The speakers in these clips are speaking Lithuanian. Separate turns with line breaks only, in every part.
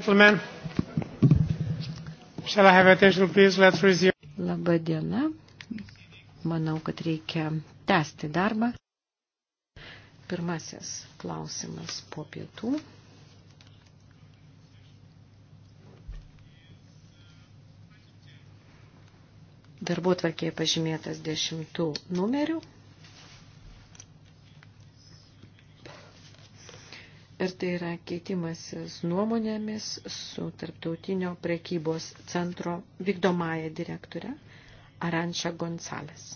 Gentlemen, shall I have attention, please? Let's resume. Labą dieną. Manau, kad reikia tęsti darbą. Pirmasis klausimas po pietų. Darbo tvarkėje pažymėtas dešimtų numerių. ir tai yra keitimasis nuomonėmis su tarptautinio prekybos centro vykdomąją direktorę Arančia Gonzales.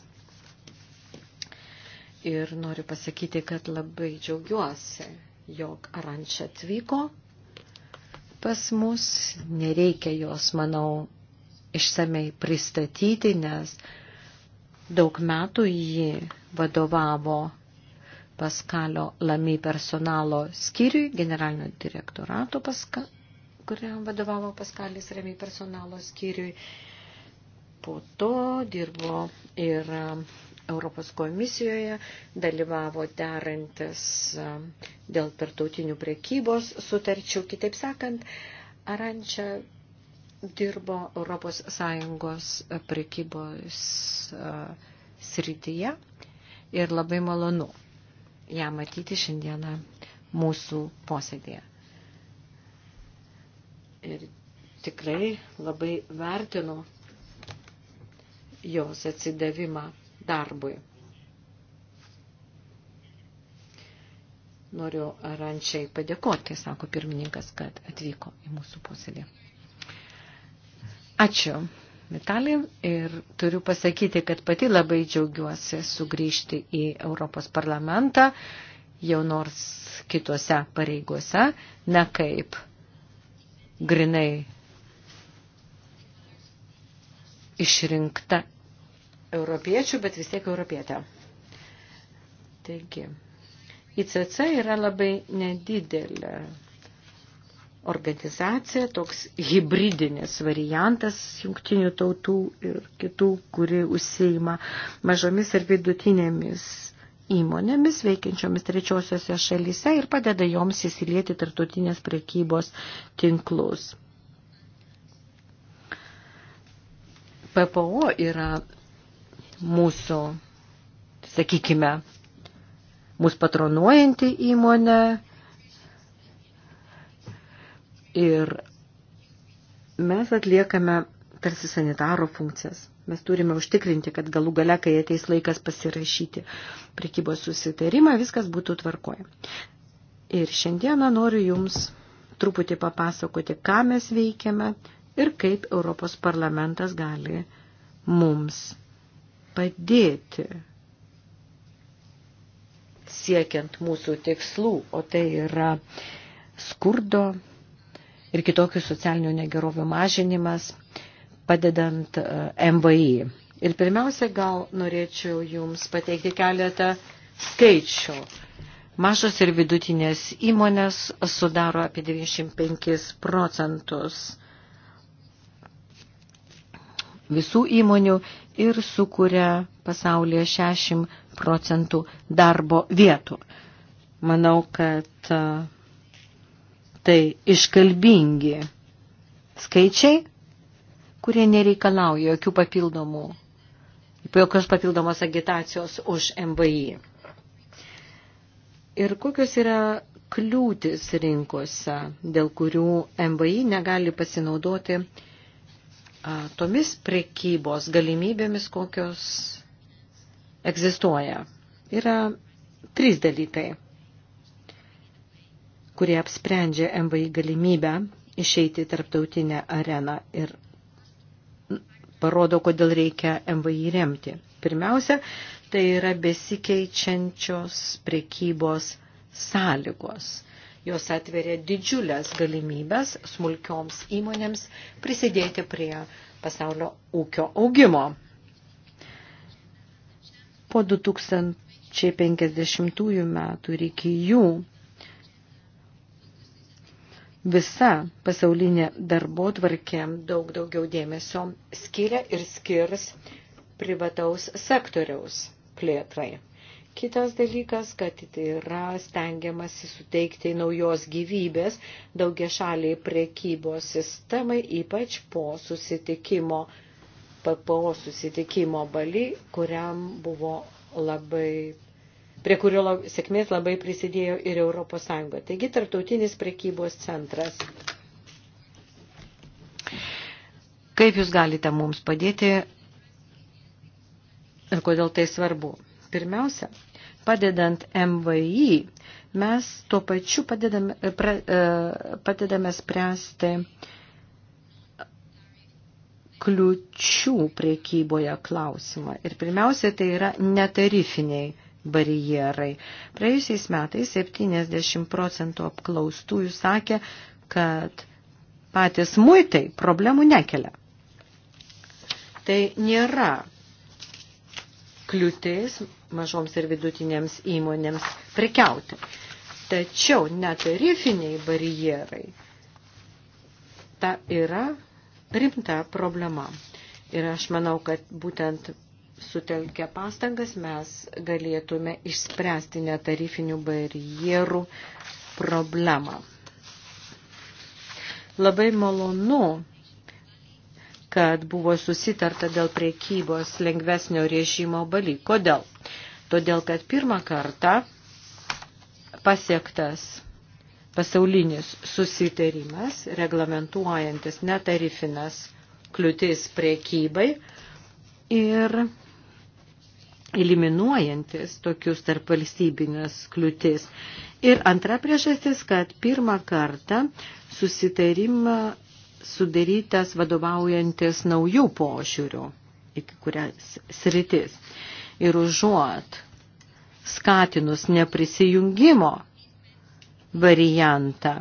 Ir noriu pasakyti, kad labai džiaugiuosi, jog Arančia atvyko pas mus. Nereikia jos, manau, išsamei pristatyti, nes daug metų ji vadovavo Paskalio Lamy personalo skyriui, generalinio direktorato, paska, kuriam vadovavo Paskalis Remy personalo skyriui. Po to dirbo ir um, Europos komisijoje, dalyvavo derantis um, dėl tartautinių priekybos sutarčių. Kitaip sakant, Arančia dirbo Europos Sąjungos priekybos uh, srityje ir labai malonu, ją matyti šiandieną mūsų posėdėje. Ir tikrai labai vertinu jos atsidavimą darbui. Noriu Rančiai padėkoti, sako pirmininkas, kad atvyko į mūsų posėdį. Ačiū. Vitalį ir turiu pasakyti, kad pati labai džiaugiuosi sugrįžti į Europos parlamentą, jau nors kitose pareigose, ne kaip grinai išrinkta europiečių, bet vis tiek europietė. Taigi, ICC yra labai nedidelė organizacija, toks hybridinis variantas jungtinių tautų ir kitų, kuri užseima mažomis ir vidutinėmis įmonėmis veikiančiomis trečiosiose šalyse ir padeda joms įsilieti tartutinės prekybos tinklus. PPO yra mūsų, sakykime, mūsų patronuojanti įmonė, Ir mes atliekame tarsi sanitaro funkcijas. Mes turime užtikrinti, kad galų gale, kai ateis laikas pasirašyti prekybos susitarimą, viskas būtų tvarkoje. Ir šiandieną noriu Jums truputį papasakoti, ką mes veikiame ir kaip Europos parlamentas gali mums padėti siekiant mūsų tikslų, o tai yra skurdo ir kitokių socialinių negerovių mažinimas, padedant e, MVI. Ir pirmiausia, gal norėčiau Jums pateikti keletą skaičių. Mažos ir vidutinės įmonės sudaro apie 95 procentus visų įmonių ir sukuria pasaulyje 60 procentų darbo vietų. Manau, kad e, tai iškalbingi skaičiai, kurie nereikalauja jokių papildomų, jokios papildomos agitacijos už MVI. Ir kokios yra kliūtis rinkose, dėl kurių MVI negali pasinaudoti tomis prekybos galimybėmis, kokios egzistuoja. Yra trys dalykai kurie apsprendžia MVI galimybę išeiti į tarptautinę areną ir parodo, kodėl reikia MVI remti. Pirmiausia, tai yra besikeičiančios prekybos sąlygos. Jos atveria didžiulės galimybės smulkioms įmonėms prisidėti prie pasaulio ūkio augimo. Po 2050 metų ir iki jų visa pasaulinė darbo tvarkė daug daugiau dėmesio skiria ir skirs privataus sektoriaus plėtrai. Kitas dalykas, kad tai yra stengiamasi suteikti naujos gyvybės daugia šaliai priekybos sistemai, ypač po susitikimo, PPO susitikimo bali, kuriam buvo labai prie kurio sėkmės labai prisidėjo ir Europos Sąjunga. Taigi, tarptautinis prekybos centras. Kaip jūs galite mums padėti ir kodėl tai svarbu? Pirmiausia, padedant MVI, mes tuo pačiu padedame, pra, e, padedame spręsti kliučių priekyboje klausimą. Ir pirmiausia, tai yra netarifiniai barjerai. Praėjusiais metais 70 procentų apklaustųjų sakė, kad patys muitai problemų nekelia. Tai nėra kliūtis mažoms ir vidutinėms įmonėms prekiauti. Tačiau netarifiniai barjerai ta yra rimta problema. Ir aš manau, kad būtent sutelkę pastangas mes galėtume išspręsti netarifinių barjerų problemą. Labai malonu, kad buvo susitarta dėl priekybos lengvesnio režimo baly. Kodėl? Todėl, kad pirmą kartą pasiektas pasaulinis susitarimas, reglamentuojantis netarifinas kliūtis priekybai ir eliminuojantis tokius tarp valstybinės kliūtis. Ir antra priežastis, kad pirmą kartą susitarimą sudarytas vadovaujantis naujų požiūrių į kurias sritis. Ir užuot skatinus neprisijungimo variantą,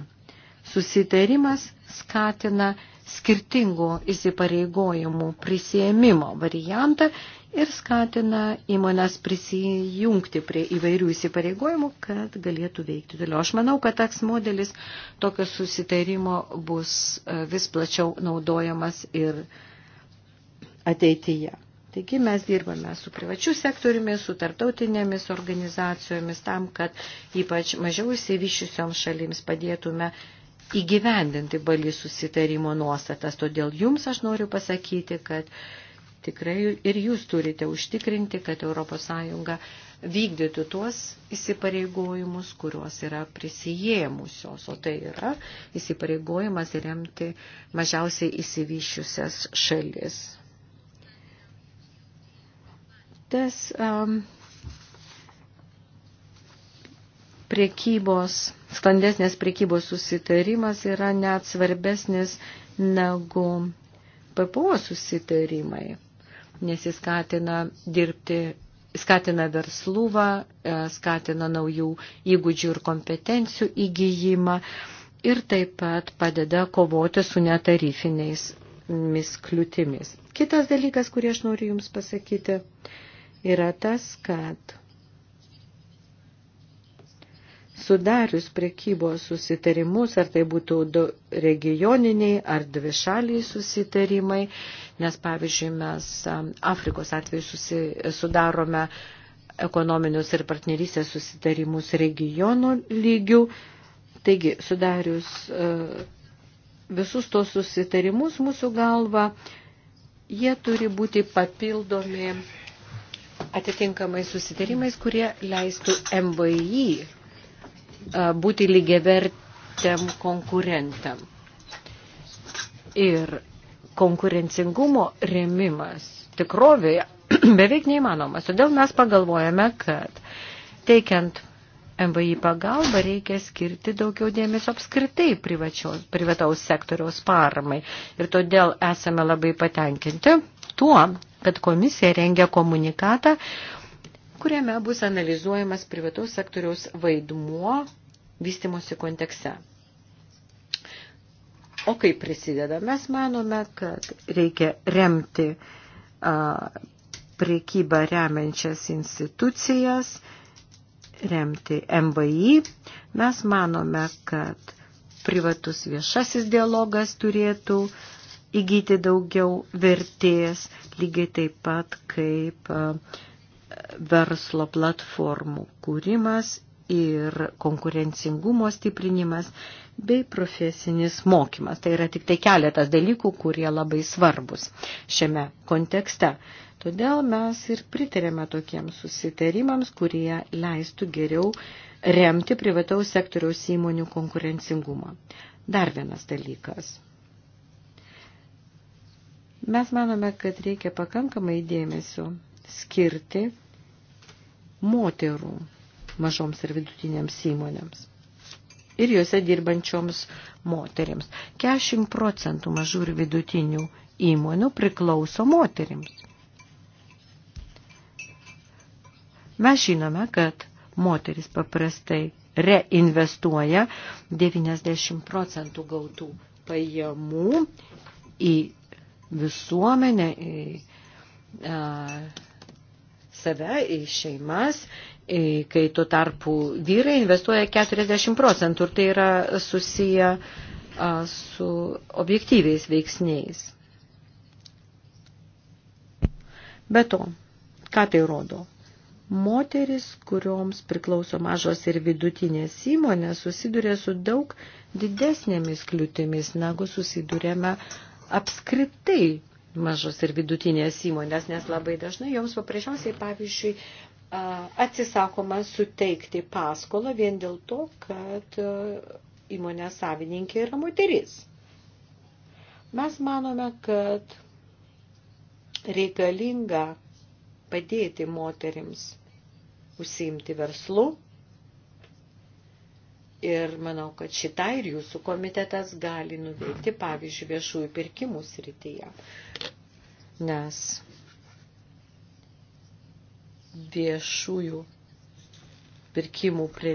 susitarimas skatina skirtingų įsipareigojimų prisėmimo variantą ir skatina įmonės prisijungti prie įvairių įsipareigojimų, kad galėtų veikti toliau. Aš manau, kad taks modelis tokio susitarimo bus e, vis plačiau naudojamas ir ateityje. Taigi mes dirbame su privačiu sektoriumi, su tarptautinėmis organizacijomis tam, kad ypač mažiau įsivyšiusioms šalims padėtume įgyvendinti balį susitarimo nuostatas. Todėl jums aš noriu pasakyti, kad tikrai ir jūs turite užtikrinti, kad ES vykdytų tuos įsipareigojimus, kuriuos yra prisijėmusios, o tai yra įsipareigojimas remti mažiausiai įsivyščiusias šalis. Tas um, priekybos, sklandesnės priekybos susitarimas yra net svarbesnis negu PPO susitarimai nes jis skatina dirbti, skatina verslumą, e, skatina naujų įgūdžių ir kompetencijų įgyjimą ir taip pat padeda kovoti su netarifiniais miskliutimis. Kitas dalykas, kurį aš noriu Jums pasakyti, yra tas, kad sudarius prekybos susitarimus, ar tai būtų regioniniai ar dvišaliai susitarimai, nes pavyzdžiui mes Afrikos atveju susi, sudarome ekonominius ir partnerystės susitarimus regionų lygių. Taigi, sudarius e, visus tos susitarimus mūsų galva, jie turi būti papildomi atitinkamai susitarimais, kurie leistų MVI būti lygiavertiam konkurentam. Ir konkurencingumo remimas tikrovėje beveik neįmanomas. Todėl mes pagalvojame, kad teikiant MVI pagalba reikia skirti daugiau dėmesio apskritai privačios, privataus sektoriaus paramai. Ir todėl esame labai patenkinti tuo, kad komisija rengia komunikatą, kuriame bus analizuojamas privataus sektoriaus vaidmuo vystimosi kontekste. O kaip prisideda? Mes manome, kad reikia remti a, priekybą remiančias institucijas, remti MVI. Mes manome, kad privatus viešasis dialogas turėtų įgyti daugiau vertės, lygiai taip pat kaip a, verslo platformų kūrimas ir konkurencingumo stiprinimas bei profesinis mokymas. Tai yra tik tai keletas dalykų, kurie labai svarbus šiame kontekste. Todėl mes ir pritarėme tokiems susitarimams, kurie leistų geriau remti privataus sektoriaus įmonių konkurencingumą. Dar vienas dalykas. Mes manome, kad reikia pakankamai dėmesio skirti moterų mažoms ir vidutinėms įmonėms ir juose dirbančioms moterims. 40 procentų mažų ir vidutinių įmonių priklauso moterims. Mes žinome, kad moteris paprastai reinvestuoja 90 procentų gautų pajamų į visuomenę, į save, į šeimas, kai tuo tarpu vyrai investuoja 40 procentų ir tai yra susiję su objektyviais veiksniais. Be to, ką tai rodo? Moteris, kurioms priklauso mažos ir vidutinės įmonės, susiduria su daug didesnėmis kliūtimis, negu susidurėme apskritai mažos ir vidutinės įmonės, nes labai dažnai joms paprasčiausiai, pavyzdžiui, atsisakoma suteikti paskolą vien dėl to, kad įmonės savininkė yra moteris. Mes manome, kad reikalinga padėti moterims užsiimti verslu, Ir manau, kad šitą ir jūsų komitetas gali nuveikti, pavyzdžiui, viešųjų pirkimų srityje. Nes viešųjų pirkimų e,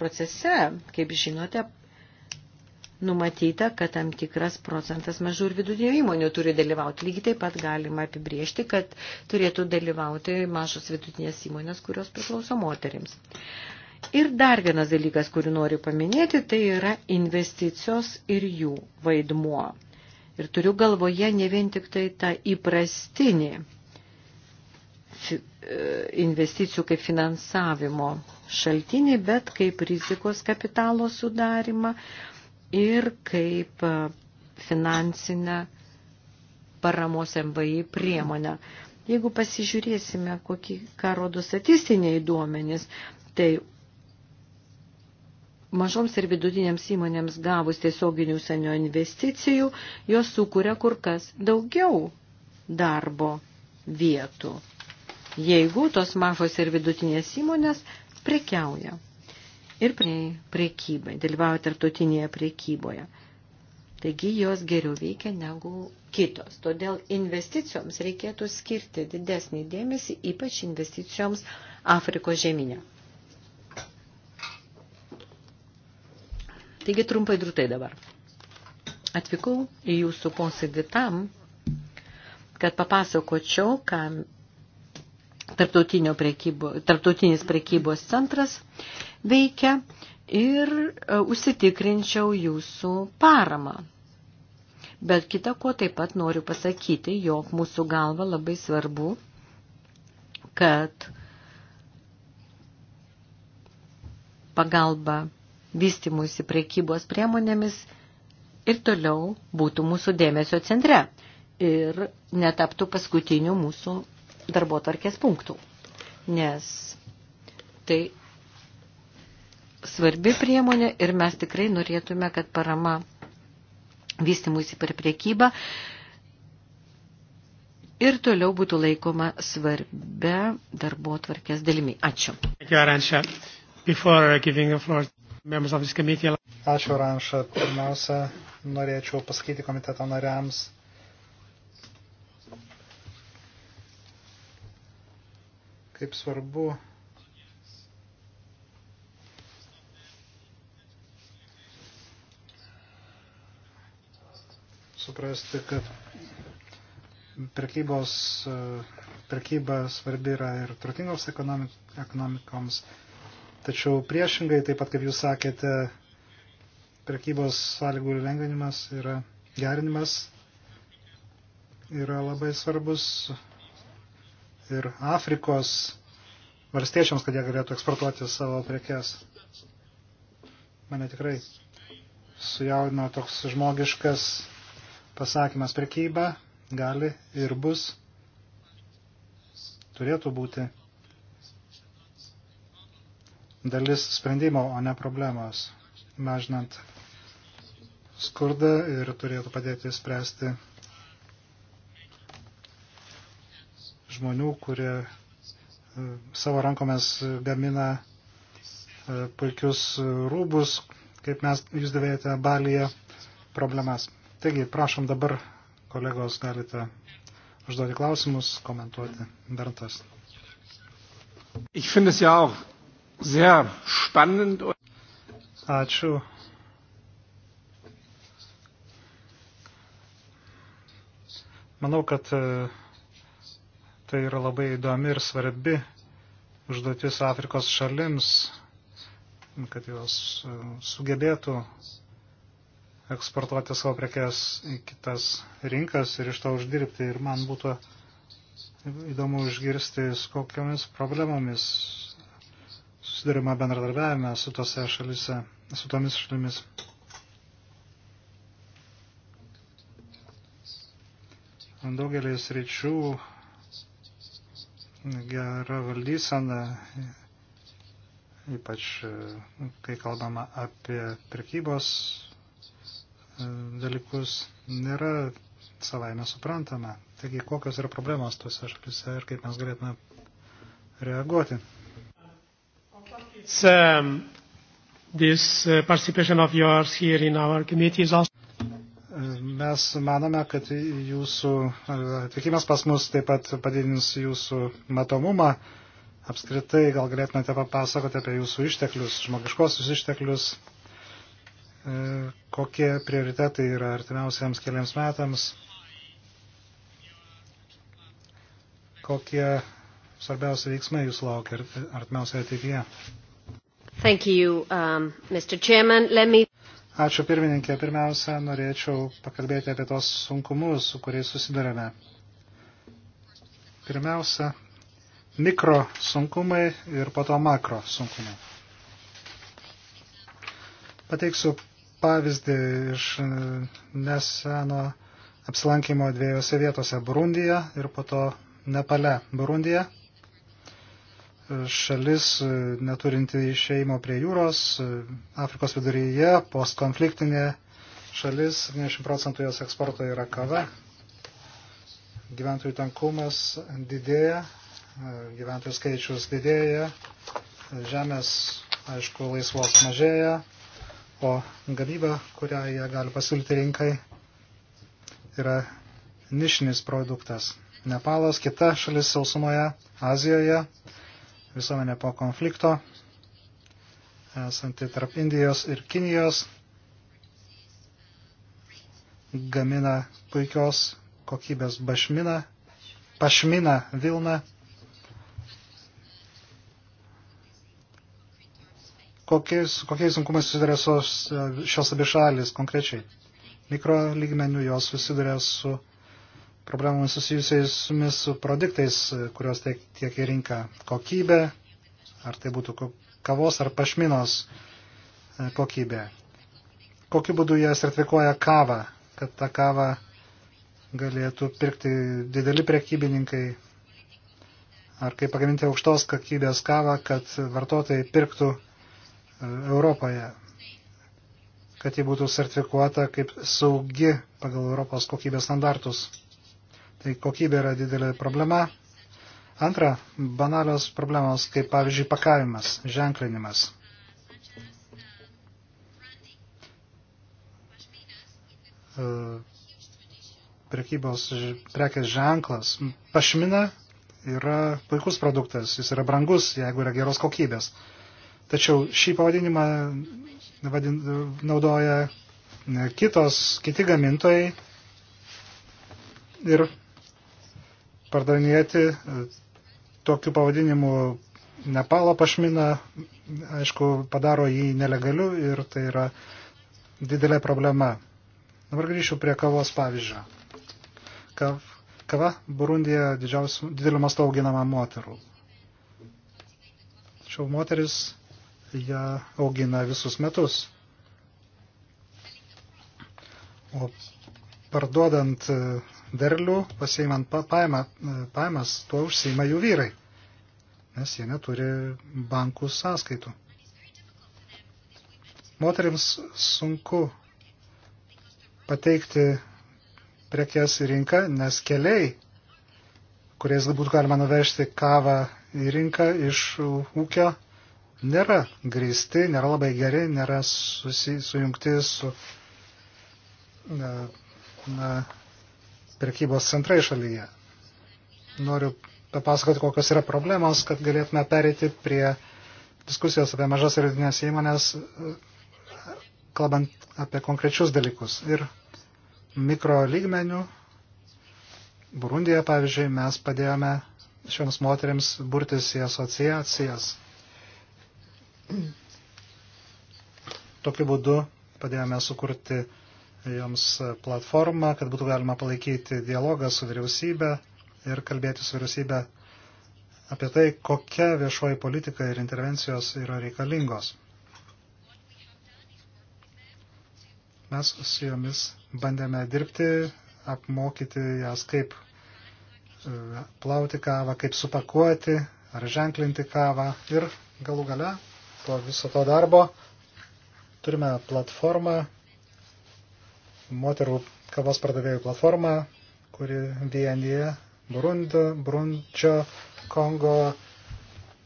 procese, kaip žinote, numatyta, kad tam tikras procentas mažų ir vidutinių įmonių turi dalyvauti. Lygiai taip pat galima apibriežti, kad turėtų dalyvauti mažos vidutinės įmonės, kurios priklauso moterims. Ir dar vienas dalykas, kurį noriu paminėti, tai yra investicijos ir jų vaidmuo. Ir turiu galvoje ne vien tik tai tą įprastinį e, investicijų kaip finansavimo šaltinį, bet kaip rizikos kapitalo sudarimą ir kaip e, finansinę paramos MVI priemonę. Jeigu pasižiūrėsime, kokį, ką rodo statistiniai duomenys, tai Mažoms ir vidutinėms įmonėms gavus tiesioginių senio investicijų, jos sukuria kur kas daugiau darbo vietų, jeigu tos mažos ir vidutinės įmonės prekiauja ir prie priekybai, dalyvauja tarptautinėje priekyboje. Taigi jos geriau veikia negu kitos. Todėl investicijoms reikėtų skirti didesnį dėmesį, ypač investicijoms Afrikos žemynė. Taigi trumpai drūtai dabar. Atvykau į jūsų posėdį tam, kad papasakočiau, ką prekybo, tarptautinis prekybos centras veikia ir e, užsitikrinčiau jūsų paramą. Bet kita ko taip pat noriu pasakyti, jog mūsų galva labai svarbu, kad pagalba vystimuisi prekybos priemonėmis ir toliau būtų mūsų dėmesio centre ir netaptų paskutinių mūsų darbo tarkės punktų. Nes tai svarbi priemonė ir mes tikrai norėtume, kad parama vystimuisi per priekybą ir toliau būtų laikoma svarbia darbo tvarkės dalimi. Ačiū. Ačiū,
Arančia. Before giving the floor Ačiū, Ranša. Pirmiausia, norėčiau pasakyti komiteto nariams. Kaip svarbu suprasti, kad prekybos, e, prekyba svarbi yra ir turtingoms ekonomikoms, Tačiau priešingai, taip pat kaip jūs sakėte, prekybos sąlygų lengvinimas yra gerinimas yra labai svarbus ir Afrikos valstiečiams, kad jie galėtų eksportuoti savo prekes. Mane tikrai sujaudino toks žmogiškas pasakymas prekyba gali ir bus, turėtų būti dalis sprendimo, o ne problemos, mažinant skurdą ir turėtų padėti spręsti žmonių, kurie e, savo rankomis gamina e, puikius rūbus, kaip mes jūs dėvėjate balyje problemas. Taigi, prašom dabar, kolegos, galite užduoti klausimus, komentuoti. Bertas. Ich finde es ja auch Sehr spannend. Ačiū. Manau, kad e, tai yra labai įdomi ir svarbi užduotis Afrikos šalims, kad jos e, sugebėtų eksportuoti savo prekes į kitas rinkas ir iš to uždirbti. Ir man būtų įdomu išgirsti, su kokiamis problemomis sudarima bendradarbiavime su tose šalise, su tomis šalimis. Daugelis ryčių gera valdysena, ypač kai kalbama apie prekybos e, dalykus, nėra savaime suprantama. Taigi, kokios yra problemos tose šalise ir kaip mes galėtume reaguoti it's um, this uh, participation of yours here in our committee is also. Mes manome, kad jūsų e, atvykimas pas mus taip pat padidins jūsų matomumą. Apskritai, gal galėtumėte papasakoti apie jūsų išteklius, žmogiškosius išteklius, e, kokie prioritetai yra artimiausiams keliams metams, kokie svarbiausi veiksmai jūs laukia artimiausioje ateityje.
Thank you, um, Mr. Chairman. Let me...
Ačiū pirmininkė. Pirmiausia, norėčiau pakalbėti apie tos sunkumus, su kuriais susidarėme. Pirmiausia, mikro sunkumai ir po to makro sunkumai. Pateiksiu pavyzdį iš e, neseno apsilankimo dviejose vietose Burundija ir po to Nepale. Burundija šalis e, neturinti išeimo prie jūros, e, Afrikos viduryje, postkonfliktinė šalis, 70 procentų jos eksporto yra kava, gyventojų tankumas didėja, e, gyventojų skaičius didėja, žemės, aišku, laisvos mažėja, o gamyba, kurią jie gali pasiūlyti rinkai, yra nišinis produktas. Nepalas, kita šalis sausumoje, Azijoje, visuomenė po konflikto, esanti tarp Indijos ir Kinijos, gamina puikios kokybės bašminą, pašminą Vilną. Kokiais, kokiais sunkumais susiduria šios abi šalis konkrečiai? Mikro lygmenių jos susiduria su problemomis susijusiais su produktais, kuriuos tiek į rinką kokybė, ar tai būtų kavos ar pašminos e, kokybė. Kokiu būdu jie sertifikuoja kavą, kad tą kavą galėtų pirkti dideli prekybininkai, ar kaip pagaminti aukštos kokybės kavą, kad vartotojai pirktų e, Europoje, kad ji būtų sertifikuota kaip saugi pagal Europos kokybės standartus. Tai kokybė yra didelė problema. Antra, banalios problemos, kaip pavyzdžiui pakavimas, ženklinimas. E, prekybos prekės ženklas. Pašmina yra puikus produktas, jis yra brangus, jeigu yra geros kokybės. Tačiau šį pavadinimą vadin, naudoja kitos, kiti gamintojai ir pardavinėti tokiu pavadinimu Nepalo pašmina, aišku, padaro jį nelegaliu ir tai yra didelė problema. Dabar grįšiu prie kavos pavyzdžio. Kav, kava Burundija didelio masto auginama moterų. Tačiau moteris ją augina visus metus. O parduodant derlių, pasiimant paima, e, paimas, tuo užsima jų vyrai, nes jie neturi bankų sąskaitų. Moterims sunku pateikti prekes į rinką, nes keliai, kuriais būtų galima nuvežti kavą į rinką iš ūkio, nėra grįsti, nėra labai geri, nėra susi, sujungti su na, na, prekybos centrai šalyje. Noriu papasakoti, kokios yra problemos, kad galėtume perėti prie diskusijos apie mažas ir vidinės įmonės, kalbant apie konkrečius dalykus. Ir mikro lygmenių, Burundija, pavyzdžiui, mes padėjome šioms moteriams burtis į asociacijas. Tokiu būdu padėjome sukurti joms platformą, kad būtų galima palaikyti dialogą su vyriausybė ir kalbėti su vyriausybė apie tai, kokia viešoji politika ir intervencijos yra reikalingos. Mes su jomis bandėme dirbti, apmokyti jas kaip e, plauti kavą, kaip supakuoti ar ženklinti kavą ir galų gale po viso to darbo turime platformą moterų kavos pardavėjų platformą, kuri vienyje Burundo, Brunčio, Kongo,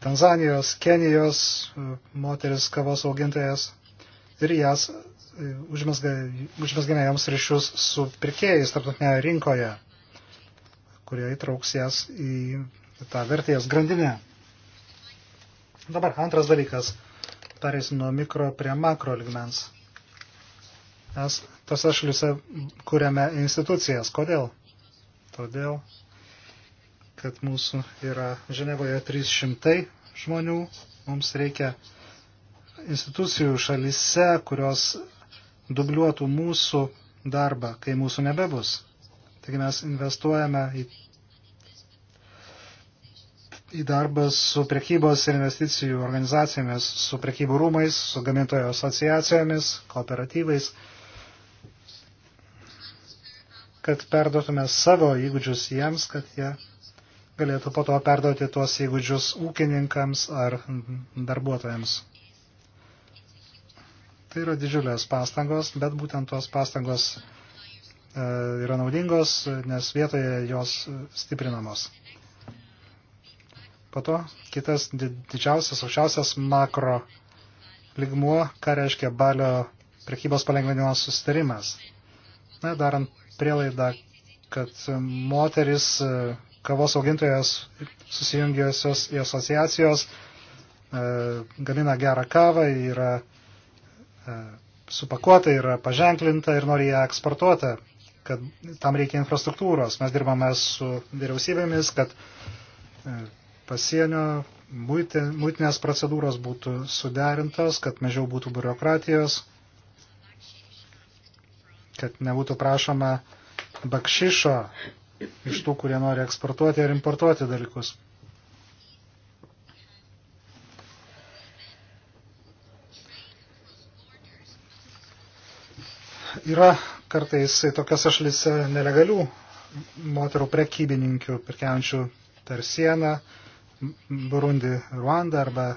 Tanzanijos, Kenijos e, moteris kavos augintojas ir jas e, užmesgame joms ryšius su pirkėjais tarptautinėje rinkoje, kurie įtrauks jas į tą vertės grandinę. Dabar antras dalykas. Pereisim nuo mikro prie makro ligmens. Mes tose šalise kuriame institucijas. Kodėl? Todėl, kad mūsų yra Ženevoje 300 žmonių, mums reikia institucijų šalise, kurios dubliuotų mūsų darbą, kai mūsų nebebus. Taigi mes investuojame į, į darbą su prekybos ir investicijų organizacijomis, su prekybų rūmais, su gamintojo asociacijomis, kooperatyvais kad perduotume savo įgūdžius jiems, kad jie galėtų po to perduoti tuos įgūdžius ūkininkams ar darbuotojams. Tai yra didžiulės pastangos, bet būtent tos pastangos e, yra naudingos, nes vietoje jos stiprinamos. Po to kitas didžiausias, aukščiausias makro ligmuo, ką reiškia balio prekybos palengvinimo sustarimas. Na, darant prielaidą, kad moteris e, kavos augintojas susijungiusios į asociacijos e, gamina gerą kavą, yra e, supakuota, yra paženklinta ir nori ją eksportuoti, kad tam reikia infrastruktūros. Mes dirbame su vyriausybėmis, kad pasienio muitinės procedūros būtų suderintos, kad mažiau būtų biurokratijos kad nebūtų prašoma bakšišo iš tų, kurie nori eksportuoti ir importuoti dalykus. Yra kartais tokiose šalise nelegalių moterų prekybininkių, pirkiaujančių per sieną, Burundi, Ruanda arba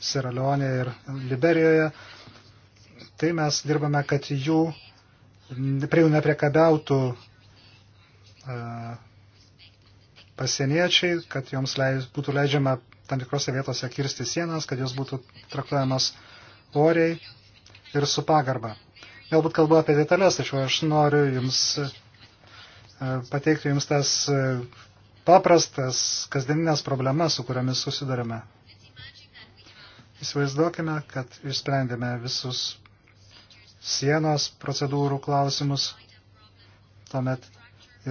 Sieraleonė ir Liberijoje. Tai mes dirbame, kad jų prie jų nepriekabiautų pasieniečiai, kad joms leis, būtų leidžiama tam tikrose vietose kirsti sienas, kad jos būtų traktuojamas oriai ir su pagarba. Galbūt kalbu apie detalės, tačiau aš noriu jums pateikti jums tas paprastas kasdieninės problemas, su kuriamis susidurime. Įsivaizduokime, kad išsprendėme visus sienos procedūrų klausimus. Tuomet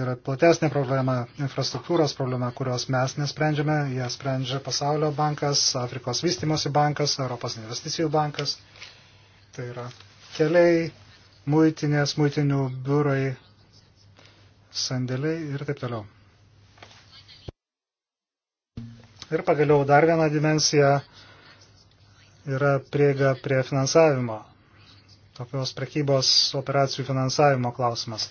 yra platesnė problema, infrastruktūros problema, kurios mes nesprendžiame. Jie sprendžia Pasaulio bankas, Afrikos vystimosi bankas, Europos investicijų bankas. Tai yra keliai, muitinės, muitinių biurai, sandėliai ir taip toliau. Ir pagaliau dar viena dimensija yra prieiga prie finansavimo tokios prekybos operacijų finansavimo klausimas.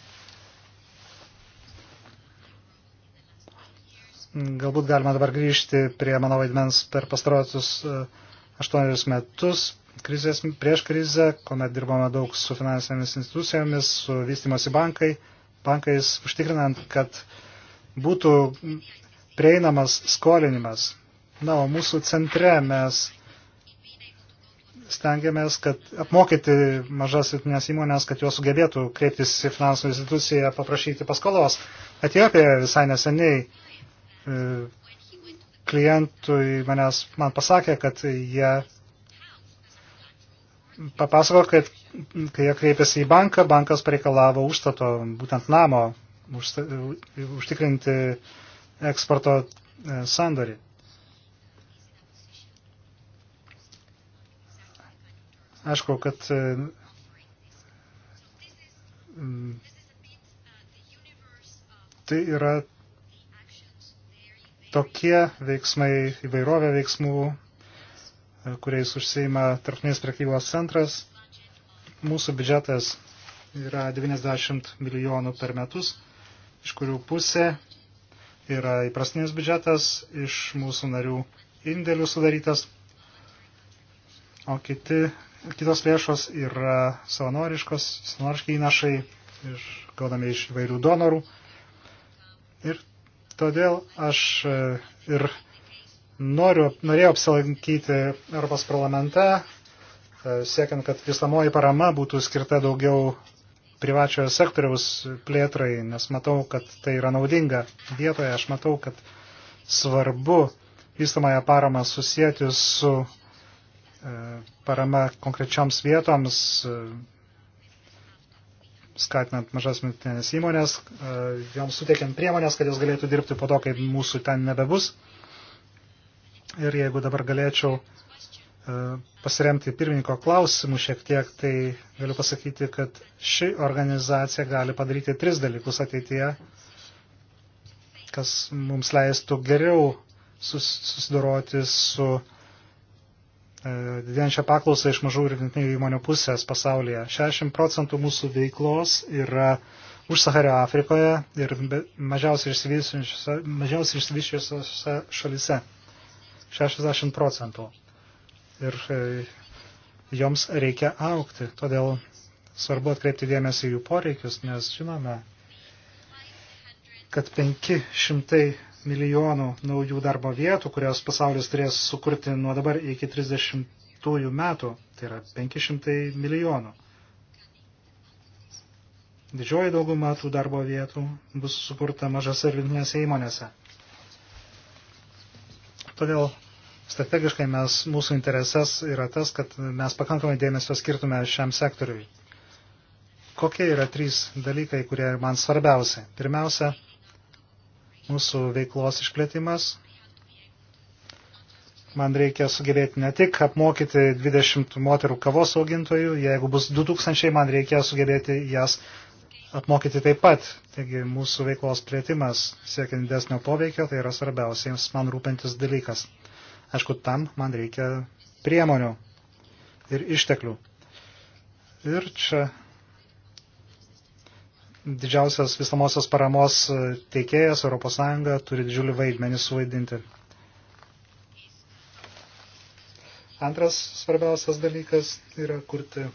Galbūt galima dabar grįžti prie mano vaidmens per pastarosius e, aštuonerius metus krizės, prieš krizę, kuomet dirbome daug su finansinėmis institucijomis, su vystimosi bankai, bankais, užtikrinant, kad būtų prieinamas skolinimas. Na, o mūsų centre mes stengiamės, kad apmokyti mažas vidutinės įmonės, kad jos sugebėtų kreiptis į finansų instituciją, paprašyti paskolos. Etiopijoje visai neseniai e, klientui manęs, man pasakė, kad jie papasako, kad kai jie kreipėsi į banką, bankas pareikalavo užstato, būtent namo, užsta, užtikrinti eksporto e, sandorį. Aišku, kad e, mm, tai yra tokie veiksmai, įvairovė veiksmų, e, kuriais užseima tarptinės prekybos centras. Mūsų biudžetas yra 90 milijonų per metus, iš kurių pusė yra įprastinis biudžetas, iš mūsų narių indėlių sudarytas, o kiti kitos lėšos yra savanoriškos, savanoriški įnašai, iš, gaunami iš įvairių donorų. Ir todėl aš e, ir noriu, norėjau apsilankyti Europos parlamente, e, siekiant, kad visamoji parama būtų skirta daugiau privačiojo sektoriaus plėtrai, nes matau, kad tai yra naudinga vietoje, aš matau, kad svarbu vystamąją paramą susijęti su E, parama konkrečioms vietoms, e, skatinant mažas mintinės įmonės, e, joms suteikiant priemonės, kad jos galėtų dirbti po to, kai mūsų ten nebebus. Ir jeigu dabar galėčiau pasiremti pirmininko klausimų šiek tiek, tai galiu pasakyti, kad ši organizacija gali padaryti tris dalykus ateityje, kas mums leistų geriau susidoroti su uh, E, didėjančią paklausą iš mažų ir vidutinių įmonių pusės pasaulyje. 60 procentų mūsų veiklos yra už Sahario Afrikoje ir mažiausiai išsivyščiusiose šalise. 60 procentų. Ir e, joms reikia aukti. Todėl svarbu atkreipti dėmesį jų poreikius, nes žinome, kad 500 milijonų naujų darbo vietų, kurios pasaulis turės sukurti nuo dabar iki 30 metų, tai yra 500 milijonų. Didžioji dauguma tų darbo vietų bus sukurta mažose ir vidinėse įmonėse. Todėl strategiškai mes, mūsų interesas yra tas, kad mes pakankamai dėmesio skirtume šiam sektoriui. Kokie yra trys dalykai, kurie man svarbiausia? Pirmiausia, mūsų veiklos išplėtimas. Man reikia sugebėti ne tik apmokyti 20 moterų kavos augintojų, jeigu bus 2000, man reikia sugebėti jas apmokyti taip pat. Taigi mūsų veiklos plėtimas siekiant didesnio poveikio, tai yra svarbiausias man rūpintis dalykas. Aišku, tam man reikia priemonių ir išteklių. Ir čia didžiausias vislamosios paramos e, teikėjas ES turi didžiulį vaidmenį suvaidinti. Antras svarbiausias dalykas yra kurti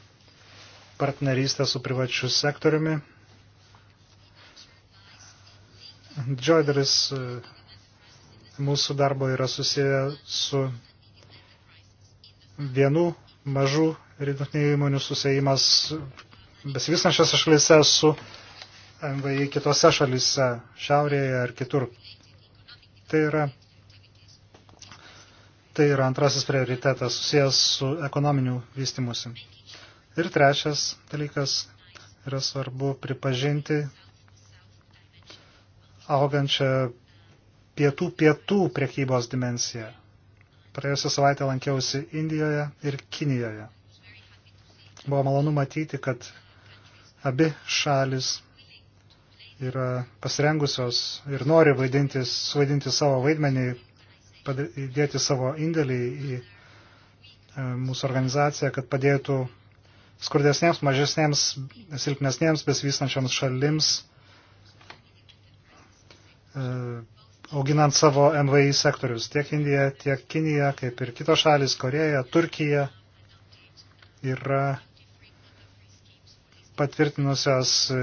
partnerystę su privačiu sektoriumi. Didžioji dalis e, mūsų darbo yra susiję su vienų mažų rytutinių įmonių susijimas besivystančiose šalyse su MVI kitose šalise, šiaurėje ar kitur. Tai yra, tai yra antrasis prioritetas susijęs su ekonominiu vystimusi. Ir trečias dalykas yra svarbu pripažinti augančią pietų pietų priekybos dimensiją. Praėjusią savaitę lankiausi Indijoje ir Kinijoje. Buvo malonu matyti, kad abi šalis yra pasirengusios ir nori vaidinti, suvaidinti savo vaidmenį, padėti savo indėlį į e, mūsų organizaciją, kad padėtų skurdesniems, mažesniems, silpnesniems, besvystančioms šalims e, auginant savo MVI sektorius. Tiek Indija, tiek Kinija, kaip ir kitos šalis, Koreja, Turkija yra patvirtinusios e,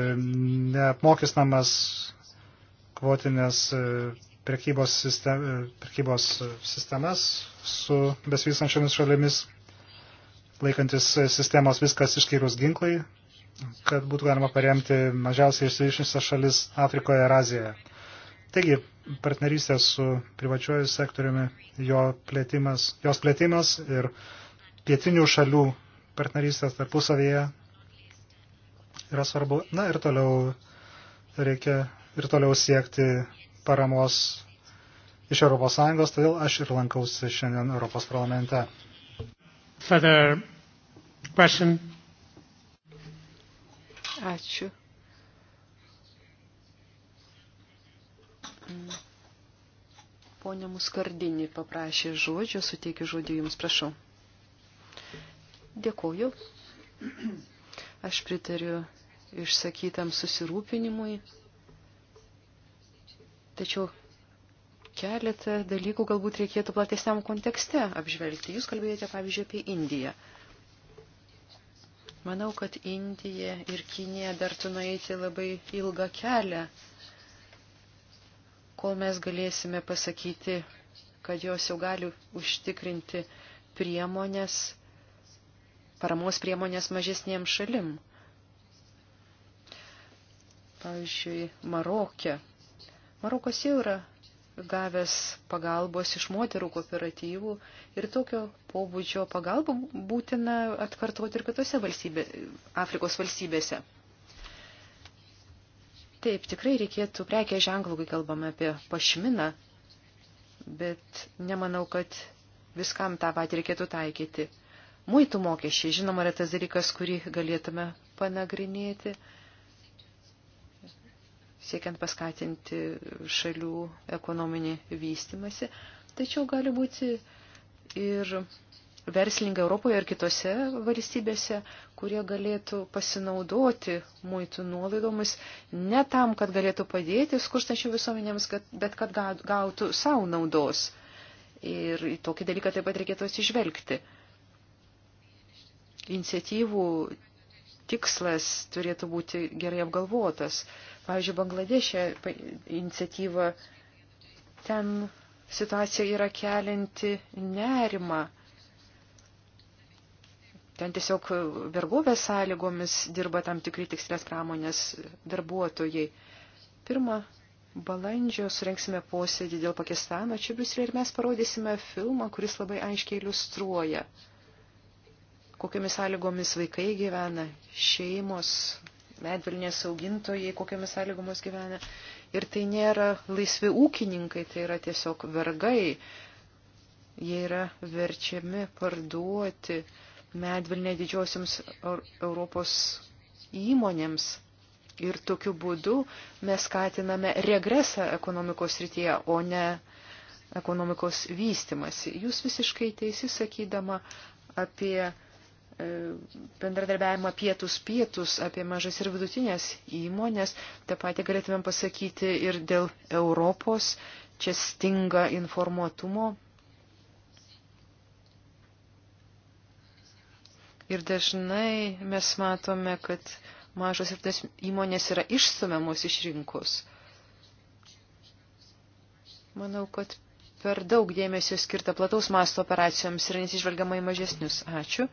neapmokestinamas kvotinės e, prekybos, sistem, e, prekybos sistemas su besvystančiomis šalimis, laikantis sistemos viskas išskyrus ginklai, kad būtų galima paremti mažiausiai išsivyščiusias šalis Afrikoje ir Azijoje. Taigi, partnerystė su privačiuoju sektoriumi, jo plėtimas, jos plėtimas ir pietinių šalių partnerystės tarpusavėje yra svarbu. Na ir toliau reikia ir toliau siekti paramos iš ES, todėl aš ir lankausi šiandien Europos parlamente.
Further question. Ačiū. Pone Muskardinį paprašė žodžio, suteikiu žodį Jums, prašau. Dėkuoju. Aš pritariu išsakytam susirūpinimui. Tačiau keletą dalykų galbūt reikėtų platesniam kontekste apžvelgti. Jūs kalbėjote, pavyzdžiui, apie Indiją. Manau, kad Indija ir Kinija dar tu nueiti labai ilgą kelią, kol mes galėsime pasakyti, kad jos jau gali užtikrinti priemonės, paramos priemonės mažesniems šalim pavyzdžiui, Marokė. Marokas jau yra gavęs pagalbos iš moterų kooperatyvų ir tokio pobūdžio pagalbą būtina atkartoti ir kitose valstybė, Afrikos valstybėse. Taip, tikrai reikėtų prekė ženklų, kai kalbame apie pašminą, bet nemanau, kad viskam tą patį reikėtų taikyti. Muitų mokesčiai, žinoma, yra tas dalykas, kurį galėtume panagrinėti siekiant paskatinti šalių ekonominį vystimasi. Tačiau gali būti ir verslingai Europoje ir kitose valstybėse, kurie galėtų pasinaudoti muitų nuolaidomis ne tam, kad galėtų padėti skurstančių visuomenėms, bet kad gautų savo naudos. Ir į tokį dalyką taip pat reikėtų atsižvelgti. Iniciatyvų tikslas turėtų būti gerai apgalvotas. Pavyzdžiui, Bangladešė iniciatyva, ten situacija yra kelinti nerimą. Ten tiesiog vergovės sąlygomis dirba tam tikri tikslės pramonės darbuotojai. Pirma, balandžio surenksime posėdį dėl Pakistano čia Briuselė ir mes parodysime filmą, kuris labai aiškiai iliustruoja, kokiamis sąlygomis vaikai gyvena, šeimos, medvilnės augintojai, kokiamis sąlygomis gyvena. Ir tai nėra laisvi ūkininkai, tai yra tiesiog vergai. Jie yra verčiami parduoti medvilnę didžiosiams Europos įmonėms. Ir tokiu būdu mes skatiname regresą ekonomikos rytyje, o ne ekonomikos vystimasi. Jūs visiškai teisi sakydama apie bendradarbiavimą pietus pietus, apie mažas ir vidutinės įmonės. Ta patį galėtumėm pasakyti ir dėl Europos. Čia stinga informuotumo. Ir dažnai mes matome, kad mažos ir tas įmonės yra išstumiamos iš rinkos. Manau, kad per daug dėmesio skirta plataus masto operacijoms ir nesižvelgiamai mažesnius. Ačiū.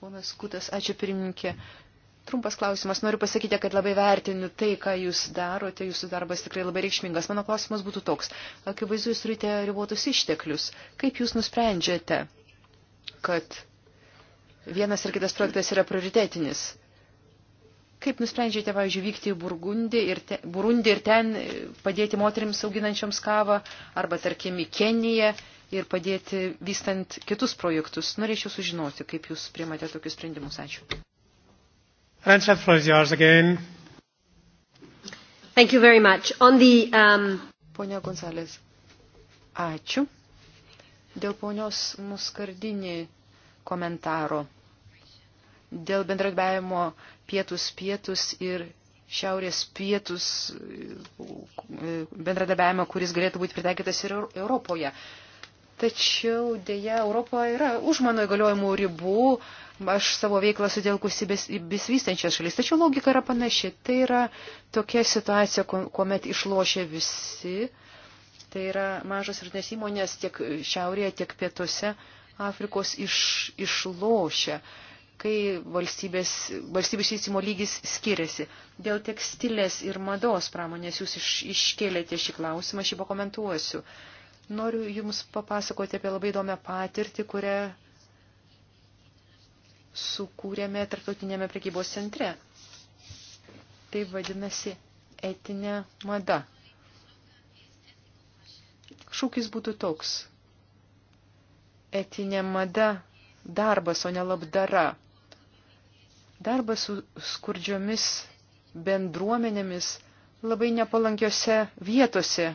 Ponas Kutas, ačiū pirmininkė. Trumpas klausimas. Noriu pasakyti, kad labai vertinu tai, ką jūs darote. Jūsų darbas tikrai labai reikšmingas. Mano klausimas būtų toks. Akivaizdu, jūs turite ribotus išteklius. Kaip jūs nusprendžiate, kad vienas ar kitas projektas yra prioritetinis? Kaip nusprendžiate, pavyzdžiui, vykti į Burgundį ir, te, Burundį ir ten padėti moteriams auginančioms kavą, arba, tarkim, į Keniją ir padėti vystant kitus projektus? Norėčiau sužinoti, kaip jūs priimate tokius sprendimus. Ačiū. Thank you very much. On the, um... Pone Gonzalės, ačiū. Dėl ponios muskardinį komentaro dėl bendradarbiavimo pietus pietus ir šiaurės pietus bendradarbiavimo, kuris galėtų būti pritaikytas ir Europoje. Tačiau dėja Europoje yra už mano įgaliojimų ribų, aš savo veiklą sudėlkusi besvystančias šalis. Tačiau logika yra panaši. Tai yra tokia situacija, kuomet išlošia visi. Tai yra mažos ir nes įmonės tiek šiaurėje, tiek pietuose Afrikos iš, išlošia kai valstybės, valstybės įsimo lygis skiriasi. Dėl tekstilės ir mados pramonės jūs iš, iškėlėte šį klausimą, šį pakomentuosiu. Noriu Jums papasakoti apie labai įdomią patirtį, kurią sukūrėme tarptautinėme prekybos centre. Tai vadinasi etinė mada. Šūkis būtų toks. Etinė mada darbas, o ne labdara. Darbas su skurdžiomis bendruomenėmis labai nepalankiose vietose.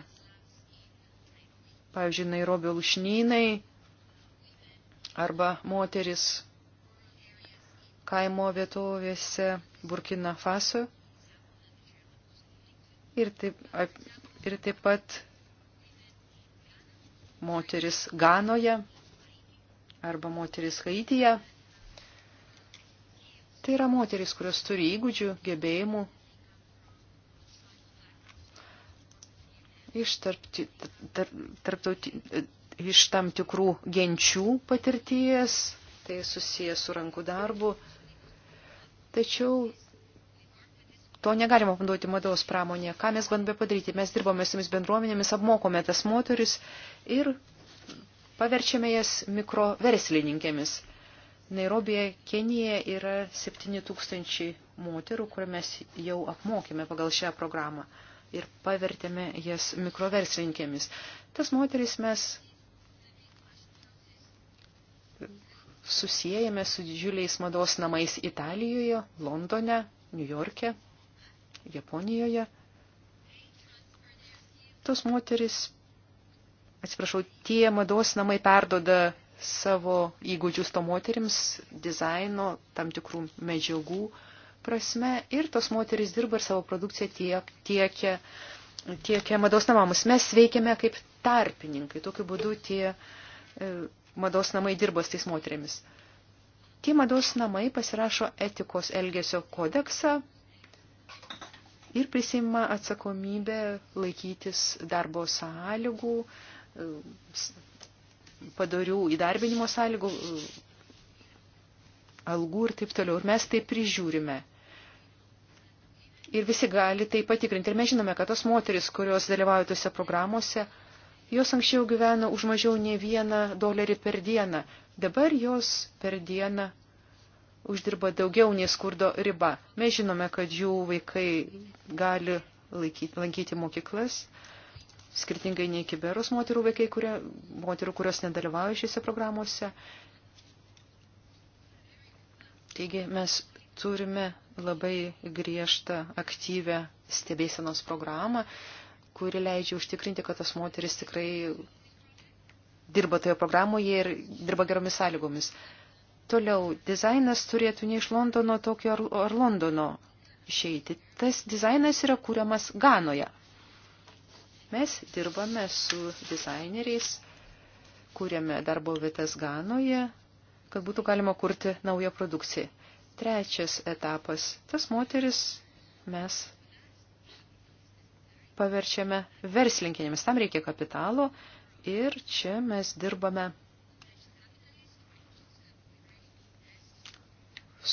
Pavyzdžiui, Nairobio lušnynai arba moteris kaimo vietovėse Burkina Faso. Ir taip, ir taip pat moteris Ganoje arba moteris Haityje. Tai yra moteris, kurios turi įgūdžių, gebėjimų. Iš, tarp, tarp, tarptauti, iš tam tikrų genčių patirties, tai susijęs su rankų darbu. Tačiau to negalima panduoti mados pramonėje. Ką mes bandome padaryti? Mes dirbome su jomis bendruomenėmis, apmokome tas moteris ir paverčiame jas mikroverslininkėmis. Nairobėje, Kenijoje yra 7 tūkstančiai moterų, kur mes jau apmokėme pagal šią programą ir pavertėme jas mikroverslininkėmis. Tas moteris mes susijęjame su didžiuliais mados namais Italijoje, Londone, New York'e, Japonijoje. Tos moteris, atsiprašau, tie mados namai perdoda savo įgūdžius to moterims dizaino tam tikrų medžiagų prasme ir tos moteris dirba ir savo produkciją tiek, tiekia, tiekia mados namams. Mes veikiame kaip tarpininkai, tokiu būdu tie e, mados namai dirba su tais moterimis. Tie mados namai pasirašo etikos elgesio kodeksą ir prisima atsakomybę laikytis darbo sąlygų, e, padarių įdarbinimo sąlygų, algų ir taip toliau. Ir mes tai prižiūrime. Ir visi gali tai patikrinti. Ir mes žinome, kad tos moteris, kurios dalyvauja tose programuose, jos anksčiau gyveno už mažiau ne vieną dolerį per dieną. Dabar jos per dieną uždirba daugiau nei skurdo riba. Mes žinome, kad jų vaikai gali laikyti, lankyti mokyklas. Uh, skirtingai nei kiberos moterų vaikai, kurie, moterų, kurios nedalyvauja šiuose programuose. Taigi mes turime labai griežtą, aktyvę stebėsenos programą, kuri leidžia užtikrinti, kad tas moteris tikrai dirba toje programoje ir dirba geromis sąlygomis. Toliau, dizainas turėtų ne iš Londono, Tokio ar, ar Londono išeiti. Tas dizainas yra kūriamas Ganoje, Mes dirbame su dizaineriais, kūrėme darbo vietas Ganoje, kad būtų galima kurti naują produkciją. Trečias etapas. Tas moteris mes paverčiame verslinkinėmis. Tam reikia kapitalo ir čia mes dirbame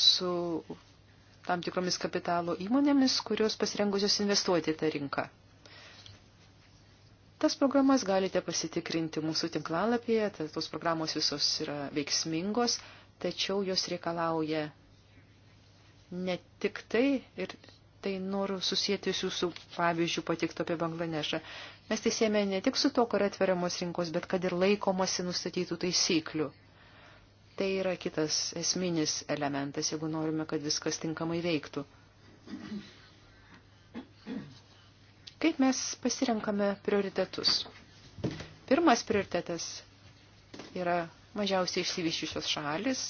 su tam tikromis kapitalo įmonėmis, kurios pasirengusios investuoti į tą rinką. Tas programas galite pasitikrinti mūsų tinklalapyje, tai tos programos visos yra veiksmingos, tačiau jos reikalauja ne tik tai, ir tai noriu susijęti su jūsų pavyzdžių patikto apie Bangladešą. Mes tai siejame ne tik su to, kad atveriamos rinkos, bet kad ir laikomasi nustatytų taisyklių. Tai yra kitas esminis elementas, jeigu norime, kad viskas tinkamai veiktų. Kaip mes pasirenkame prioritetus? Pirmas prioritetas yra mažiausiai išsivyščiusios šalis,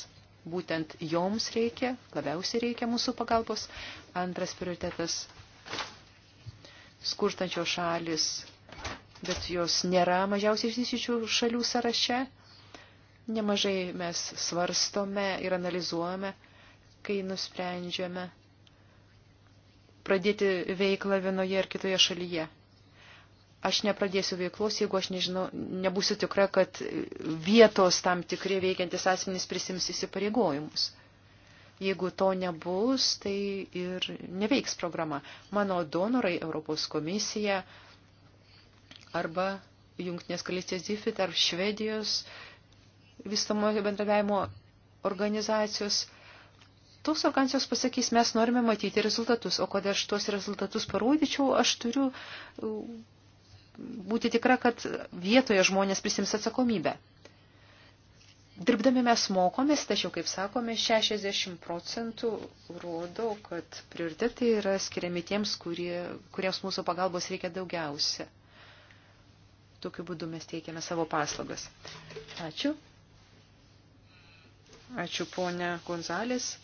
būtent joms reikia, labiausiai reikia mūsų pagalbos. Antras prioritetas – skurstančios šalis, bet jos nėra mažiausiai išsivyščiusių šalių sąraše. Nemažai mes svarstome ir analizuojame, kai nusprendžiame pradėti veiklą vienoje ar kitoje šalyje. Aš nepradėsiu veiklos, jeigu aš nežinau, nebūsiu tikra, kad vietos tam tikri veikiantis asmenys prisims įsipareigojimus. Jeigu to nebus, tai ir neveiks programa. Mano donorai Europos komisija arba Junktinės kalystės DIFIT ar Švedijos vystamojo bendravimo organizacijos – tos organizacijos pasakys, mes norime matyti rezultatus, o kad aš tuos rezultatus parodyčiau, aš turiu uh, būti tikra, kad vietoje žmonės prisims atsakomybę. Dirbdami mes mokomės, tačiau, kaip sakome, 60 procentų rodo, kad prioritetai yra skiriami tiems, kurie, kuriems mūsų pagalbos reikia daugiausia. Tokiu būdu mes teikiame savo paslaugas. Ačiū. Ačiū, ponia Gonzalės.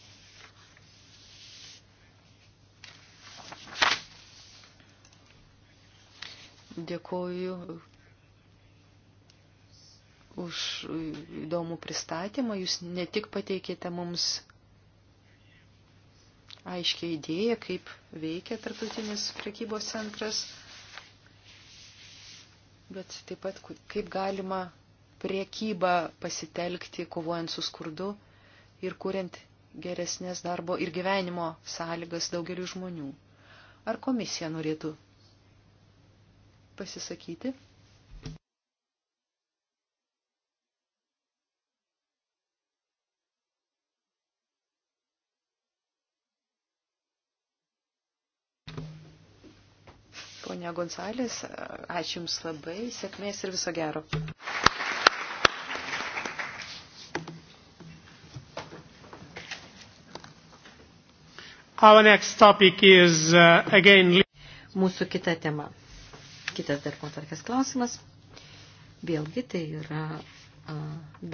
Dėkoju už įdomų pristatymą. Jūs ne tik pateikėte mums aiškia idėja, kaip veikia tarptautinis prekybos centras, bet taip pat kaip galima priekybą pasitelkti, kovojant su skurdu ir kuriant geresnės darbo ir gyvenimo sąlygas daugeliu žmonių. Ar komisija norėtų pasisakyti? Pone Gonsalės, ačiū Jums labai, sėkmės ir viso gero.
Our next topic is uh, again... Mūsų kita tema. Kitas darbo tvarkės klausimas. Vėlgi tai yra a,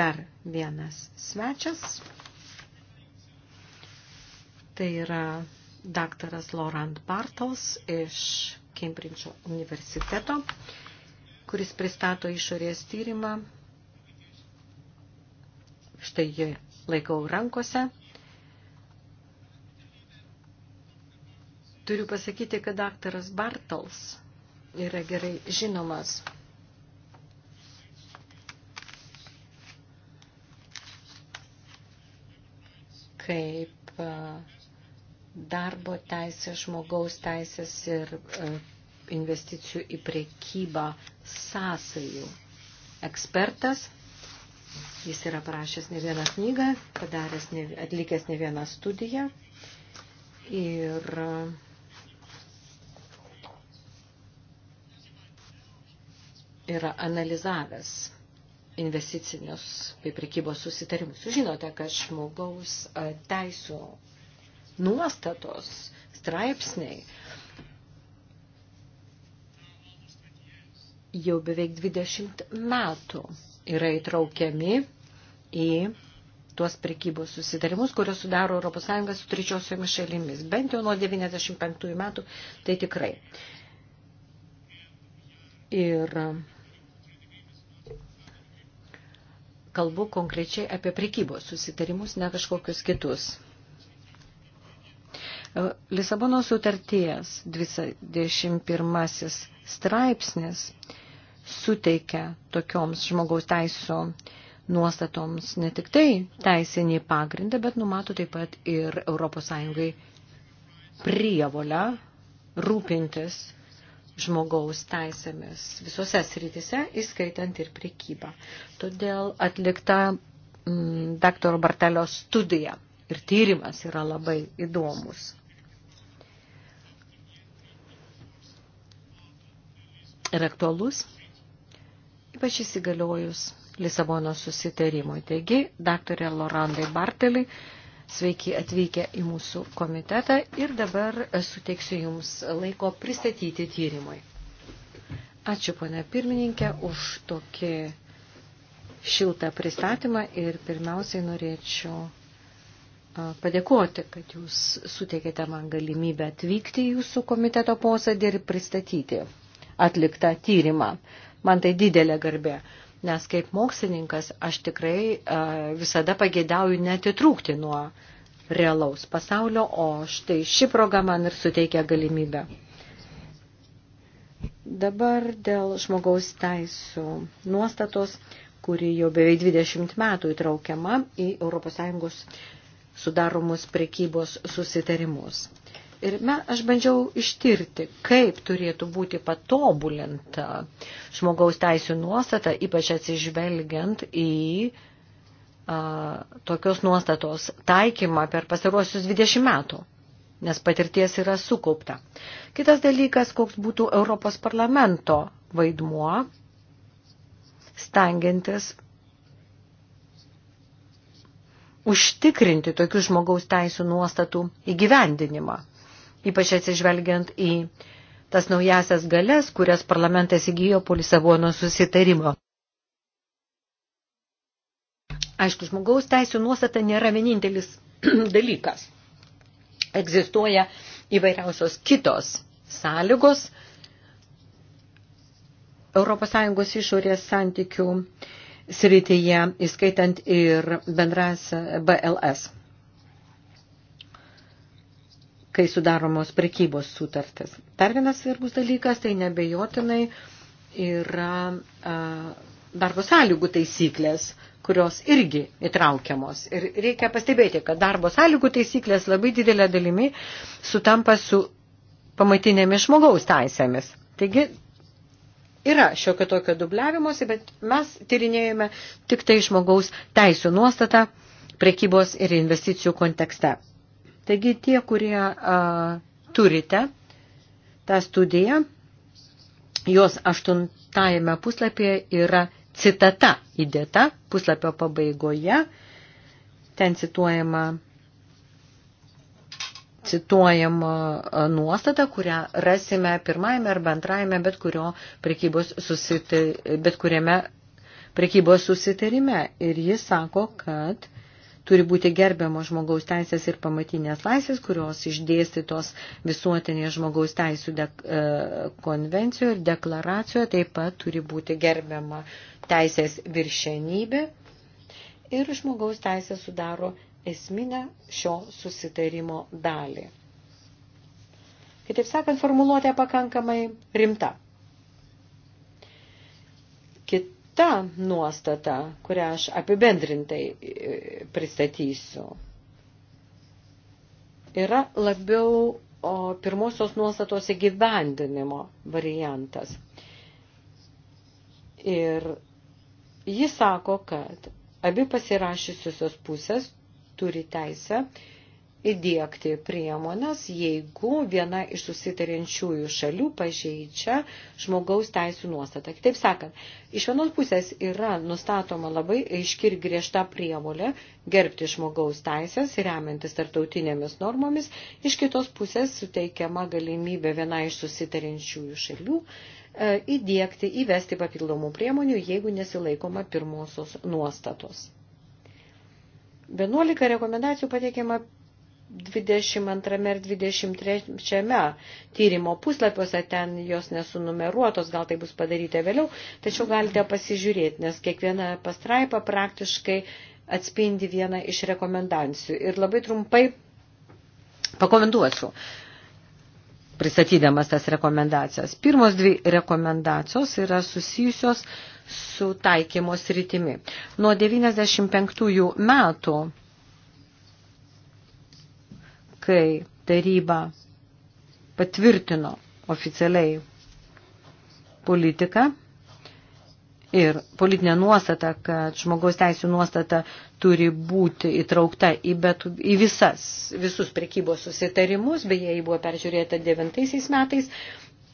dar vienas svečias. Tai yra daktaras Laurent Bartels iš Kembridžo universiteto, kuris pristato išorės tyrimą. Štai jį laikau rankose. Turiu pasakyti, kad daktaras Bartels yra gerai žinomas. Kaip darbo teisės, žmogaus teisės ir investicijų į prekybą sąsajų ekspertas. Jis yra parašęs ne vieną knygą, padaręs ne, atlikęs ne vieną studiją ir uh, yra analizavęs investicinius bei prekybos susitarimus. Jūs žinote, kad žmogaus teisų nuostatos, straipsniai jau beveik 20 metų yra įtraukiami į tuos prekybos susitarimus, kurios sudaro ES su trečiosiomis šalimis. Bent jau nuo 95 metų tai tikrai. Ir kalbu konkrečiai apie prekybos susitarimus, ne kažkokius kitus. E, Lisabono sutarties 21 straipsnis suteikia tokioms žmogaus teisų nuostatoms ne tik tai teisinį pagrindą, bet numato taip pat ir ES prievolę rūpintis žmogaus teisėmis visose srityse, įskaitant ir prekybą. Todėl atlikta mm, dr. Bartelio studija ir tyrimas yra labai įdomus. Ir aktualus, ypač įsigaliojus Lisabono susitarimui. Taigi, daktarė Lorandai Barteliai Sveiki atvykę į mūsų komitetą ir dabar suteiksiu Jums laiko pristatyti tyrimui. Ačiū, ponia pirmininkė, už tokį šiltą pristatymą ir pirmiausiai norėčiau padėkoti, kad Jūs suteikėte man galimybę atvykti į Jūsų komiteto posėdį ir pristatyti atliktą tyrimą. Man tai didelė garbė. Nes kaip mokslininkas aš tikrai e, visada pagėdauju netitrūkti nuo realaus pasaulio, o štai ši proga man ir suteikia galimybę. Dabar dėl žmogaus teisų nuostatos, kuri jau beveik 20 metų įtraukiama į ES sudaromus prekybos susitarimus. Ir me, aš bandžiau ištirti, kaip turėtų būti patobulinta žmogaus teisų nuostata, ypač atsižvelgiant į a, tokios nuostatos taikymą per pastaruosius 20 metų, nes patirties yra sukaupta. Kitas dalykas, koks būtų Europos parlamento vaidmuo, stengiantis užtikrinti tokių žmogaus teisų nuostatų įgyvendinimą ypač atsižvelgiant į tas naujasias galės, kurias parlamentas įgyjo po Lisabono susitarimo. Aišku, žmogaus teisų nuostata nėra vienintelis dalykas. Egzistuoja įvairiausios kitos sąlygos ES išorės santykių srityje, įskaitant ir bendras BLS kai sudaromos prekybos sutartis. Dar vienas svarbus dalykas, tai nebejotinai yra a, darbo sąlygų taisyklės, kurios irgi įtraukiamos. Ir reikia pastebėti, kad darbo sąlygų taisyklės labai didelė dalimi sutampa su pamatinėmis žmogaus teisėmis. Taigi yra šiokio tokio dubliavimuose, bet mes tyrinėjame tik tai žmogaus teisų nuostatą prekybos ir investicijų kontekste. Taigi tie, kurie a, turite tą studiją, jos aštuntajame puslapyje yra citata įdėta puslapio pabaigoje. Ten cituojama, cituojama nuostata, kurią rasime pirmajame arba antrajame, bet, kurio prekybos susitari, bet kuriame prekybos susitarime. Ir jis sako, kad Turi būti gerbiamo žmogaus teisės ir pamatinės laisvės, kurios išdėstytos visuotinėje žmogaus teisų dek, e, konvencijoje ir deklaracijoje. Taip pat turi būti gerbiama teisės viršenybė. Ir žmogaus teisės sudaro esminę šio susitarimo dalį. Kitaip sakant, formuluotė pakankamai rimta. Kit kita nuostata, kurią aš apibendrintai e, pristatysiu, yra labiau o, pirmosios nuostatos įgyvendinimo variantas. Ir jis sako, kad abi pasirašysiusios pusės turi teisę įdėkti priemonės, jeigu viena iš susitarinčiųjų šalių pažeidžia žmogaus teisų nuostatą. Kitaip sakant, iš vienos pusės yra nustatoma labai aiški ir griežta prievolė gerbti žmogaus teisės, remiantis tartautinėmis normomis, iš kitos pusės suteikiama galimybė viena iš susitarinčiųjų šalių e, įdėkti, įvesti papildomų priemonių, jeigu nesilaikoma pirmosios nuostatos. 11 rekomendacijų pateikiama 22 ir 23 tyrimo puslapiuose, ten jos nesunumeruotos, gal tai bus padaryta vėliau, tačiau galite pasižiūrėti, nes kiekviena pastraipa praktiškai atspindi vieną iš rekomendacijų. Ir labai trumpai pakomentuosiu, pristatydamas tas rekomendacijas. Pirmos dvi rekomendacijos yra susijusios su taikymos rytimi. Nuo 95 metų kai taryba patvirtino oficialiai politiką ir politinė nuostata, kad žmogaus teisų nuostata turi būti įtraukta į, bet, į visas, visus prekybos susitarimus, beje, jį buvo peržiūrėta devintaisiais metais.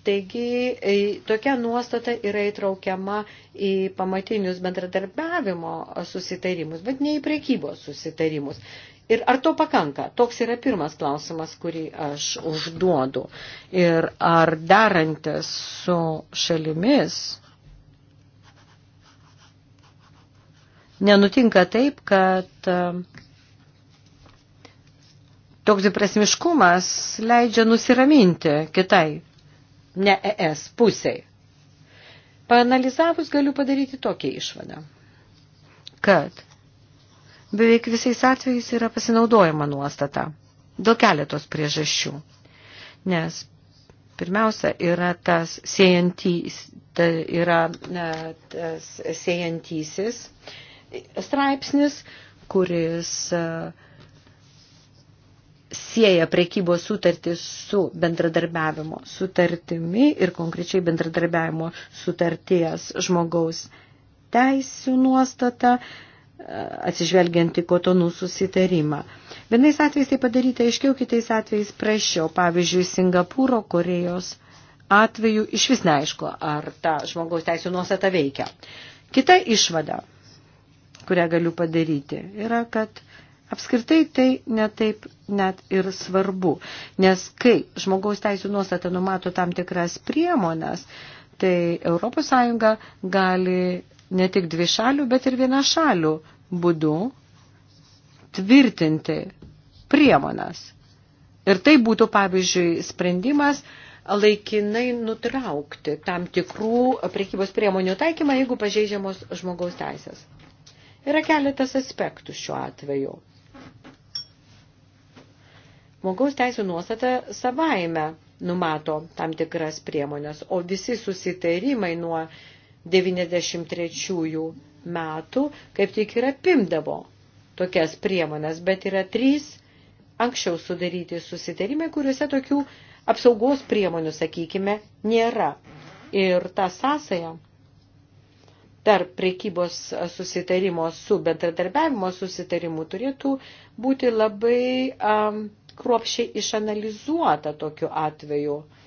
Taigi e, tokia nuostata yra įtraukiama į pamatinius bendradarbiavimo susitarimus, bet ne į prekybos susitarimus. Ir ar to pakanka? Toks yra pirmas klausimas, kurį aš užduodu. Ir ar darantis su šalimis nenutinka taip, kad e, toks beprasmiškumas leidžia nusiraminti kitai, ne ES pusiai. Paanalizavus galiu padaryti tokią išvadą, kad beveik visais atvejais yra pasinaudojama nuostata dėl keletos priežasčių. Nes pirmiausia yra tas siejantys, ta, yra tas siejantysis straipsnis, kuris sieja prekybos sutartį su bendradarbiavimo sutartimi ir konkrečiai bendradarbiavimo sutarties žmogaus teisų nuostata, uh, atsižvelgianti kotonų susitarimą. Vienais atvejais tai padaryta aiškiau, kitais atvejais prašiau. Pavyzdžiui, Singapūro, Korejos atveju iš vis neaišku, ar ta žmogaus teisų nuostata veikia. Kita išvada, kurią galiu padaryti, yra, kad apskritai tai netaip net ir svarbu. Nes kai žmogaus teisų nuostata numato tam tikras priemonės, tai ES gali ne tik dvi šalių, bet ir viena šalių būdu tvirtinti priemonas. Ir tai būtų, pavyzdžiui, sprendimas laikinai nutraukti tam tikrų prekybos priemonių taikymą, jeigu pažeidžiamos žmogaus teisės. Yra keletas aspektų šiuo atveju. Žmogaus teisų nuostata savaime numato tam tikras priemonės, o visi susitarimai nuo 93 metų kaip tik ir apimdavo tokias priemonės, bet yra trys anksčiau sudaryti susitarimai, kuriuose tokių apsaugos priemonių, sakykime, nėra. Ir ta sąsaja tarp prekybos susitarimo su bendradarbiavimo susitarimu turėtų būti labai um, kruopšiai išanalizuota tokiu atveju. Uh,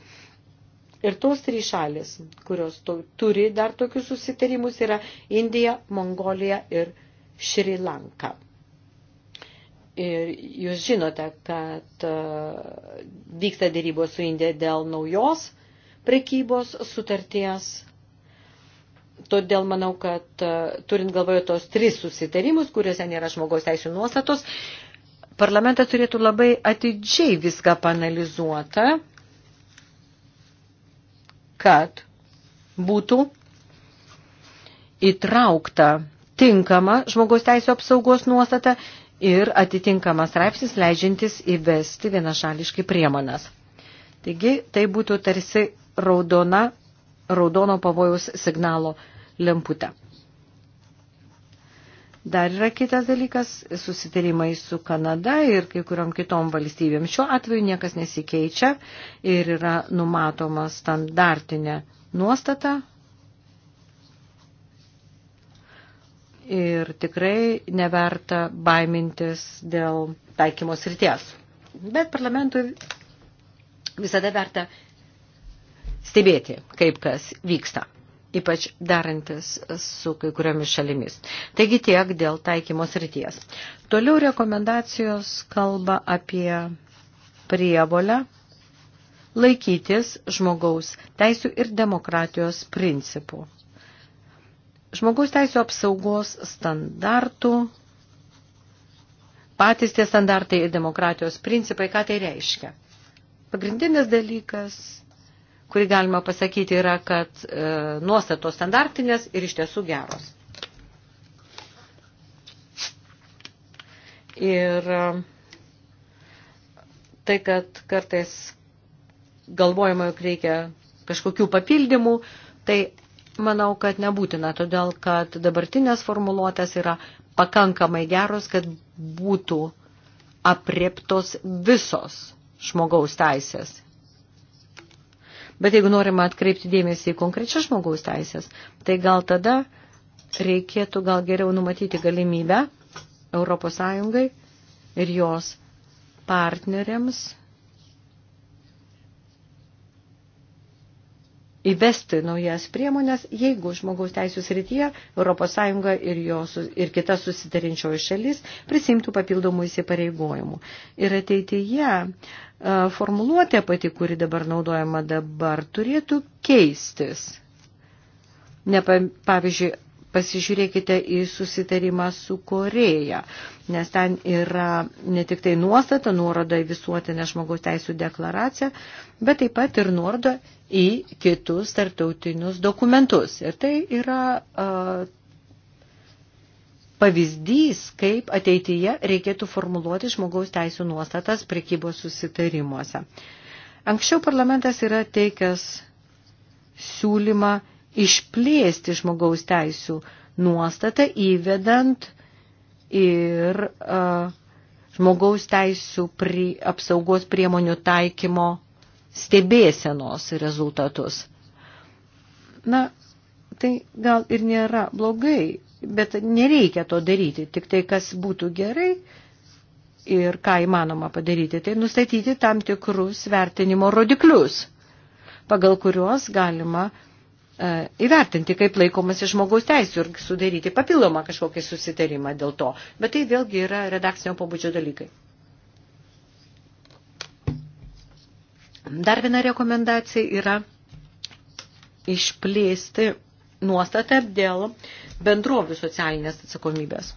Ir tos trys šalis, kurios to, turi dar tokius susitarimus, yra Indija, Mongolija ir Šri Lanka. Ir jūs žinote, kad uh, vyksta dėrybos su Indija dėl naujos prekybos sutarties. Todėl manau, kad uh, turint galvoje tos tris susitarimus, kuriuose nėra žmogaus teisų nuostatos, parlamentas turėtų labai atidžiai viską panalizuotą kad būtų įtraukta tinkama žmogaus teisų apsaugos nuostata ir atitinkamas straipsnis leidžiantis įvesti vienašališkai priemonas. Taigi tai būtų tarsi raudona, raudono pavojaus signalo lemputė. Dar yra kitas dalykas - susitarimai su Kanada ir kai kuriom kitom valstybėm. Šiuo atveju niekas nesikeičia ir yra numatoma standartinė nuostata. Ir tikrai neverta baimintis dėl taikymos ryties. Bet parlamentui visada verta stebėti, kaip kas vyksta ypač darantis su kai kuriomis šalimis. Taigi tiek dėl taikymos ryties. Toliau rekomendacijos kalba apie prievolę laikytis žmogaus teisų ir demokratijos principų. Žmogaus teisų apsaugos standartų, patys tie standartai ir demokratijos principai, ką tai reiškia? Pagrindinis dalykas kurį galima pasakyti yra, kad e, nuostatos standartinės ir iš tiesų geros. Ir e, tai, kad kartais galvojama, jog reikia kažkokių papildymų, tai manau, kad nebūtina, todėl kad dabartinės formuluotės yra pakankamai geros, kad būtų apriptos visos žmogaus teisės Bet jeigu norima atkreipti dėmesį į konkrečias žmogaus teisės, tai gal tada reikėtų gal geriau numatyti galimybę Europos Sąjungai ir jos partneriams įvesti naujas priemonės, jeigu žmogaus teisų srityje ES ir, jos, ir kita susitarinčioji šalis prisimtų papildomų įsipareigojimų. Ir ateityje e, formuluotė pati, kuri dabar naudojama dabar, turėtų keistis. Ne, pavyzdžiui, pasižiūrėkite į susitarimą su Koreja, nes ten yra ne tik tai nuostata, nuoroda į visuotinę žmogaus teisų deklaraciją, bet taip pat ir nuoroda į kitus tartautinius dokumentus. Ir tai yra uh, pavyzdys, kaip ateityje reikėtų formuluoti žmogaus teisų nuostatas prekybos susitarimuose. Anksčiau parlamentas yra teikęs siūlymą išplėsti žmogaus teisų nuostatą, įvedant ir uh, žmogaus teisų pri, apsaugos priemonių taikymo stebėsenos rezultatus. Na, tai gal ir nėra blogai, bet nereikia to daryti. Tik tai, kas būtų gerai ir ką įmanoma padaryti, tai nustatyti tam tikrus vertinimo rodiklius, pagal kuriuos galima E, įvertinti, kaip laikomasi žmogaus teisų ir sudaryti papildomą kažkokį susitarimą dėl to. Bet tai vėlgi yra redakcinio pobūdžio dalykai. Dar viena rekomendacija yra išplėsti nuostatą dėl bendrovių socialinės atsakomybės,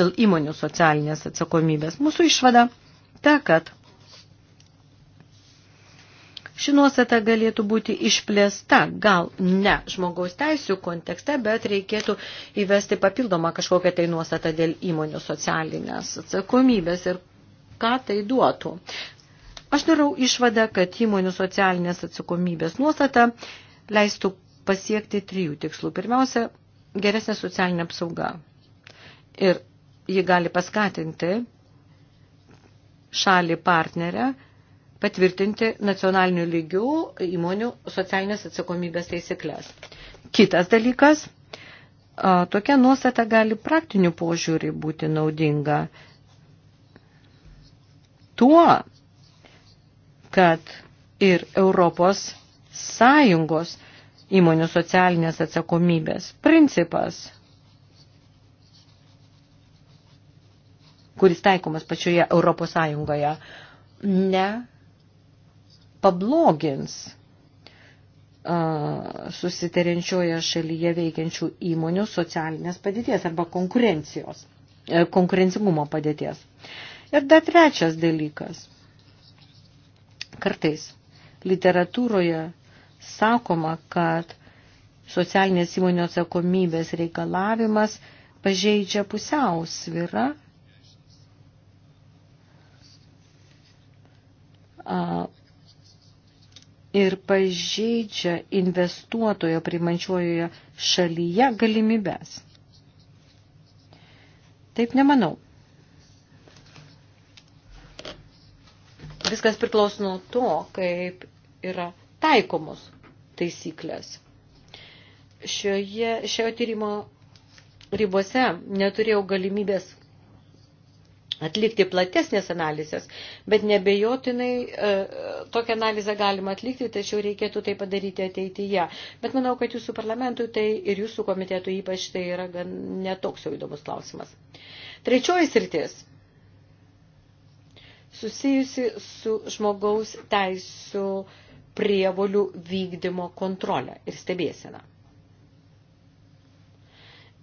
dėl įmonių socialinės atsakomybės. Mūsų išvada ta, kad Ši nuostata galėtų būti išplėsta, gal ne žmogaus teisų kontekste, bet reikėtų įvesti papildomą kažkokią tai nuostatą dėl įmonių socialinės atsakomybės ir ką tai duotų. Aš darau išvadą, kad įmonių socialinės atsakomybės nuostata leistų pasiekti trijų tikslų. Pirmiausia, geresnė socialinė apsauga. Ir ji gali paskatinti šalį partnerę patvirtinti nacionalinių lygių įmonių socialinės atsakomybės taisyklės. Kitas dalykas, tokia nuostata gali praktinių požiūrį būti naudinga tuo, kad ir Europos Sąjungos įmonių socialinės atsakomybės principas, kuris taikomas pačioje Europos Sąjungoje, ne pablogins susitarinčioje šalyje veikiančių įmonių socialinės padėties arba konkurencijos, e, konkurencingumo padėties. Ir dar trečias dalykas. Kartais literatūroje sakoma, kad socialinės įmonių atsakomybės reikalavimas pažeidžia pusiausvyrą ir pažeidžia investuotojo primančiojoje šalyje galimybės. Taip nemanau. Viskas priklauso nuo to, kaip yra taikomos taisyklės. Šioje, šio tyrimo ribose neturėjau galimybės atlikti platesnės analizės, bet nebejotinai e, tokią analizę galima atlikti, tačiau reikėtų tai padaryti ateityje. Bet manau, kad jūsų parlamentui tai ir jūsų komitetui ypač tai yra gan netoks jau įdomus klausimas. Trečioji sritis susijusi su žmogaus teisų prievolių vykdymo kontrolė ir stebėsena.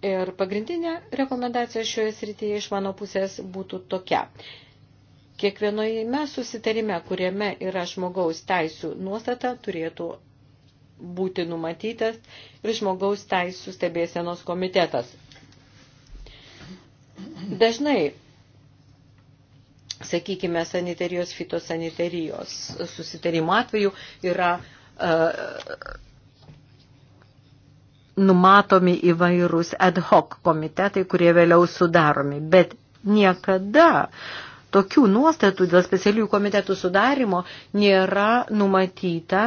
Ir pagrindinė rekomendacija šioje srityje iš mano pusės būtų tokia. Kiekvienoje susitarime, kuriame yra žmogaus teisų nuostata, turėtų būti numatytas ir žmogaus teisų stebėsenos komitetas. Dažnai, sakykime, saniterijos, fitosaniterijos susitarimo atveju yra uh, numatomi įvairūs ad hoc komitetai, kurie vėliau sudaromi, bet niekada tokių nuostatų dėl specialiųjų komitetų sudarimo nėra numatyta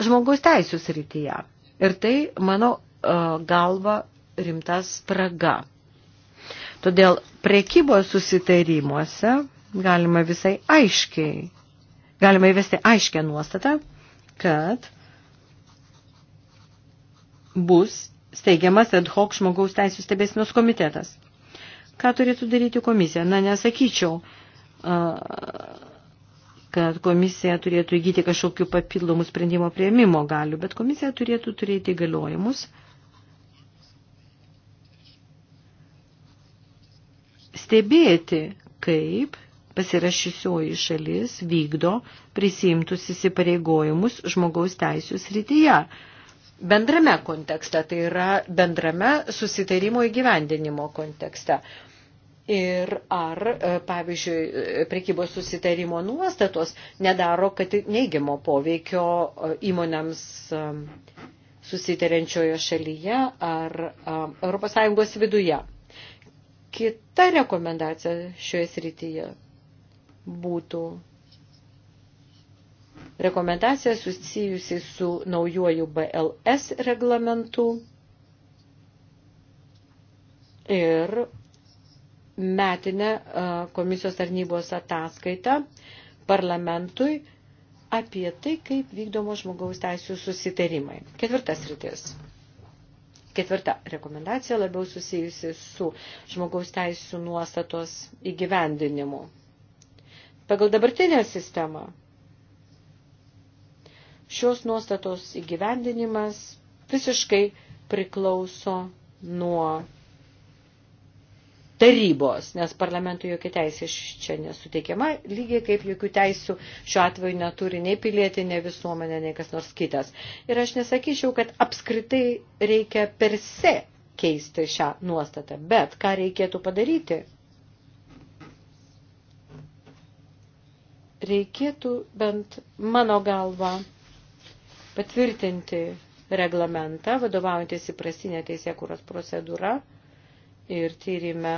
žmogaus teisų srityje. Ir tai, mano e, galva, rimtas spraga. Todėl prekybos susitarimuose galima visai aiškiai, galima įvesti aiškę nuostatą, kad bus steigiamas ad hoc žmogaus teisų stebėsinos komitetas. Ką turėtų daryti komisija? Na, nesakyčiau, kad komisija turėtų įgyti kažkokių papildomų sprendimo prieimimo galių, bet komisija turėtų turėti įgaliojimus stebėti, kaip pasirašysioji šalis vykdo prisimtus įsipareigojimus žmogaus teisų srityje bendrame kontekste, tai yra bendrame susitarimo įgyvendinimo kontekste. Ir ar, e, pavyzdžiui, e, prekybos susitarimo nuostatos nedaro, kad neigiamo poveikio e, įmonėms susitariančioje šalyje ar ES viduje. Kita rekomendacija šioje srityje būtų rekomendaciją susijusi su naujuoju BLS reglamentu ir metinę e, komisijos tarnybos ataskaitą parlamentui apie tai, kaip vykdomo žmogaus teisų susitarimai. Ketvirtas rytis. Ketvirta rekomendacija labiau susijusi su žmogaus teisų nuostatos įgyvendinimu. Pagal dabartinę sistemą šios nuostatos įgyvendinimas visiškai priklauso nuo tarybos, nes parlamentui jokia teisė čia nesuteikiama, lygiai kaip jokių teisių šiuo atveju neturi nei pilietinė nei visuomenė, nei kas nors kitas. Ir aš nesakyčiau, kad apskritai reikia per se keisti šią nuostatą, bet ką reikėtų padaryti? Reikėtų bent mano galva patvirtinti reglamentą, vadovaujantis įprastinė teisėkūros procedūra. Ir tyrime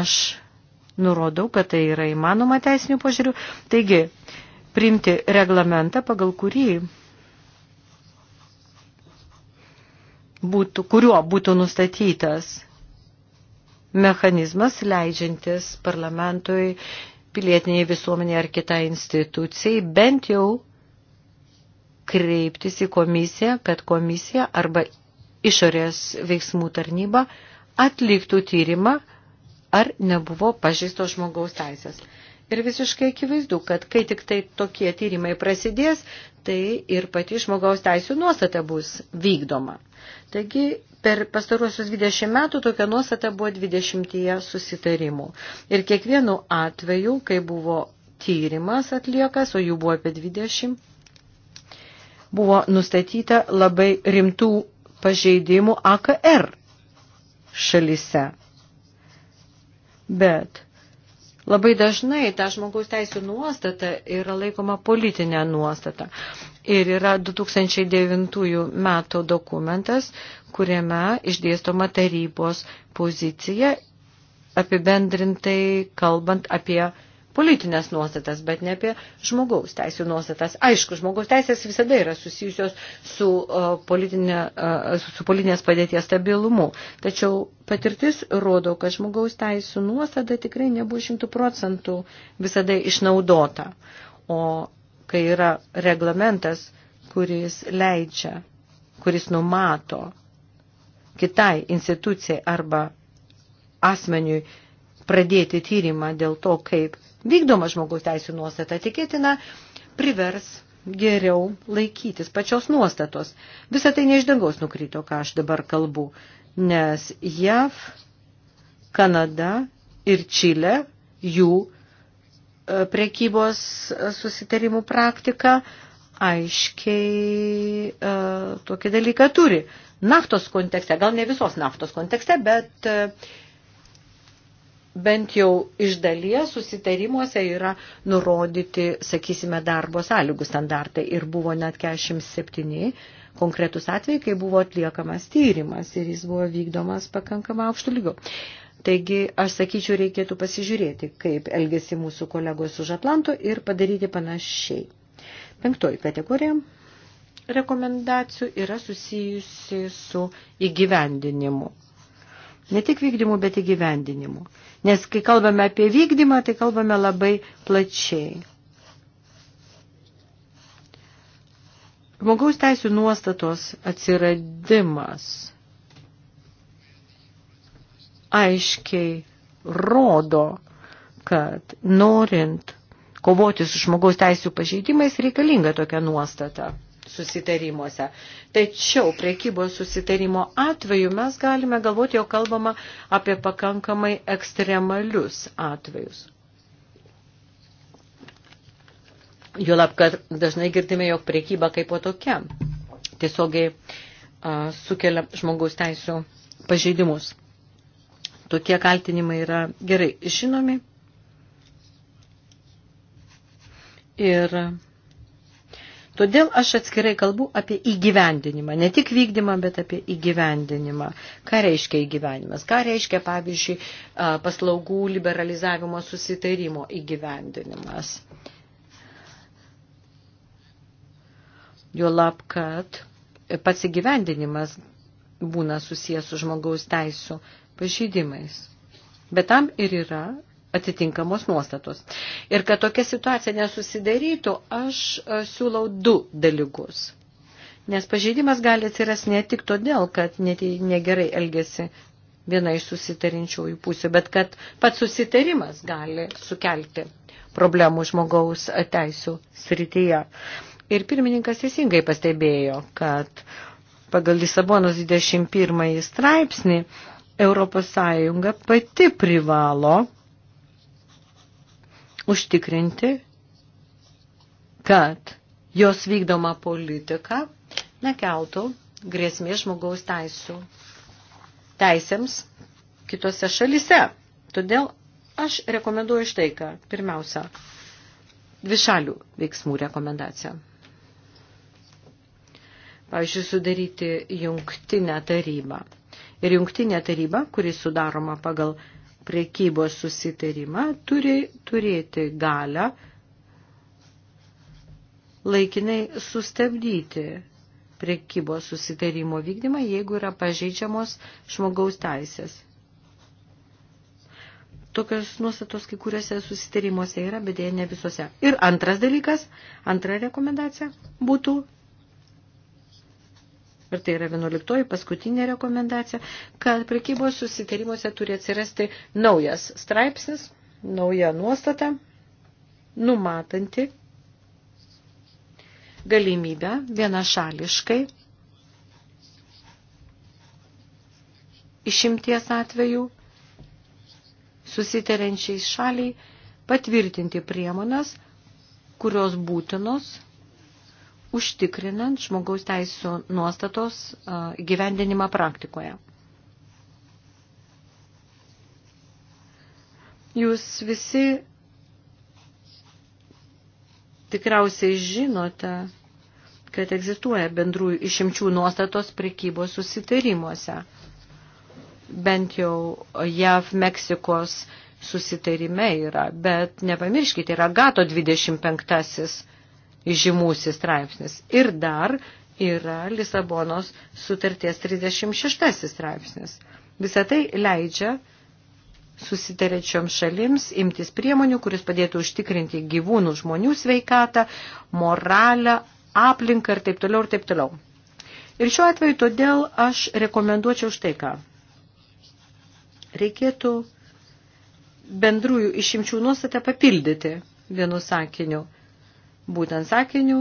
aš nurodau, kad tai yra įmanoma teisinių požiūrių. Taigi, priimti reglamentą, pagal kurį būtų, kuriuo būtų nustatytas mechanizmas leidžiantis parlamentui, pilietiniai visuomeniai ar kitai institucijai bent jau kreiptis į komisiją, kad komisija arba išorės veiksmų tarnyba atliktų tyrimą, ar nebuvo pažįsto žmogaus teisės. Ir visiškai akivaizdu, kad kai tik tai tokie tyrimai prasidės, tai ir pati žmogaus teisų nuostata bus vykdoma. Taigi per pastaruosius 20 metų tokia nuostata buvo 20 susitarimų. Ir kiekvienu atveju, kai buvo tyrimas atliekas, o jų buvo apie 20, buvo nustatyta labai rimtų pažeidimų AKR šalise. Bet labai dažnai ta žmogaus teisų nuostata yra laikoma politinė nuostata. Ir yra 2009 metų dokumentas, kuriame išdėstoma tarybos pozicija apibendrintai kalbant apie politinės nuostatas, bet ne apie žmogaus teisų nuostatas. Aišku, žmogaus teisės visada yra susijusios su, e, politinė, e, su politinės padėties stabilumu. Tačiau patirtis rodo, kad žmogaus teisų nuostata tikrai nebuvo šimtų procentų visada išnaudota. O kai yra reglamentas, kuris leidžia, kuris numato kitai institucijai arba asmeniui pradėti tyrimą dėl to, kaip vykdoma žmogaus teisų nuostata tikėtina privers geriau laikytis pačios nuostatos. Visą tai neišdangaus nukrito, ką aš dabar kalbu, nes JAV, Kanada ir Čilė jų e, prekybos e, susitarimų praktika aiškiai e, tokį dalyką turi. Naftos kontekste, gal ne visos naftos kontekste, bet e, bent jau iš dalies susitarimuose yra nurodyti, sakysime, darbo sąlygų standartai. Ir buvo net 47 konkretus atvejai, kai buvo atliekamas tyrimas ir jis buvo vykdomas pakankamai aukštų lygių. Taigi, aš sakyčiau, reikėtų pasižiūrėti, kaip elgesi mūsų kolegos už Atlanto ir padaryti panašiai. Penktoji kategorija rekomendacijų yra susijusi su įgyvendinimu. Ne tik vykdymu, bet įgyvendinimu. Nes kai kalbame apie vykdymą, tai kalbame labai plačiai. Žmogaus teisų nuostatos atsiradimas aiškiai rodo, kad norint kovoti su žmogaus teisų pažeidimais reikalinga tokia nuostata susitarimuose. Tačiau priekybos susitarimo atveju mes galime galvoti, jau kalbama apie pakankamai ekstremalius atvejus. Juolab, kad dažnai girdime, jog priekyba kaip po tokia tiesiogiai a, sukelia žmogaus teisų pažeidimus. Tokie kaltinimai yra gerai žinomi ir Todėl aš atskirai kalbu apie įgyvendinimą, ne tik vykdymą, bet apie įgyvendinimą. Ką reiškia įgyvendinimas? Ką reiškia, pavyzdžiui, paslaugų liberalizavimo susitarimo įgyvendinimas? Jo lab, kad pats įgyvendinimas būna susijęs su žmogaus teisų pažydimais. Bet tam ir yra atitinkamos nuostatos. Ir kad tokia situacija nesusidarytų, aš e, siūlau du dalykus. Nes pažeidimas gali atsirasti ne tik todėl, kad negerai elgesi viena iš susitarinčiųjų pusių, bet kad pats susitarimas gali sukelti problemų žmogaus teisų srityje. Ir pirmininkas teisingai pastebėjo, kad pagal Lisabonos 21 straipsnį Europos Sąjunga pati privalo užtikrinti, kad jos vykdoma politika nekeltų grėsmė žmogaus teisų teisėms kitose šalise. Todėl aš rekomenduoju štai ką. Pirmiausia, dvišalių veiksmų rekomendacija. Pavyzdžiui, sudaryti jungtinę tarybą. Ir jungtinė taryba, kuri sudaroma pagal prekybos susitarimą turi turėti galę laikinai sustabdyti prekybos susitarimo vykdymą, jeigu yra pažeidžiamos žmogaus teisės. Tokios nuostatos kai kuriuose susitarimuose yra, bet dėja ne visose. Ir antras dalykas, antra rekomendacija būtų ir tai yra 11 paskutinė rekomendacija, kad prekybos susitarimuose turi atsirasti naujas straipsnis, nauja nuostata, numatanti galimybę vienašališkai išimties atveju susitariančiai šaliai patvirtinti priemonas, kurios būtinos užtikrinant žmogaus teisų nuostatos gyvendinimą praktikoje. Jūs visi tikriausiai žinote, kad egzistuoja bendrųjų išimčių nuostatos prekybos susitarimuose. Bent jau JAV Meksikos susitarime yra, bet nepamirškite, yra GATO 25 žymusis straipsnis. Ir dar yra Lisabonos sutarties 36 straipsnis. Visą tai leidžia susitarečiom šalims imtis priemonių, kuris padėtų užtikrinti gyvūnų žmonių sveikatą, moralę, aplinką ir taip toliau ir taip toliau. Ir šiuo atveju todėl aš rekomenduočiau štai ką. Reikėtų bendrųjų išimčių nuostatą papildyti vienu sakiniu būtent sakinių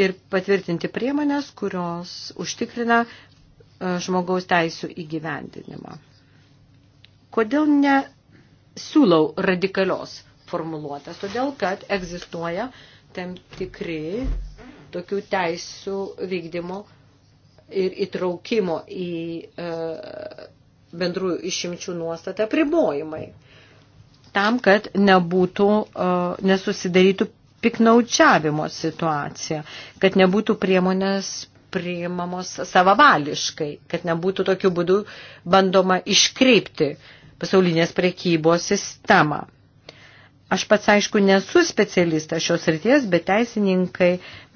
ir patvirtinti priemonės, kurios užtikrina e, žmogaus teisų įgyvendinimą. Kodėl ne siūlau radikalios formuluotės? Todėl, kad egzistuoja tam tikri tokių teisų vykdymo ir įtraukimo į e, bendrųjų išimčių nuostatą pribojimai. Tam, kad nebūtų, e, nesusidarytų piknaučiavimo situacija, kad nebūtų priemonės priimamos savavališkai, kad nebūtų tokiu būdu bandoma iškreipti pasaulinės prekybos sistemą. Aš pats, aišku, nesu specialistas šios ryties, bet teisininkai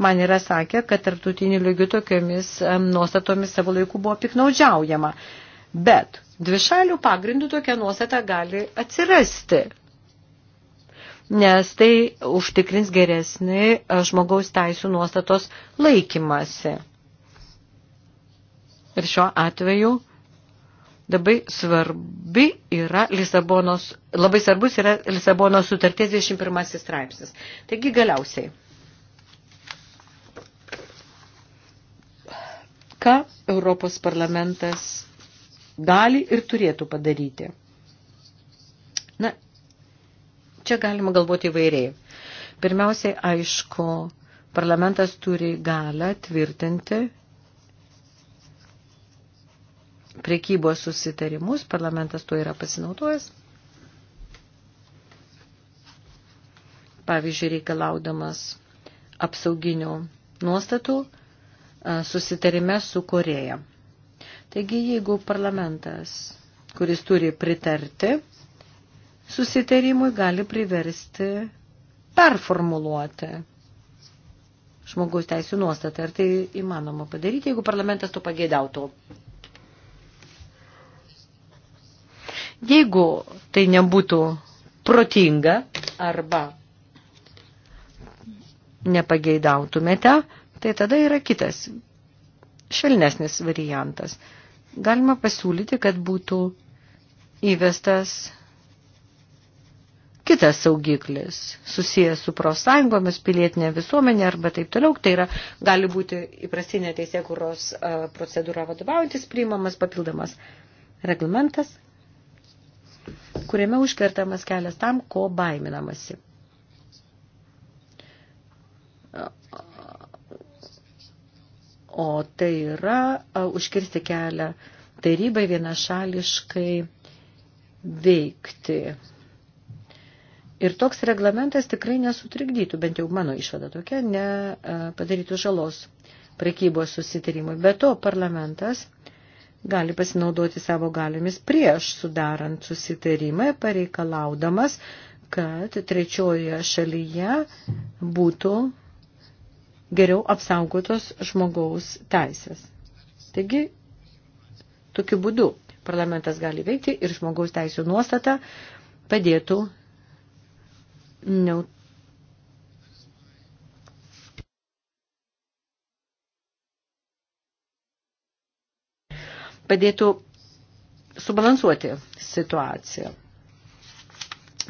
man yra sakę, kad tarptautinių lygių tokiamis nuostatomis savo laiku buvo piknaudžiaujama. Bet dvišalių pagrindų tokia nuostata gali atsirasti nes tai užtikrins geresnį e, žmogaus teisų nuostatos laikymasi. Ir šiuo atveju labai svarbi yra Lisabonos, labai svarbus yra Lisabonos sutarties 21 straipsnis. Taigi galiausiai. Ką Europos parlamentas gali ir turėtų padaryti? Na, Čia galima galvoti įvairiai. Pirmiausiai, aišku, parlamentas turi galę tvirtinti prekybos susitarimus, parlamentas tuo yra pasinaudojęs. Pavyzdžiui, reikalaudamas apsauginių nuostatų susitarime su Koreja. Taigi, jeigu parlamentas, kuris turi pritarti susitarimui gali priversti performuluoti žmogaus teisų nuostatą. Ar tai įmanoma padaryti, jeigu parlamentas to pagėdautų? Jeigu tai nebūtų protinga arba nepageidautumėte, tai tada yra kitas švelnesnis variantas. Galima pasiūlyti, kad būtų įvestas kitas saugiklis susijęs su profsąjungomis, pilietinė visuomenė arba taip toliau. Tai yra, gali būti įprastinė teisėkūros e, procedūra vadovaujantis priimamas papildomas reglamentas, kuriame užkertamas kelias tam, ko baiminamasi. O tai yra e, užkirsti kelią tarybai vienašališkai veikti Ir toks reglamentas tikrai nesutrikdytų, bent jau mano išvada tokia, nepadarytų žalos prekybos susitarimui. Be to, parlamentas gali pasinaudoti savo galiomis prieš sudarant susitarimą, pareikalaudamas, kad trečiojoje šalyje būtų geriau apsaugotos žmogaus teisės. Taigi, tokiu būdu parlamentas gali veikti ir žmogaus teisų nuostata padėtų Neut padėtų subalansuoti situaciją.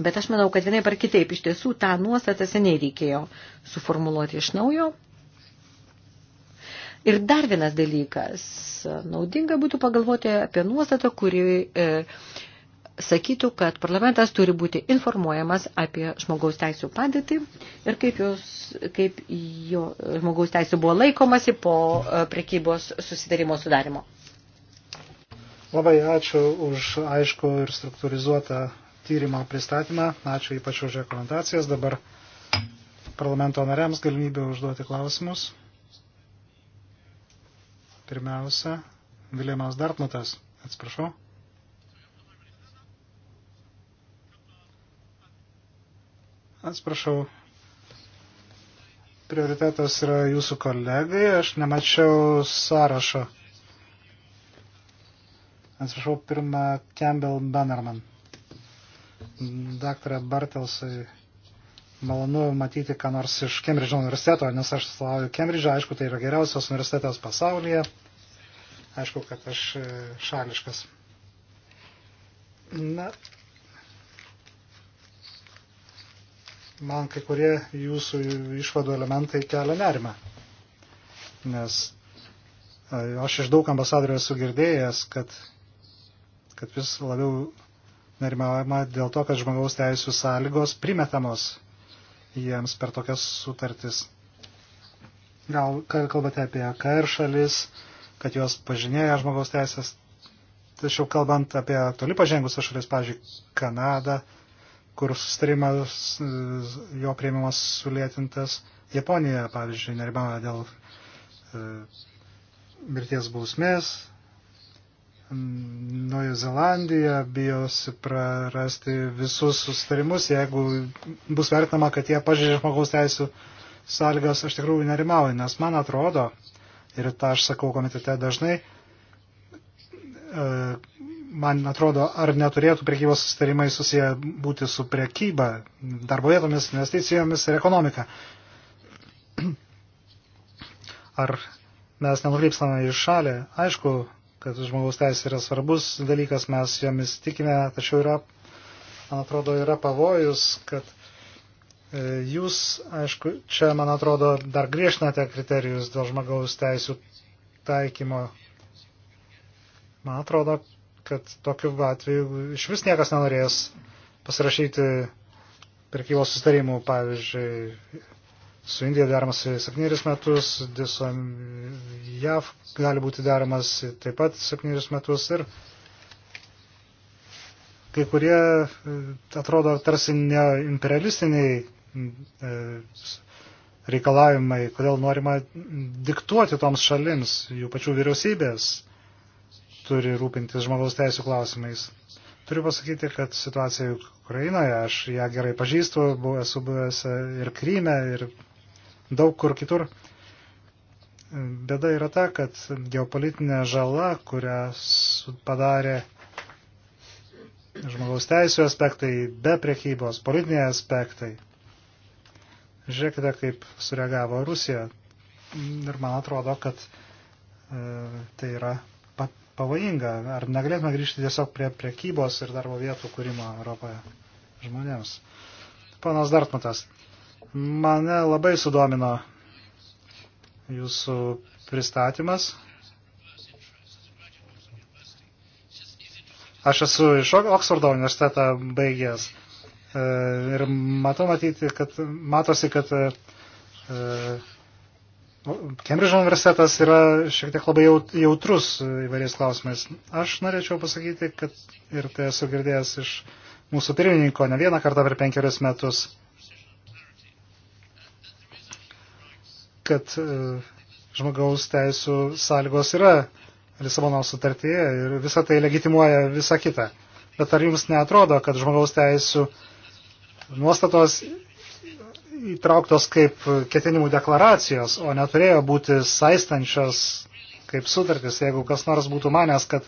Bet aš manau, kad vienai par kitaip iš tiesų tą nuostatą seniai reikėjo suformuluoti iš naujo. Ir dar vienas dalykas, naudinga būtų pagalvoti apie nuostatą, kuri e, sakytų, kad parlamentas turi būti informuojamas apie žmogaus teisų padėtį ir kaip, jos, kaip jo žmogaus teisų buvo laikomasi po e, prekybos susidarimo sudarimo.
Labai ačiū už aišku ir struktūrizuotą tyrimo pristatymą. Ačiū ypač už rekomendacijas. Dabar parlamento nariams galimybė užduoti klausimus. Pirmiausia, Viljamas Dartmutas. Atsiprašau. Atsiprašau, prioritetas yra jūsų kolegai, aš nemačiau sąrašo. Atsiprašau, pirmą Campbell Bannerman. Daktarą Bartelsai, malonu matyti, ką nors iš Kembridžo universiteto, nes aš slavauju Kembridžą, aišku, tai yra geriausias universitetas pasaulyje. Aišku, kad aš e, šališkas. Na, man kai kurie jūsų išvadų elementai kelia nerimą. Nes e, aš iš daug ambasadorių esu girdėjęs, kad, kad vis labiau nerimaujama dėl to, kad žmogaus teisų sąlygos primetamos jiems per tokias sutartis. Gal kalbate apie KR šalis, kad jos pažinėja žmogaus teisės, tačiau kalbant apie toli pažengusias šalis, pavyzdžiui, Kanadą, kur sustarimas, jo prieimimas sulėtintas. Japonija, pavyzdžiui, nerimauja dėl e, mirties bausmės. Naujoji Zelandija bijosi prarasti visus sustarimus, jeigu bus vertinama, kad jie pažeidžia žmogaus teisų sąlygas, aš tikrųjų nerimauju, nes man atrodo, ir tą aš sakau komitete dažnai, e, man atrodo, ar neturėtų priekybos sustarimai susiję būti su priekyba, darbo vietomis, investicijomis ir ekonomika. Ar mes nenukrypstame į šalį? Aišku, kad žmogaus teisė yra svarbus dalykas, mes jomis tikime, tačiau yra, man atrodo, yra pavojus, kad e, jūs, aišku, čia, man atrodo, dar griežtinate kriterijus dėl žmogaus teisų taikymo. Man atrodo, kad tokiu atveju iš vis niekas nenorės pasirašyti prekybos sustarimų, pavyzdžiui, su Indija deramas 7 metus, su JAV gali būti deramas taip pat 7 metus ir kai kurie e, atrodo tarsi ne imperialistiniai e, reikalavimai, kodėl norima diktuoti toms šalims, jų pačių vyriausybės turi rūpintis žmogaus teisų klausimais. Turiu pasakyti, kad situacija Ukrainoje, aš ją gerai pažįstu, bu, esu buvęs ir Kryme, ir daug kur kitur. Bėda yra ta, kad geopolitinė žala, kurią padarė žmogaus teisų aspektai, be priekybos, politiniai aspektai. Žiūrėkite, kaip sureagavo Rusija. Ir man atrodo, kad e, tai yra pavojinga. Ar negalėtume grįžti tiesiog prie prekybos ir darbo vietų kūrimo Europoje žmonėms? Panas Dartmatas, mane labai sudomino jūsų pristatymas. Aš esu iš Oksfordo universitetą baigęs e, ir matau matyti, kad matosi, kad e, Kembridžo universitetas yra šiek tiek labai jautrus e, įvairiais klausimais. Aš norėčiau pasakyti, kad ir tai esu girdėjęs iš mūsų pirmininko ne vieną kartą per penkerius metus, kad e, žmogaus teisų sąlygos yra Lisabono sutartyje ir visą tai legitimuoja visą kitą. Bet ar jums neatrodo, kad žmogaus teisų nuostatos įtrauktos kaip ketinimų deklaracijos, o neturėjo būti saistančios kaip sutartis, jeigu kas nors būtų manęs, kad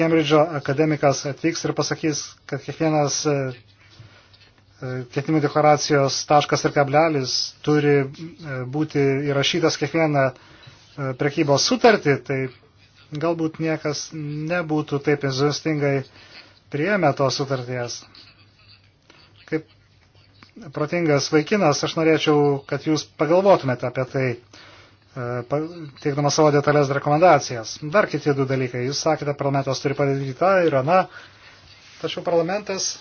Kembridžo akademikas atvyks ir pasakys, kad kiekvienas e, e, ketinimų deklaracijos taškas ir kablelis turi e, būti įrašytas kiekvieną prekybos sutartį, tai galbūt niekas nebūtų taip izvestingai priėmę tos sutarties protingas vaikinas, aš norėčiau, kad jūs pagalvotumėte apie tai, e, teikdama savo detalės rekomendacijas. Dar kiti du dalykai. Jūs sakėte, parlamentas turi padaryti tą ir aną, tačiau parlamentas,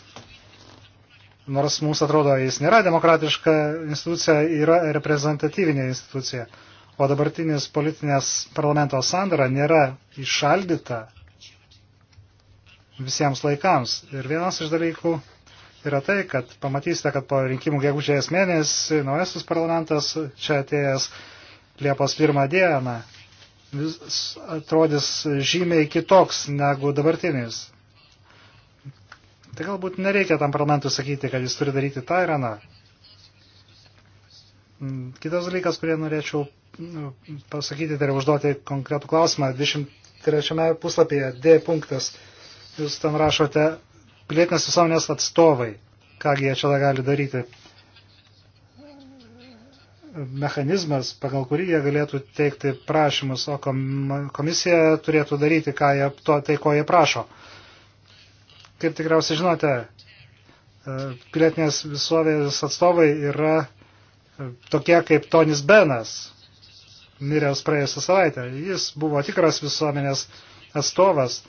nors mums atrodo, jis nėra demokratiška institucija, yra reprezentatyvinė institucija. O dabartinis politinės parlamento sandara nėra išaldyta visiems laikams. Ir vienas iš dalykų yra tai, kad pamatysite, kad po rinkimų gegužės mėnesį naujasis parlamentas čia atėjęs Liepos pirmą dieną vis atrodys žymiai kitoks negu dabartinis. Tai galbūt nereikia tam parlamentui sakyti, kad jis turi daryti tą ir aną. Mm, kitas dalykas, kurį norėčiau nu, pasakyti, tai yra užduoti konkretų klausimą. 23 puslapyje D punktas. Jūs ten rašote pilietinės visuomenės atstovai, kągi jie čia gali daryti. Mechanizmas, pagal kurį jie galėtų teikti prašymus, o komisija turėtų daryti jie, to, tai, ko jie prašo. Kaip tikriausiai žinote, e, pilietinės visuomenės atstovai yra e, tokie kaip Tonis Benas, miręs praėjusią savaitę. Jis buvo tikras visuomenės atstovas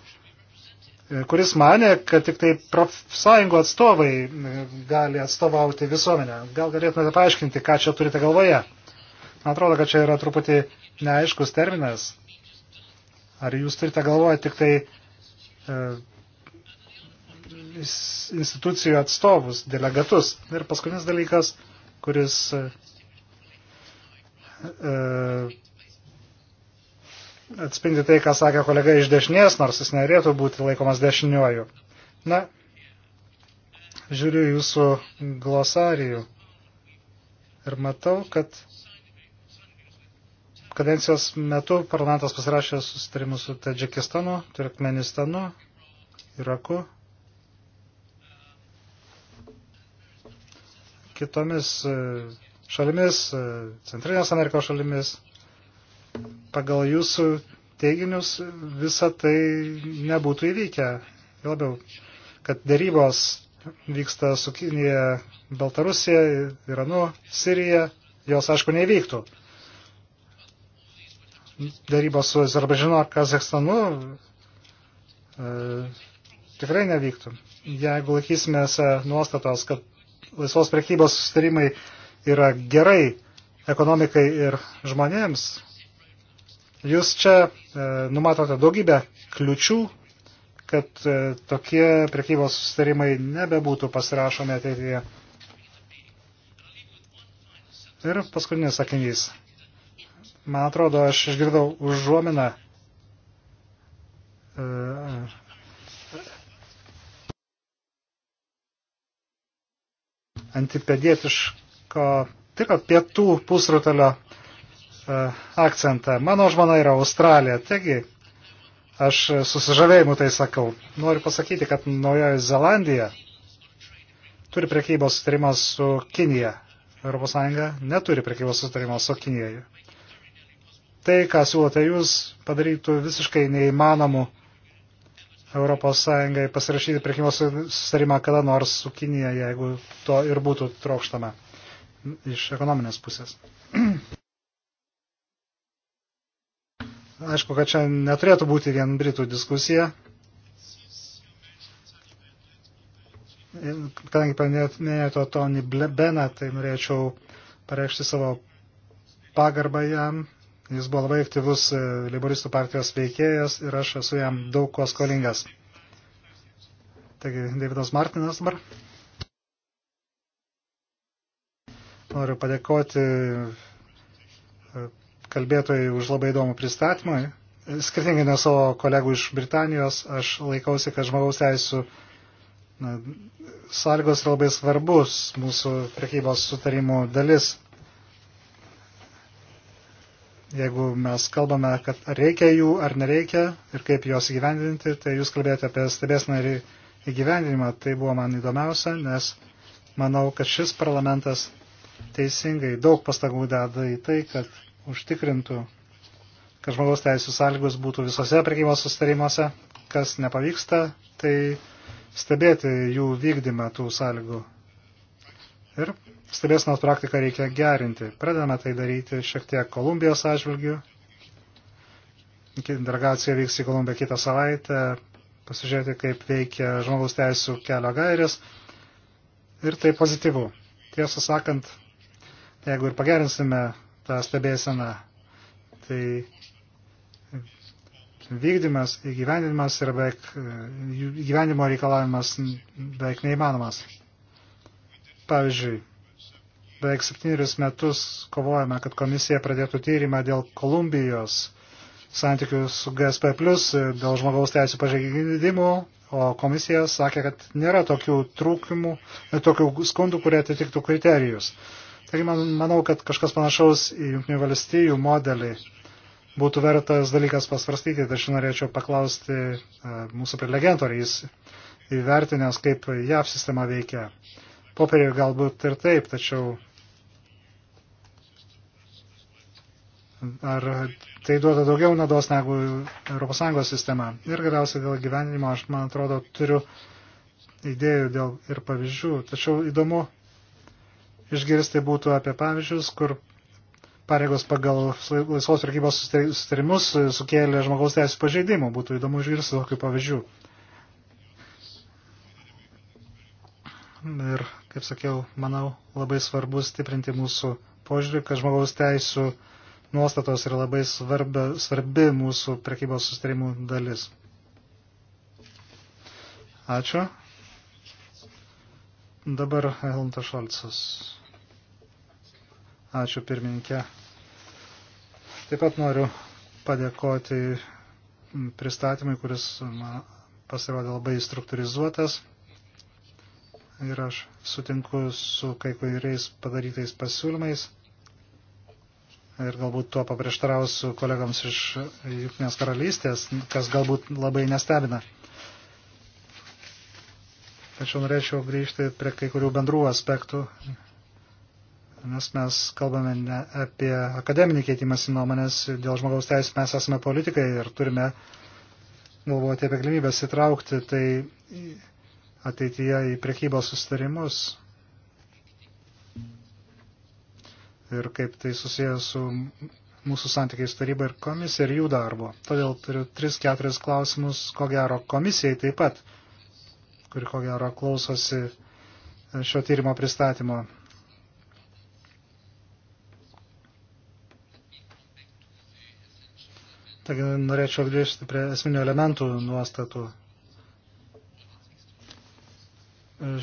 kuris mane, kad tik tai profsąjungų atstovai e, gali atstovauti visuomenę. Gal galėtumėte paaiškinti, ką čia turite galvoje? Man atrodo, kad čia yra truputį neaiškus terminas. Ar jūs turite galvoje tik tai e, institucijų atstovus, delegatus? Ir paskutinis dalykas, kuris e, e atspindi tai, ką sakė kolega iš dešinės, nors jis norėtų būti laikomas dešiniuoju. Na, žiūriu jūsų glosarijų ir matau, kad kadencijos metu parlamentas pasirašė susitarimus su Tadžikistanu, Turkmenistanu, Iraku, kitomis e, šalimis, e, Centrinės Amerikos šalimis pagal jūsų teiginius visa tai nebūtų įvykę. Labiau, kad dėrybos vyksta su Kinija, Baltarusija, Iranu, Sirija, jos aišku nevyktų. Dėrybos su Azerbaidžino, Kazakstanu e, tikrai nevyktų. Jeigu laikysimės e, nuostatos, kad laisvos prekybos sustarimai yra gerai ekonomikai ir žmonėms, Jūs čia e, numatote daugybę kliučių, kad e, tokie prekybos sustarimai nebebūtų pasirašomi ateityje. Ir paskutinis sakinys. Man atrodo, aš išgirdau užuominą. E, antipedietiško, tik pietų pusrutalio E, akcentą. Mano žmona yra Australija, taigi aš susižavėjimu tai sakau. Noriu pasakyti, kad Naujoji Zelandija turi prekybos sutarimą su Kinija. ES neturi prekybos sutarimą su Kinija. Tai, ką siūlote jūs, padarytų visiškai neįmanomu ES pasirašyti prekybos sutarimą kada nors su Kinija, jeigu to ir būtų trokštama iš ekonominės pusės. Aišku, kad čia neturėtų būti vien Britų diskusija. Kadangi paminėjote Tony Beną, tai norėčiau pareikšti savo pagarbą jam. Jis buvo labai aktyvus e, Liberistų partijos veikėjas ir aš esu jam daug ko skolingas. Taigi, Davidas Martinas dabar. Noriu padėkoti kalbėtojai už labai įdomų pristatymą. Skirtingai nuo savo kolegų iš Britanijos, aš laikausi, kad žmogaus teisų na, sąlygos yra labai svarbus mūsų prekybos sutarimų dalis. Jeigu mes kalbame, kad reikia jų ar nereikia ir kaip juos įgyvendinti, tai jūs kalbėjote apie stebėsną ir įgyvendinimą. Tai buvo man įdomiausia, nes manau, kad šis parlamentas teisingai daug pastangų deda į tai, kad užtikrintų, kad žmogaus teisų sąlygos būtų visose prekybos sustarimuose. Kas nepavyksta, tai stebėti jų vykdymą tų sąlygų. Ir stebėsinos praktiką reikia gerinti. Pradedame tai daryti šiek tiek Kolumbijos atžvilgių. Delegacija vyks į Kolumbiją kitą savaitę, pasižiūrėti, kaip veikia žmogaus teisų kelio gairės. Ir tai pozityvu. Tiesą sakant, jeigu ir pagerinsime tą stebėseną. Tai vykdymas, įgyvendinimas yra beveik, įgyvendimo reikalavimas beveik neįmanomas. Pavyzdžiui, beveik septynerius metus kovojame, kad komisija pradėtų tyrimą dėl Kolumbijos santykių su GSP, dėl žmogaus teisų pažeidimų, o komisija sakė, kad nėra tokių trūkumų, tokių skundų, kurie atitiktų kriterijus. Taigi man, manau, kad kažkas panašaus į Junktinių valstijų modelį būtų vertas dalykas pasvarstyti, tačiau norėčiau paklausti e, mūsų prelegento, ar jis įvertinęs, kaip JAV sistema veikia. Popieriai galbūt ir taip, tačiau ar tai duoda daugiau nados negu ES sistema. Ir galiausiai dėl gyvenimo aš, man atrodo, turiu idėjų dėl ir pavyzdžių. Tačiau įdomu išgirsti būtų apie pavyzdžius, kur pareigos pagal laisvos prekybos sustarimus sukėlė žmogaus teisų pažeidimų. Būtų įdomu išgirsti tokių pavyzdžių. Ir, kaip sakiau, manau, labai svarbu stiprinti mūsų požiūrį, kad žmogaus teisų nuostatos yra labai svarbi, svarbi mūsų prekybos sustarimų dalis. Ačiū. Dabar Helmutas Šolcas. Ačiū pirmininkė. Taip pat noriu padėkoti pristatymui, kuris man pasirodė labai struktūrizuotas. Ir aš sutinku su kai kuriais padarytais pasiūlymais. Ir galbūt tuo paprieštarausiu kolegams iš Junktinės karalystės, kas galbūt labai nestebina. Tačiau norėčiau grįžti prie kai kurių bendrų aspektų nes mes kalbame ne apie akademinį keitimąsi nuomonės dėl žmogaus teisų, mes esame politikai ir turime galvoti apie galimybės įtraukti tai ateityje į prekybos sustarimus ir kaip tai susijęs su mūsų santykiais taryba ir komisija ir jų darbo. Todėl turiu 3-4 klausimus, ko gero komisijai taip pat, kuri ko gero klausosi šio tyrimo pristatymo. Taigi norėčiau grįžti prie esminio elementų nuostatų.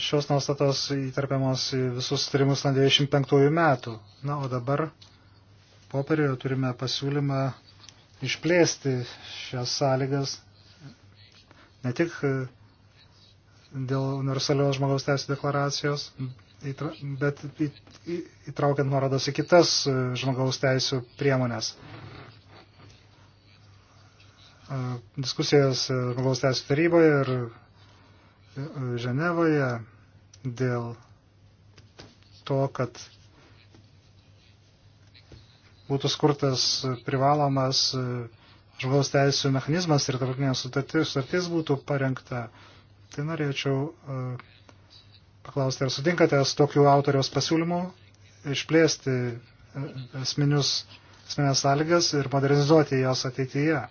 Šios nuostatos įtarpiamos į visus sutarimus nuo 95 metų. Na, o dabar popierioje turime pasiūlymą išplėsti šias sąlygas ne tik e, dėl universalios žmogaus teisų deklaracijos, bet įtraukiant nuorodas į kitas e, žmogaus teisų priemonės. E, diskusijas e, žmogaus teisų taryboje ir e, Ženevoje dėl to, kad būtų skurtas privalomas žmogaus teisų mechanizmas ir tarptautinė sutartis, sutartis būtų parengta. Tai norėčiau paklausti, ar sutinkate su tokiu autoriaus pasiūlymu išplėsti esminius, esminės sąlygas ir modernizuoti jos ateityje.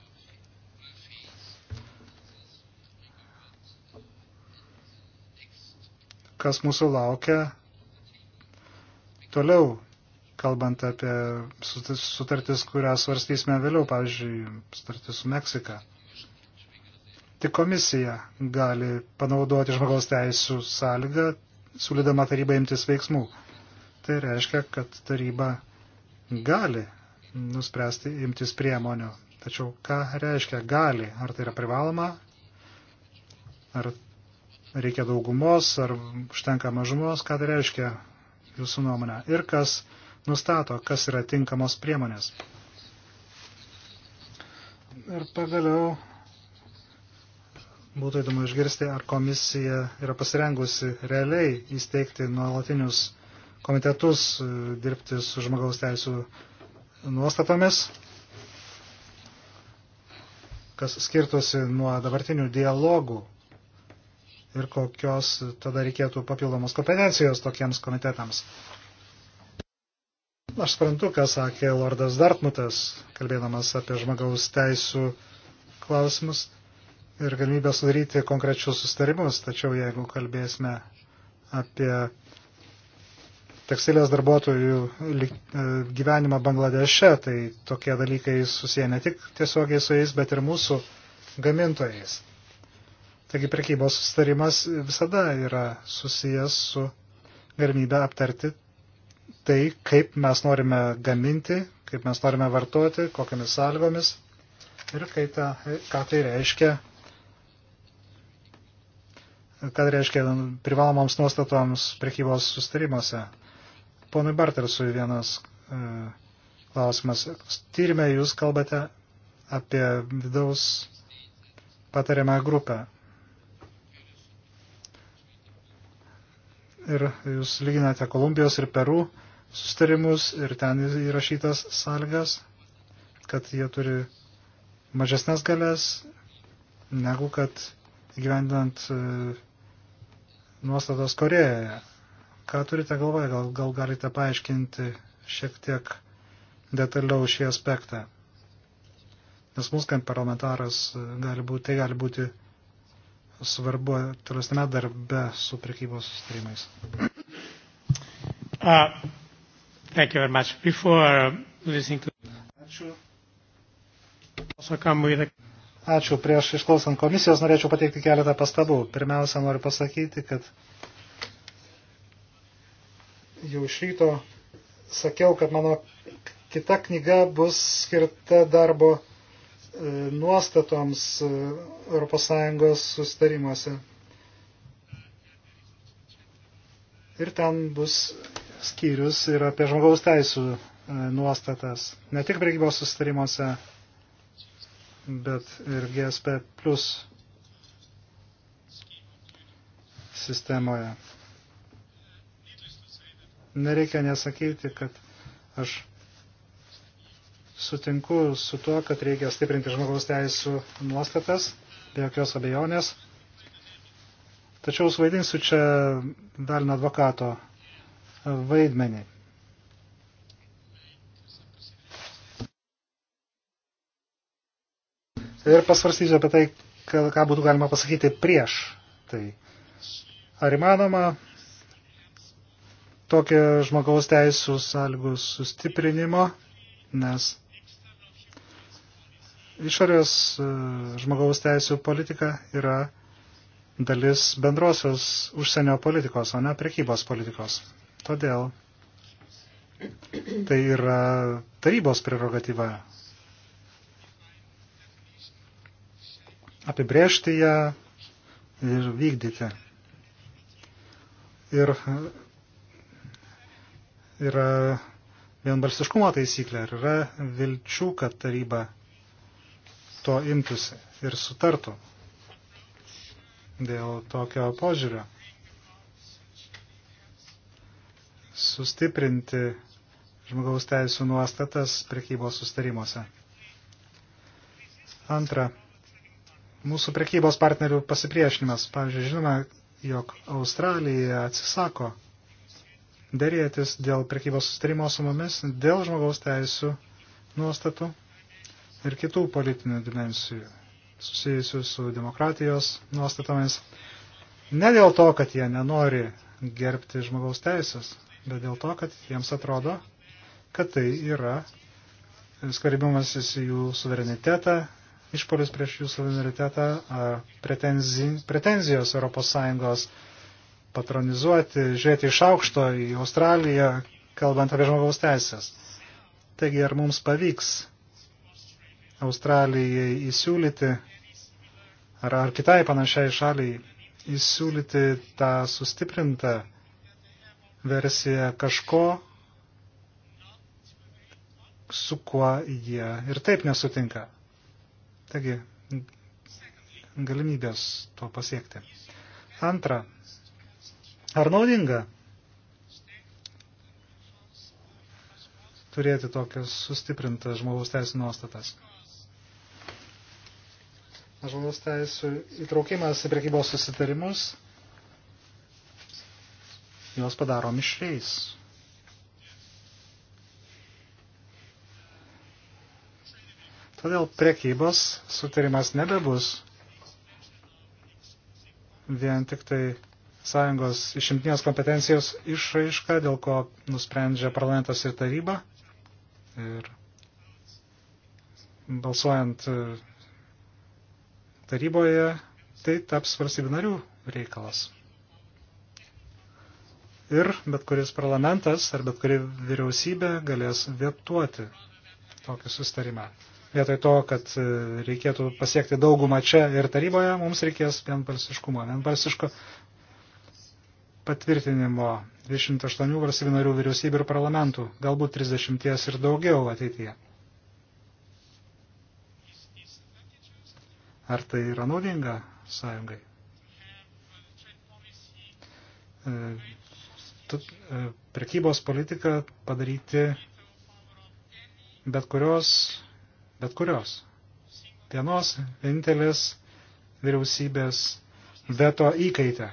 kas mūsų laukia toliau, kalbant apie sutartis, kurią svarstysime vėliau, pavyzdžiui, sutartis su Meksika. Tik komisija gali panaudoti žmogaus teisų sąlygą, siūlydama tarybą imtis veiksmų. Tai reiškia, kad taryba gali nuspręsti imtis priemonių. Tačiau ką reiškia gali? Ar tai yra privaloma? Ar reikia daugumos ar užtenka mažumos, ką tai reiškia jūsų nuomonė ir kas nustato, kas yra tinkamos priemonės. Ir pagaliau būtų įdomu išgirsti, ar komisija yra pasirengusi realiai įsteigti nuolatinius komitetus, dirbti su žmogaus teisų nuostatomis, kas skirtusi nuo dabartinių dialogų ir kokios tada reikėtų papildomos kompetencijos tokiems komitetams. Aš suprantu, ką sakė Lordas Dartmutas, kalbėdamas apie žmogaus teisų klausimus ir galimybę sudaryti konkrečius sustarimus, tačiau jeigu kalbėsime apie tekstilės darbuotojų e, gyvenimą Bangladeše, tai tokie dalykai susiję ne tik tiesiogiai su jais, bet ir mūsų gamintojais. Taigi prekybos sustarimas visada yra susijęs su galimybė aptarti tai, kaip mes norime gaminti, kaip mes norime vartoti, kokiamis salvomis ir kai ta, ką tai reiškia, ką tai reiškia privalomoms nuostatoms prekybos sustarimuose. Ponui Bartersui vienas e, klausimas. Tyrime jūs kalbate apie vidaus patariamą grupę. ir jūs lyginate Kolumbijos ir Peru sustarimus ir ten įrašytas sąlygas, kad jie turi mažesnės galės negu kad gyvendant e, nuostatas Korejoje. Ką turite galvoje, gal, gal galite paaiškinti šiek tiek detaliau šį aspektą? Nes mums, kaip parlamentaras, e, gali būti, tai gali būti svarbu tolesnėme darbe su prekybos sustarimais. Uh, thank you very much. Before uh, listening to... Ačiū. Ačiū. Prieš išklausant komisijos norėčiau pateikti keletą pastabų. Pirmiausia, noriu pasakyti, kad jau iš ryto sakiau, kad mano kita knyga bus skirta darbo E, nuostatoms ES sustarimuose. Ir ten bus skyrius ir apie žmogaus teisų e, nuostatas. Ne tik prekybos sustarimuose, bet ir GSP plus sistemoje. Nereikia nesakyti, kad aš sutinku su tuo, kad reikia stiprinti žmogaus teisų nuostatas, be jokios abejonės. Tačiau suvaidinsiu čia dalino advokato vaidmenį. Ir pasvarstysiu apie tai, ką būtų galima pasakyti prieš. Tai ar įmanoma tokio žmogaus teisų sąlygų sustiprinimo, nes Išorės e, žmogaus teisų politika yra dalis bendrosios užsienio politikos, o ne prekybos politikos. Todėl tai yra tarybos prerogatyva. Apibriežti ją ir vykdyti. Ir yra vienbalsiškumo taisyklė, ir yra vilčių, kad taryba to imtųsi ir sutartų dėl tokio požiūrio. Sustiprinti žmogaus teisų nuostatas prekybos sustarimuose. Antra, mūsų prekybos partnerių pasipriešinimas. Pavyzdžiui, žinome, jog Australija atsisako dėrėtis dėl prekybos sustarimo su mumis, dėl žmogaus teisų nuostatų ir kitų politinių dimensijų susijusių su demokratijos nuostatomis. Ne dėl to, kad jie nenori gerbti žmogaus teisės, bet dėl to, kad jiems atrodo, kad tai yra skvarbimas į jų suverenitetą, išpolis prieš jų suverenitetą, pretenzi, pretenzijos ES patronizuoti, žiūrėti iš aukšto į Australiją, kalbant apie žmogaus teisės. Taigi, ar mums pavyks Australijai įsiūlyti ar, ar kitai panašiai šaliai įsiūlyti tą sustiprintą versiją kažko, su kuo jie ir taip nesutinka. Taigi, galimybės to pasiekti. Antra, ar naudinga turėti tokias sustiprintas žmogaus teisų nuostatas? žmogaus teisų įtraukimas į prekybos susitarimus juos padaro mišreis. Todėl prekybos sutarimas nebebus vien tik tai sąjungos išimtinės kompetencijos išraiška, dėl ko nusprendžia parlamentas ir taryba. Ir balsuojant taryboje tai taps valstybių narių reikalas. Ir bet kuris parlamentas ar bet kuri vyriausybė galės vietuoti tokį sustarimą. Vietoj to, kad e, reikėtų pasiekti daugumą čia ir taryboje, mums reikės vienbalsiškumo, vienbalsiško patvirtinimo 28 valstybių narių vyriausybių ir parlamentų, galbūt 30 ir daugiau ateityje. Ar tai yra naudinga sąjungai? E, e, prekybos politiką padaryti bet kurios, bet kurios vienos vienintelės vyriausybės veto įkaitę.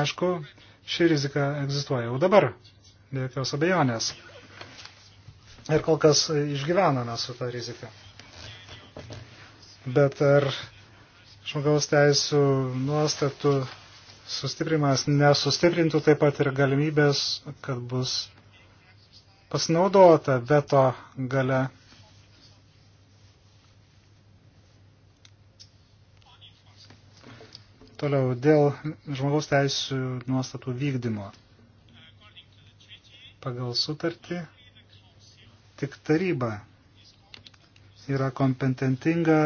Aišku, ši rizika egzistuoja jau dabar, be jokios abejonės. Ir kol kas išgyvename su tą riziką bet ar žmogaus teisų nuostatų sustiprimas nesustiprintų taip pat ir galimybės, kad bus pasinaudota veto gale. Toliau dėl žmogaus teisų nuostatų vykdymo. Pagal sutartį tik taryba yra kompetentinga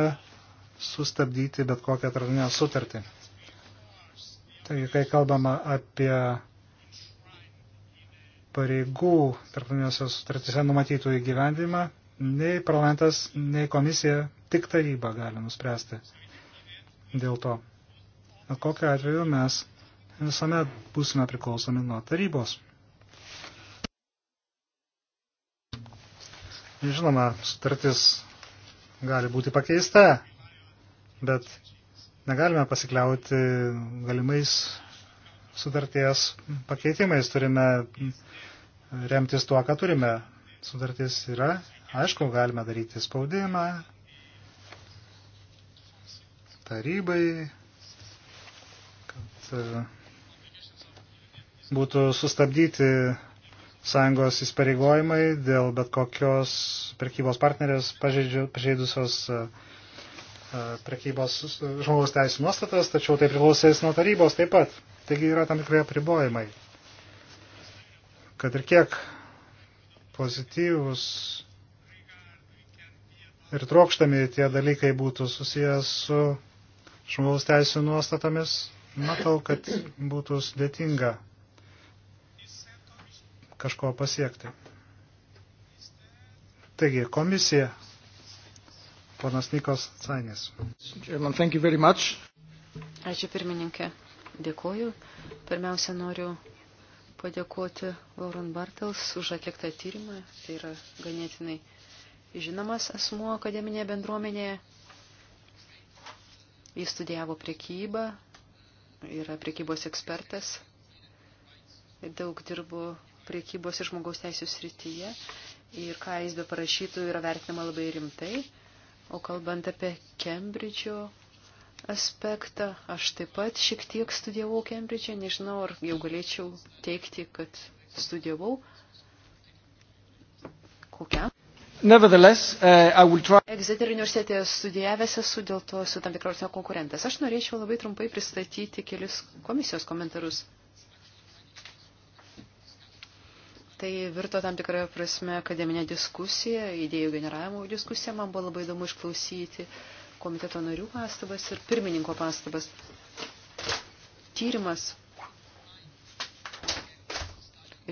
sustabdyti bet kokią atradinę sutartį. Taigi, kai kalbama apie pareigų tarptautinėse sutartyse numatytų įgyvendimą, nei parlamentas, nei komisija, tik taryba gali nuspręsti dėl to. Bet kokiu atveju mes visuomet būsime priklausomi nuo tarybos. Žinoma, sutartis gali būti pakeista, bet negalime pasikliauti galimais sutarties pakeitimais, turime remtis tuo, ką turime. Sutartis yra, aišku, galime daryti spaudimą tarybai, kad e, būtų sustabdyti sąjungos įsipareigojimai dėl bet kokios prekybos partnerės pažeidusios uh, E, prekybos žmogaus teisų nuostatas, tačiau tai priklausys nuo tarybos taip pat. Taigi yra tam tikrai apribojimai. Kad ir kiek pozityvus ir trokštami tie dalykai būtų susijęs su žmogaus teisų nuostatomis, matau, kad būtų sudėtinga kažko pasiekti. Taigi, komisija Ponas Nikos Cainės.
Ačiū pirmininkė. Dėkuoju. Pirmiausia, noriu padėkoti Lauren Bartels už atliktą tyrimą. Tai yra ganėtinai žinomas asmuo akademinėje bendruomenėje. Jis studijavo prekybą, yra prekybos ekspertas, daug dirbo prekybos ir žmogaus teisų srityje ir ką jis be parašytų yra vertinama labai rimtai. O kalbant apie Kembridžio aspektą, aš taip pat šiek tiek studijavau Kembridžė, nežinau, ar jau galėčiau teikti, kad studijavau.
Kokia? Nevertheless, uh, I will try.
Exeter universitete studijavęs esu, dėl to esu tam tikros konkurentas. Aš norėčiau labai trumpai pristatyti kelis komisijos komentarus. Tai virto tam tikrą prasme akademinę diskusiją, idėjų generavimo diskusiją. Man buvo labai įdomu išklausyti komiteto narių pastabas ir pirmininko pastabas. Tyrimas.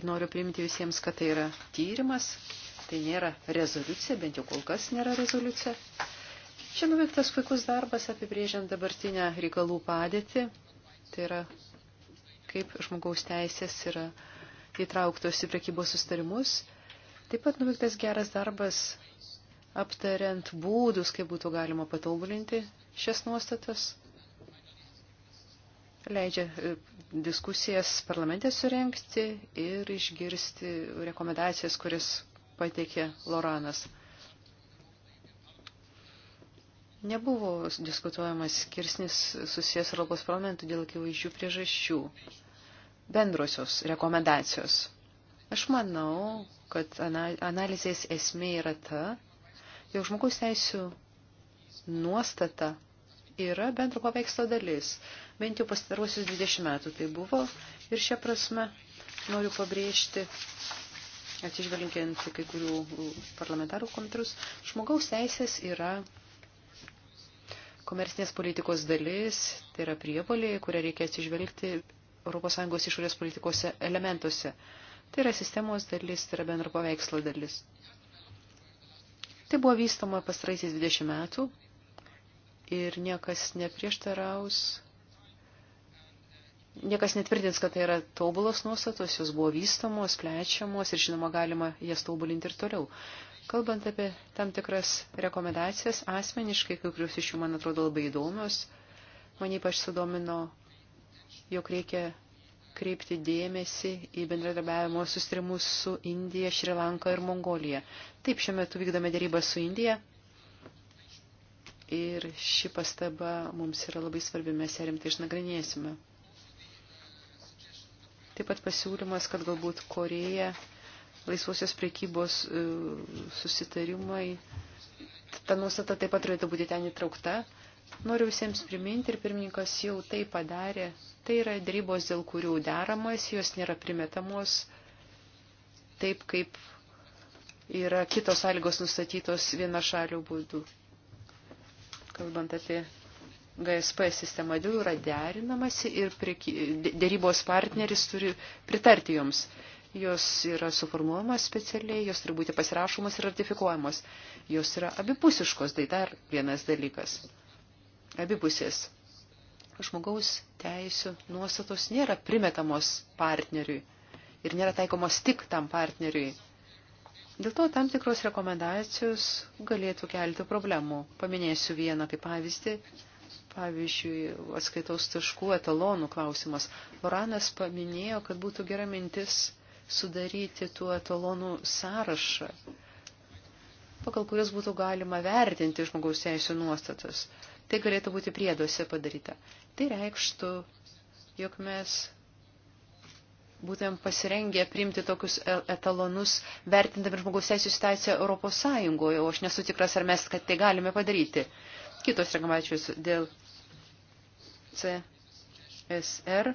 Ir noriu priminti visiems, kad tai yra tyrimas, tai nėra rezoliucija, bent jau kol kas nėra rezoliucija. Čia nuveiktas puikus darbas apibrėžiant dabartinę reikalų padėtį, tai yra kaip žmogaus teisės yra uh, įtrauktos į prekybos sustarimus. Taip pat nuveiktas geras darbas aptariant būdus, kaip būtų galima patobulinti šias nuostatas. Leidžia e, diskusijas parlamente surenkti ir išgirsti rekomendacijas, kuris pateikė Loranas. Nebuvo diskutuojamas skirsnis susijęs Europos parlamentų dėl akivaizdžių priežasčių bendrosios rekomendacijos. Aš manau, kad analizės esmė yra ta, jog žmogaus teisų nuostata yra bendro paveikslo dalis. Bent jau pastaruosius 20 metų tai buvo ir šią prasme noriu pabrėžti, atsižvelgiant kai kurių parlamentarų komentarus, žmogaus teisės yra komercinės politikos dalis, tai yra prievolė, kurią reikia atsižvelgti ES išorės politikose elementuose. Tai yra sistemos dalis, tai yra bendro paveikslo dalis. Tai buvo vystoma pastaraisiais 20 metų ir niekas neprieštaraus, niekas netvirtins, kad tai yra tobulos nuostatos, jos buvo vystomos, plečiamos ir, žinoma, galima jas tobulinti ir toliau. Kalbant apie tam tikras rekomendacijas, asmeniškai, kai kurios iš jų man atrodo labai įdomios, man ypač sudomino jog reikia kreipti dėmesį į bendradarbiavimo sustrimus su Indija, Šrilanka ir Mongolija. Taip, šiuo metu vykdome dėrybą su Indija ir ši pastaba mums yra labai svarbi, mes ją rimtai išnagrinėsime. Taip pat pasiūlymas, kad galbūt Koreja, laisvosios priekybos e, susitarimai, ta nuostata taip pat turėtų būti ten įtraukta. Noriu visiems priminti ir pirmininkas jau tai padarė. Tai yra darybos, dėl kurių deramas, jos nėra primetamos taip, kaip yra kitos sąlygos nustatytos vienašalių būdų. Kalbant apie GSP sistemą, dėl yra derinamasi ir darybos partneris turi pritarti joms jos yra suformuojamos specialiai, jos turi būti pasirašomos ir ratifikuojamos. Jos yra abipusiškos, tai dar vienas dalykas abipusės. Žmogaus teisų nuostatos nėra primetamos partneriui ir nėra taikomos tik tam partneriui. Dėl to tam tikros rekomendacijos galėtų kelti problemų. Paminėsiu vieną kaip pavyzdį. Pavyzdžiui, atskaitos taškų etalonų klausimas. Loranas paminėjo, kad būtų gera mintis sudaryti tų etalonų sąrašą, pagal kurias būtų galima vertinti žmogaus teisų nuostatas. Tai galėtų būti prieduose padaryta. Tai reikštų, jog mes būtumėm pasirengę priimti tokius e- etalonus, vertindami žmogaus teisų situaciją Europos Sąjungoje, o aš nesu tikras, ar mes kad tai galime padaryti. Kitos reklamačios dėl CSR.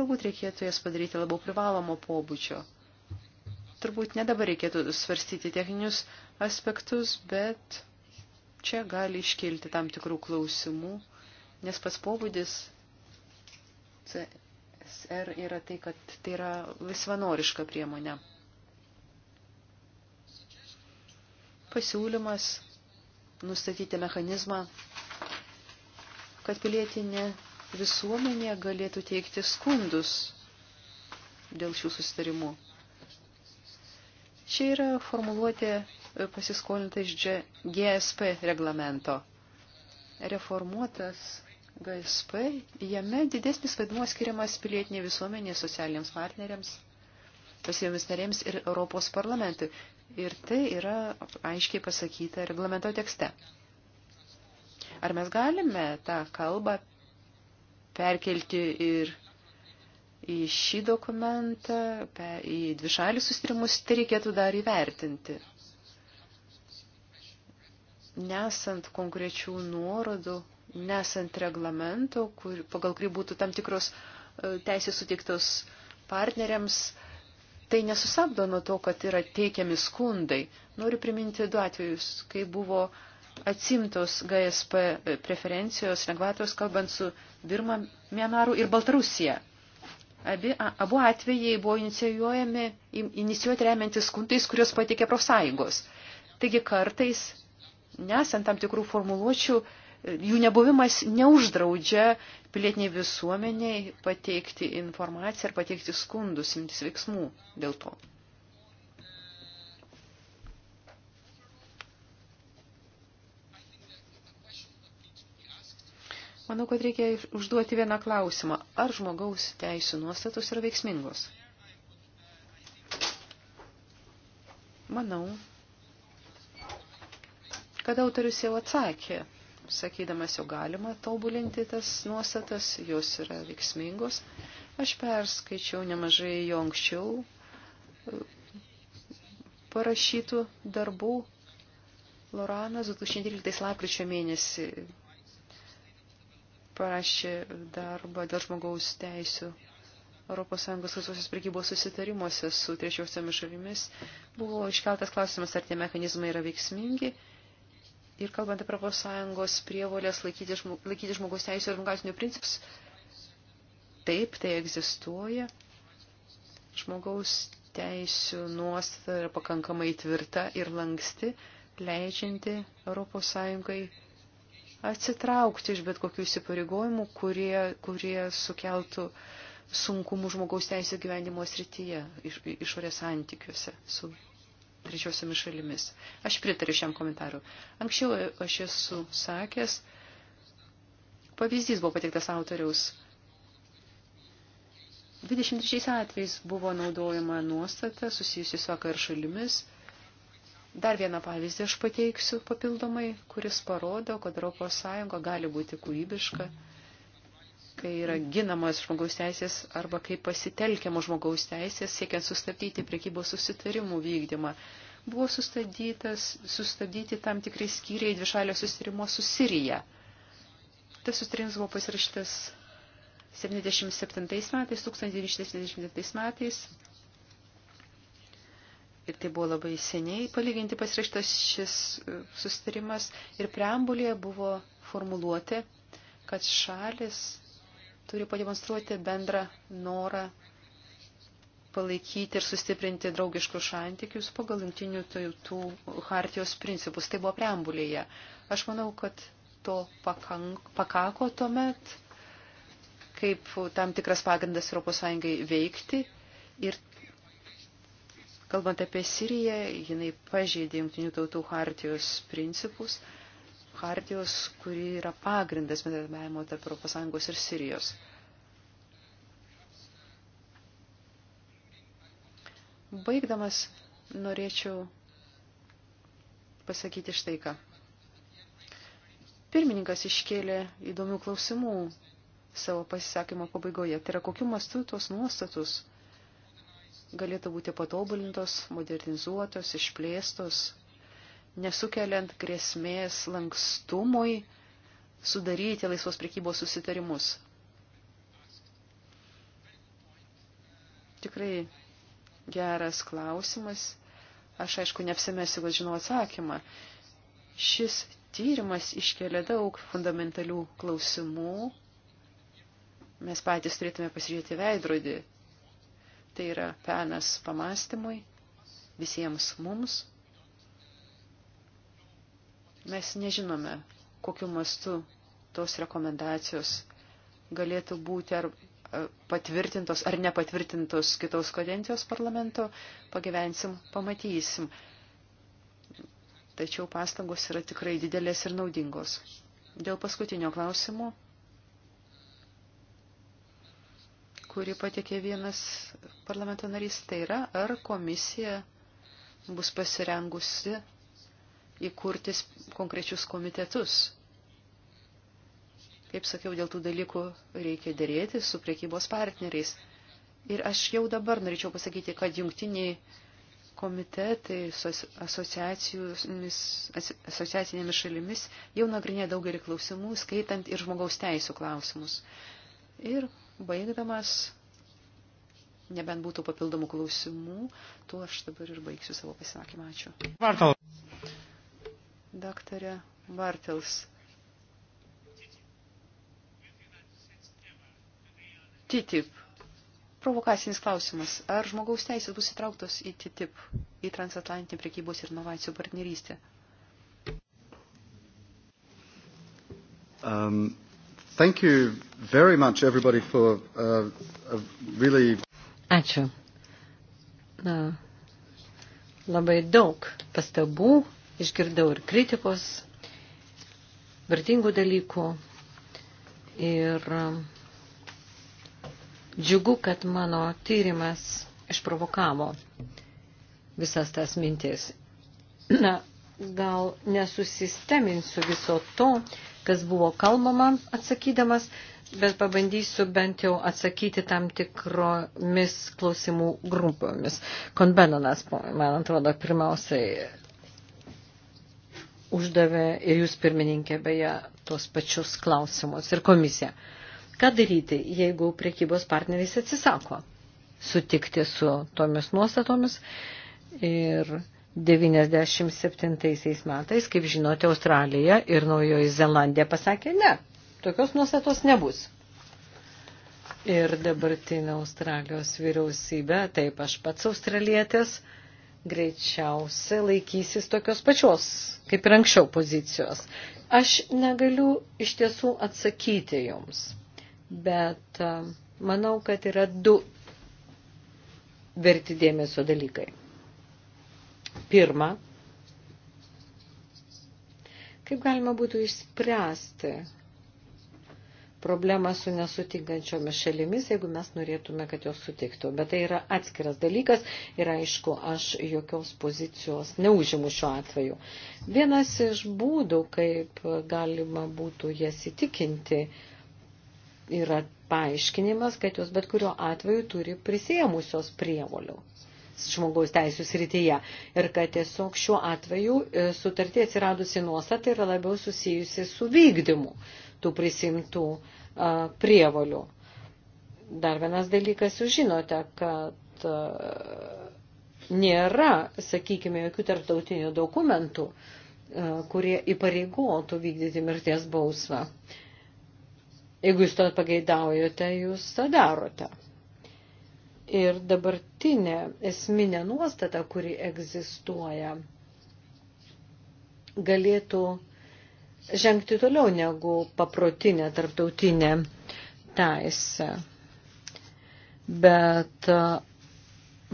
Galbūt reikėtų jas padaryti labiau privalomo pobūdžio. Turbūt ne dabar reikėtų svarstyti techninius aspektus, bet Čia gali iškilti tam tikrų klausimų, nes pats pobūdis CSR yra tai, kad tai yra visvanoriška priemonė. Pasiūlymas nustatyti mechanizmą, kad pilietinė visuomenė galėtų teikti skundus dėl šių susitarimų. Čia yra formuluotė pasiskolinta iš GSP reglamento. Reformuotas GSP, jame didesnis vaidmuo skiriamas pilietinė visuomenė socialiniams partneriams, pasijomis narėms ir Europos parlamentui. Ir tai yra aiškiai pasakyta reglamento tekste. Ar mes galime tą kalbą perkelti ir į šį dokumentą, į dvišalį sustrimus, tai reikėtų dar įvertinti nesant konkrečių nuorodų, nesant reglamento, kur, pagal kurį būtų tam tikros e, teisės suteiktos partneriams, tai nesusabdo nuo to, kad yra teikiami skundai. Noriu priminti du atvejus, kai buvo atsimtos GSP e, preferencijos lengvatos, kalbant su Birma, Mianaru ir Baltarusija. Abi, abu atvejai buvo inicijuojami, inicijuoti remiantis skundais, kuriuos pateikė profsąjungos. Taigi kartais nesant tam tikrų formuluočių, jų nebuvimas neuždraudžia pilietiniai visuomeniai pateikti informaciją ar pateikti skundus, imtis veiksmų dėl to. Manau, kad reikia užduoti vieną klausimą. Ar žmogaus teisų nuostatos yra veiksmingos? Manau, kad autorius jau atsakė, sakydamas, jau galima tobulinti tas nuostatas, jos yra veiksmingos. Aš perskaičiau nemažai jo anksčiau e, parašytų darbų. Loranas 2013 lapkričio mėnesį parašė darbą dėl žmogaus teisų ES laisvosios prekybos susitarimuose su trečiosiomis šalimis. Buvo iškeltas klausimas, ar tie mechanizmai yra veiksmingi Ir kalbant apie ES prievolės laikyti, žmog, laikyti žmogus teisų ir žmogasinių principus, taip, tai egzistuoja. Žmogaus teisų nuostata yra pakankamai tvirta ir lanksti, leidžianti ES atsitraukti iš bet kokių įsipareigojimų, kurie, kurie sukeltų sunkumų žmogaus teisų gyvenimo srityje, iš, išorės santykiuose su trečiosiomis šalimis. Aš pritariu šiam komentaru. Anksčiau aš esu sakęs, pavyzdys buvo pateiktas autoriaus. 23 atvejais buvo naudojama nuostata susijusi su vakar šalimis. Dar vieną pavyzdį aš pateiksiu papildomai, kuris parodo, kad Europos Sąjunga gali būti kūrybiška. Mm kai yra ginamos žmogaus teisės arba kai pasitelkiamos žmogaus teisės siekiant sustabdyti priekybos susitarimų vykdymą. Buvo sustabdyti tam tikrai skyriai dvišalio susitarimo su Sirija. Tas susitarimas buvo pasirašytas 77 metais, 1979 metais. Ir tai buvo labai seniai palyginti pasirašytas šis e, susitarimas. Ir preambulėje buvo formuluoti, kad šalis turi pademonstruoti bendrą norą palaikyti ir sustiprinti draugiškus santykius pagal jungtinių tautų hartijos principus. Tai buvo preambulėje. Aš manau, kad to pakank, pakako tuomet kaip tam tikras pagrindas ES veikti. Ir kalbant apie Siriją, jinai pažeidė jungtinių tautų hartijos principus hartijos, kuri yra pagrindas bendradarbiavimo tarp ES ir Sirijos. Baigdamas norėčiau pasakyti štai ką. Pirmininkas iškėlė įdomių klausimų savo pasisakymo pabaigoje. Tai yra, kokiu mastu tos nuostatus galėtų būti patobulintos, modernizuotos, išplėstos, nesukeliant grėsmės lankstumui sudaryti laisvos prekybos susitarimus. Tikrai geras klausimas. Aš aišku, neapsimesiu, kad žinau atsakymą. Šis tyrimas iškelia daug fundamentalių klausimų. Mes patys turėtume pasižiūrėti veidrodį. Tai yra penas pamastymui visiems mums. Mes nežinome, kokiu mastu tos rekomendacijos galėtų būti ar patvirtintos ar nepatvirtintos kitos kadencijos parlamento, pagyvensim, pamatysim. Tačiau pastangos yra tikrai didelės ir naudingos. Dėl paskutinio klausimo, kurį patikė vienas parlamento narys, tai yra, ar komisija bus pasirengusi įkurtis konkrečius komitetus. Kaip sakiau, dėl tų dalykų reikia dėrėti su priekybos partneriais. Ir aš jau dabar norėčiau pasakyti, kad jungtiniai komitetai su asociacinėmis šalimis jau nagrinė daugelį klausimų, skaitant ir žmogaus teisų klausimus. Ir baigdamas, nebent būtų papildomų klausimų, tuo aš dabar ir baigsiu savo pasisakymą. Ačiū daktarė Bartels. TTIP. Provokacinis klausimas. Ar žmogaus teisės bus įtrauktos į TTIP, į transatlantinį prekybos ir inovacijų partnerystę?
Um, thank you very much everybody for uh, a really...
Ačiū. Na, labai daug pastabų Išgirdau ir kritikos, vertingų dalykų ir um, džiugu, kad mano tyrimas išprovokavo visas tas mintis. Na, gal nesusisteminsiu viso to, kas buvo kalbama atsakydamas, bet pabandysiu bent jau atsakyti tam tikromis klausimų grupomis. Konbenonas, man atrodo, pirmiausiai uždavė ir jūs pirmininkė beje tuos pačius klausimus ir komisija. Ką daryti, jeigu priekybos partneriais atsisako sutikti su tomis nuostatomis ir 97 metais, kaip žinote, Australija ir Naujoji Zelandija pasakė, ne, tokios nuostatos nebus. Ir dabartinė Australijos vyriausybė, taip aš pats australietis, greičiausia laikysis tokios pačios, kaip ir anksčiau pozicijos. Aš negaliu iš tiesų atsakyti jums, bet manau, kad yra du verti dėmesio dalykai. Pirma, kaip galima būtų išspręsti problemą su nesutinkančiomis šalimis, jeigu mes norėtume, kad jos sutiktų. Bet tai yra atskiras dalykas ir aišku, aš jokios pozicijos neužimu šiuo atveju. Vienas iš būdų, kaip galima būtų jas įtikinti, yra paaiškinimas, kad jos bet kurio atveju turi prisėmusios prievolių žmogaus teisų srityje. Ir kad tiesiog šiuo atveju e, sutartį atsiradusi nuostata yra labiau susijusi su vykdymu, tų prisimtų prievolių. Dar vienas dalykas, jūs žinote, kad nėra, sakykime, jokių tarptautinių dokumentų, kurie įpareigotų vykdyti mirties bausmą. Jeigu jūs to pageidaujate, jūs tą darote. Ir dabartinė esminė nuostata, kuri egzistuoja, galėtų uh, žengti toliau negu paprotinė tarptautinė teisė. Bet e,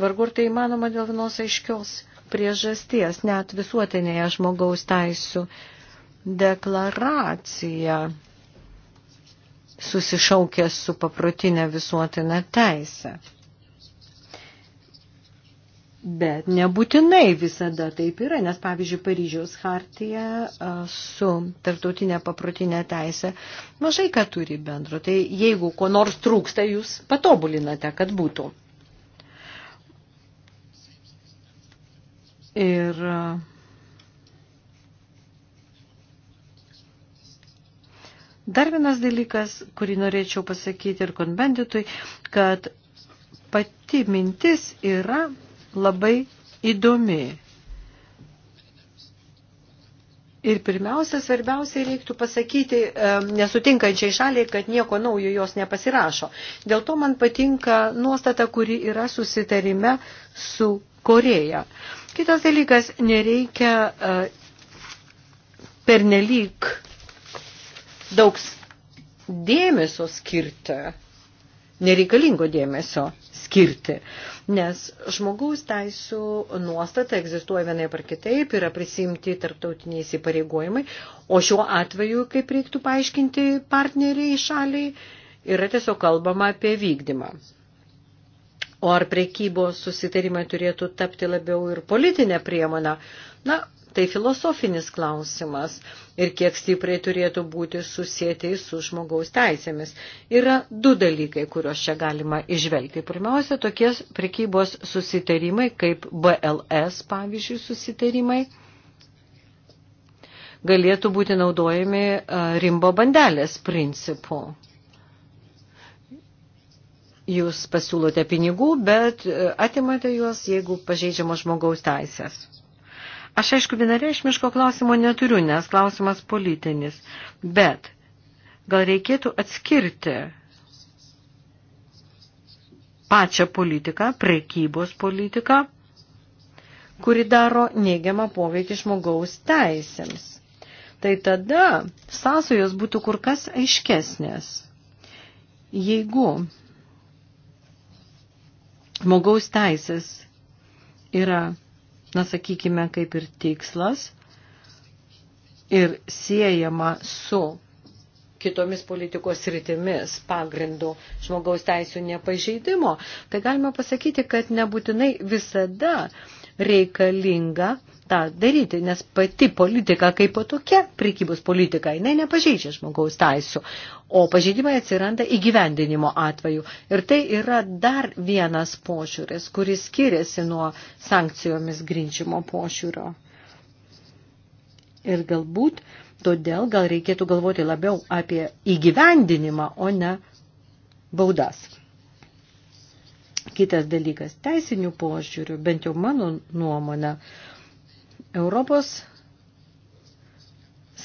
vargu ar tai įmanoma dėl vienos aiškios priežasties, net visuotinėje žmogaus teisų deklaracija susišaukė su paprotinė visuotinė teisė. Bet nebūtinai visada taip yra, nes pavyzdžiui, Paryžiaus hartija su tarptautinė paprotinė teisė mažai ką turi bendro. Tai jeigu ko nors trūksta, jūs patobulinate, kad būtų. Ir dar vienas dalykas, kurį norėčiau pasakyti ir konbenditui, kad pati mintis yra labai įdomi. Ir pirmiausia, svarbiausiai reiktų pasakyti nesutinkančiai šaliai, kad nieko naujo jos nepasirašo. Dėl to man patinka nuostata, kuri yra susitarime su Koreja. Kitas dalykas, nereikia e, pernelyg daug dėmesio skirti nereikalingo dėmesio skirti. Nes žmogaus teisų nuostata egzistuoja vienaip ar kitaip, yra prisimti tarptautiniai įsipareigojimai, o šiuo atveju, kaip reiktų paaiškinti partneriai šaliai, yra tiesiog kalbama apie vykdymą. O ar priekybos susitarimai turėtų tapti labiau ir politinę priemoną? Na, tai filosofinis klausimas ir kiek stipriai turėtų būti susėti su žmogaus teisėmis. Yra du dalykai, kuriuos čia galima išvelgti. Pirmiausia, tokie prekybos susitarimai, kaip BLS, pavyzdžiui, susitarimai, galėtų būti naudojami rimbo bandelės principu. Jūs pasiūlote pinigų, bet atimate juos, jeigu pažeidžiamos žmogaus teisės. Aš aišku, vienareišmiško klausimo neturiu, nes klausimas politinis, bet gal reikėtų atskirti pačią politiką, prekybos politiką, kuri daro neigiamą poveikį žmogaus teisėms. Tai tada sąsojos būtų kur kas aiškesnės. Jeigu žmogaus teisės yra na, sakykime, kaip ir tikslas ir siejama su kitomis politikos rytimis pagrindų žmogaus teisų nepažeidimo, tai galima pasakyti, kad nebūtinai visada reikalinga tą daryti, nes pati politika kaip po tokia prekybos politika, jinai nepažeidžia žmogaus taisų, o pažeidimai atsiranda įgyvendinimo atveju. Ir tai yra dar vienas pošiūris, kuris skiriasi nuo sankcijomis grinčimo pošiūrio. Ir galbūt todėl gal reikėtų galvoti labiau apie įgyvendinimą, o ne baudas. Kitas dalykas, teisinių požiūrių, bent jau mano nuomonė, uh, Europos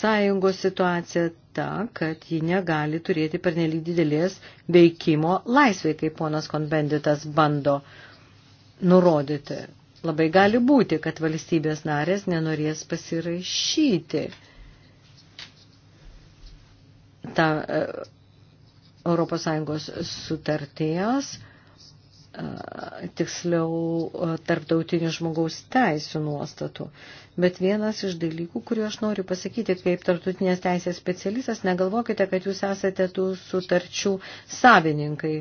sąjungos situacija ta, kad ji negali turėti pernelyg didelės veikimo laisvai, kaip ponas konbenditas bando nurodyti. Labai gali būti, kad valstybės narės nenorės pasirašyti tą e, Europos Sąjungos sutarties, tiksliau tarptautinių žmogaus teisų nuostatų. Bet vienas iš dalykų, kuriuo aš noriu pasakyti, kaip tarptautinės teisės specialistas, negalvokite, kad jūs esate tų sutarčių savininkai.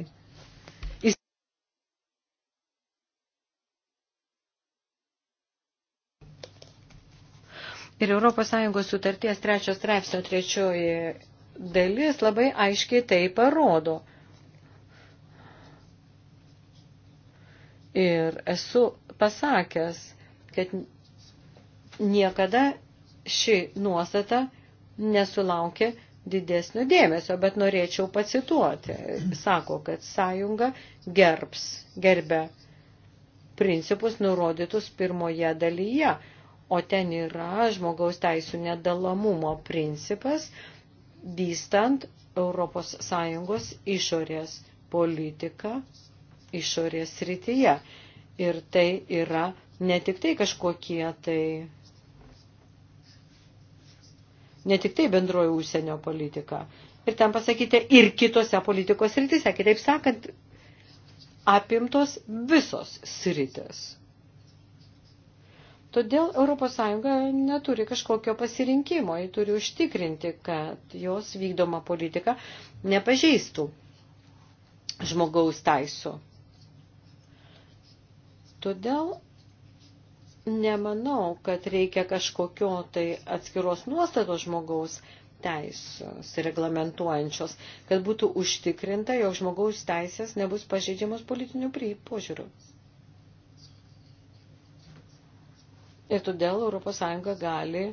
Ir ES sutarties trečios straipsnio trečioji dalis labai aiškiai tai parodo Ir esu pasakęs, kad niekada ši nuostata nesulaukė didesnio dėmesio, bet norėčiau pacituoti. Sako, kad sąjunga gerbs, gerbė principus nurodytus pirmoje dalyje, o ten yra žmogaus teisų nedalamumo principas, vystant Europos Sąjungos išorės politiką išorės rytyje. Ir tai yra ne tik tai kažkokie tai. Ne tik tai bendroji užsienio politika. Ir ten pasakyti ir kitose politikos srityse. Kitaip sakant, apimtos visos sritis. Todėl ES neturi kažkokio pasirinkimo, ji turi užtikrinti, kad jos vykdoma politika nepažeistų žmogaus taisų. Todėl nemanau, kad reikia kažkokio tai atskiros nuostatos žmogaus teisus reglamentuojančios, kad būtų užtikrinta, jog žmogaus teisės nebus pažeidžiamos politinių požiūrių. Ir todėl ES gali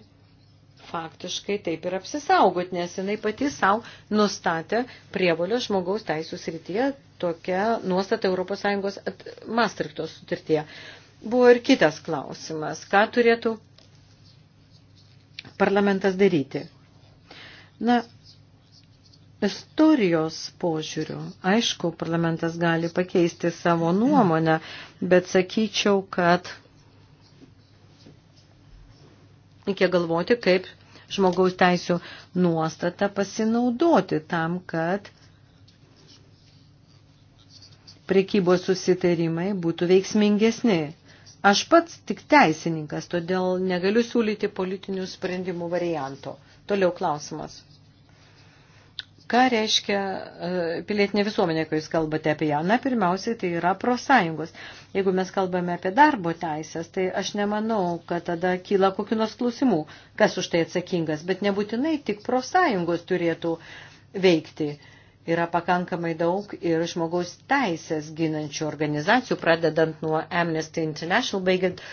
faktiškai taip ir apsisaugot, nes jinai pati savo nustatė prievolę žmogaus teisų srityje tokia nuostata ES Mastriktos sutartyje. Buvo ir kitas klausimas, ką turėtų parlamentas daryti. Na, istorijos požiūrių, aišku, parlamentas gali pakeisti savo nuomonę, bet sakyčiau, kad reikia galvoti, kaip žmogaus teisų nuostatą pasinaudoti tam, kad prekybos susitarimai būtų veiksmingesni. Aš pats tik teisininkas, todėl negaliu siūlyti politinių sprendimų varianto. Toliau klausimas. Ką reiškia e, pilietinė visuomenė, kai jūs kalbate apie ją? Na, pirmiausiai, tai yra prosąjungos. Jeigu mes kalbame apie darbo teisės, tai aš nemanau, kad tada kyla kokiu nors klausimų, kas už tai atsakingas, bet nebūtinai tik prosąjungos turėtų veikti yra pakankamai daug ir žmogaus teisės ginančių organizacijų, pradedant nuo Amnesty International, baigiant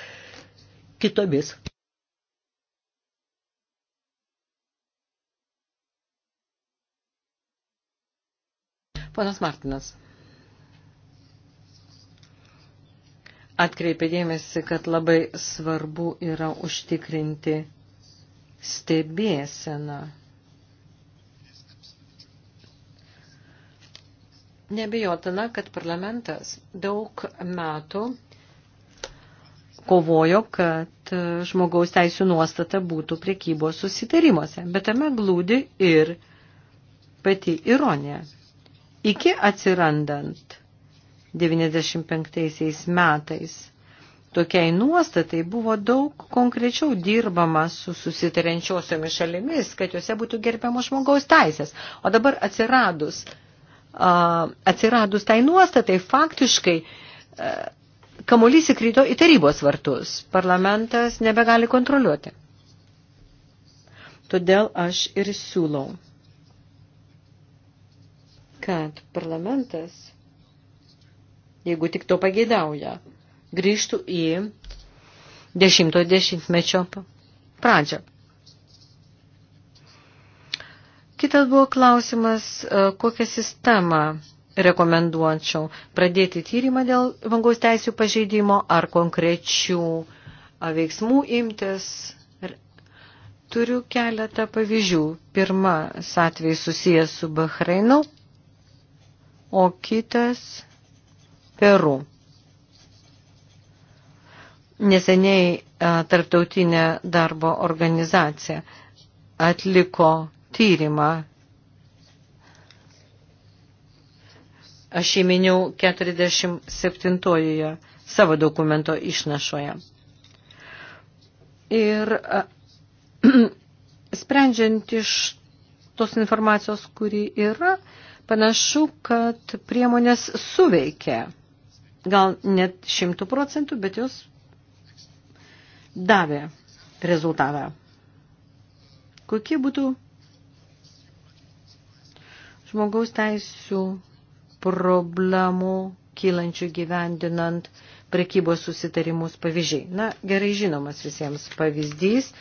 kitomis. Ponas Martinas. Atkreipė dėmesį, kad labai svarbu yra užtikrinti stebėseną. Nebejotina, kad parlamentas daug metų kovojo, kad žmogaus teisų nuostata būtų priekybos susitarimuose. Bet tame glūdi ir pati ironija iki atsirandant 95 metais. Tokiai nuostatai buvo daug konkrečiau dirbama su susitarenčiosiomis šalimis, kad juose būtų gerbiamos žmogaus teisės. O dabar atsiradus, uh, atsiradus tai nuostatai, faktiškai uh, kamuolys įkryto į tarybos vartus. Parlamentas nebegali kontroliuoti. Todėl aš ir siūlau kad parlamentas, jeigu tik to pageidauja, grįžtų į dešimto dešimtmečio pradžią. Kitas buvo klausimas, e, kokią sistemą rekomenduočiau pradėti tyrimą dėl vangaus teisų pažeidimo ar konkrečių veiksmų imtis. Turiu keletą pavyzdžių. Pirmas atvejs susijęs su Bahreinu o kitas Peru. Neseniai tarptautinė darbo organizacija atliko tyrimą. Aš įminiau 47-ojoje savo dokumento išnašoje. Ir sprendžiant iš tos informacijos, kuri yra, Panašu, kad priemonės suveikia. Gal net šimtų procentų, bet jos davė rezultatą. Kokie būtų žmogaus teisų problemų kylančių gyvendinant prekybos susitarimus pavyzdžiai. Na, gerai žinomas visiems pavyzdys,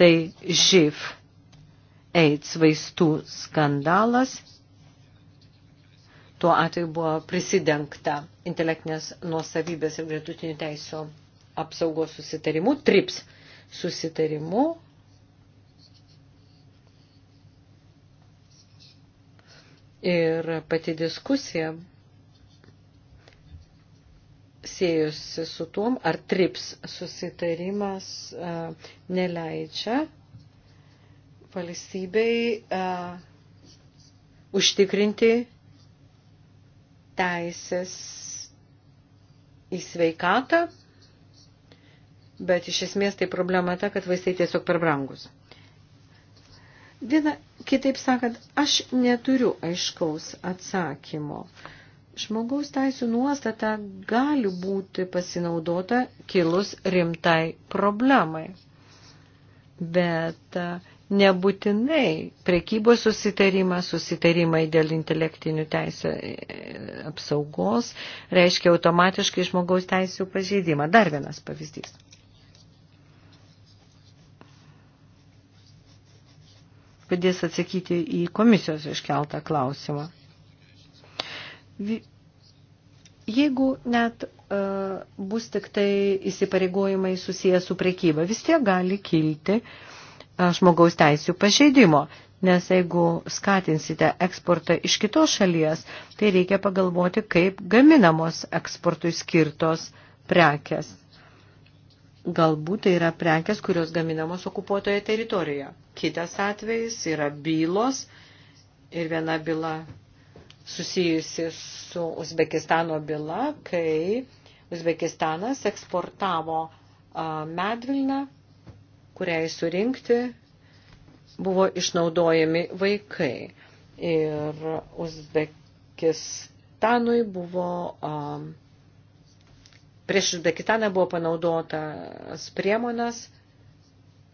tai živ AIDS vaistų skandalas tuo atveju buvo prisidengta intelektinės nuosavybės ir gretutinių teisų apsaugos susitarimu, TRIPS susitarimu. Ir pati diskusija siejusi su tuom, ar TRIPS susitarimas a, e, neleidžia valstybei a, e, užtikrinti teisės į sveikatą, bet iš esmės tai problema ta, kad vaistai tiesiog per brangus. Viena, kitaip sakant, aš neturiu aiškaus atsakymo. Žmogaus teisų nuostata gali būti pasinaudota kilus rimtai problemai. Bet nebūtinai prekybos susitarimas, susitarimai dėl intelektinių teisų e, apsaugos reiškia automatiškai žmogaus teisų pažeidimą. Dar vienas pavyzdys. Padės atsakyti į komisijos iškeltą klausimą. Jeigu net uh, bus tik tai įsipareigojimai susiję su prekyba, vis tiek gali kilti uh, žmogaus teisų pažeidimo. Nes jeigu skatinsite eksportą iš kitos šalies, tai reikia pagalvoti, kaip gaminamos eksportui skirtos prekes. Galbūt tai yra prekes, kurios gaminamos okupuotoje teritorijoje. Kitas atvejis yra bylos ir viena byla susijusi su Uzbekistano byla, kai Uzbekistanas eksportavo medvilną kuriai surinkti, buvo išnaudojami vaikai. Ir Uzbekistanui buvo, prieš Uzbekistaną buvo panaudotas priemonas,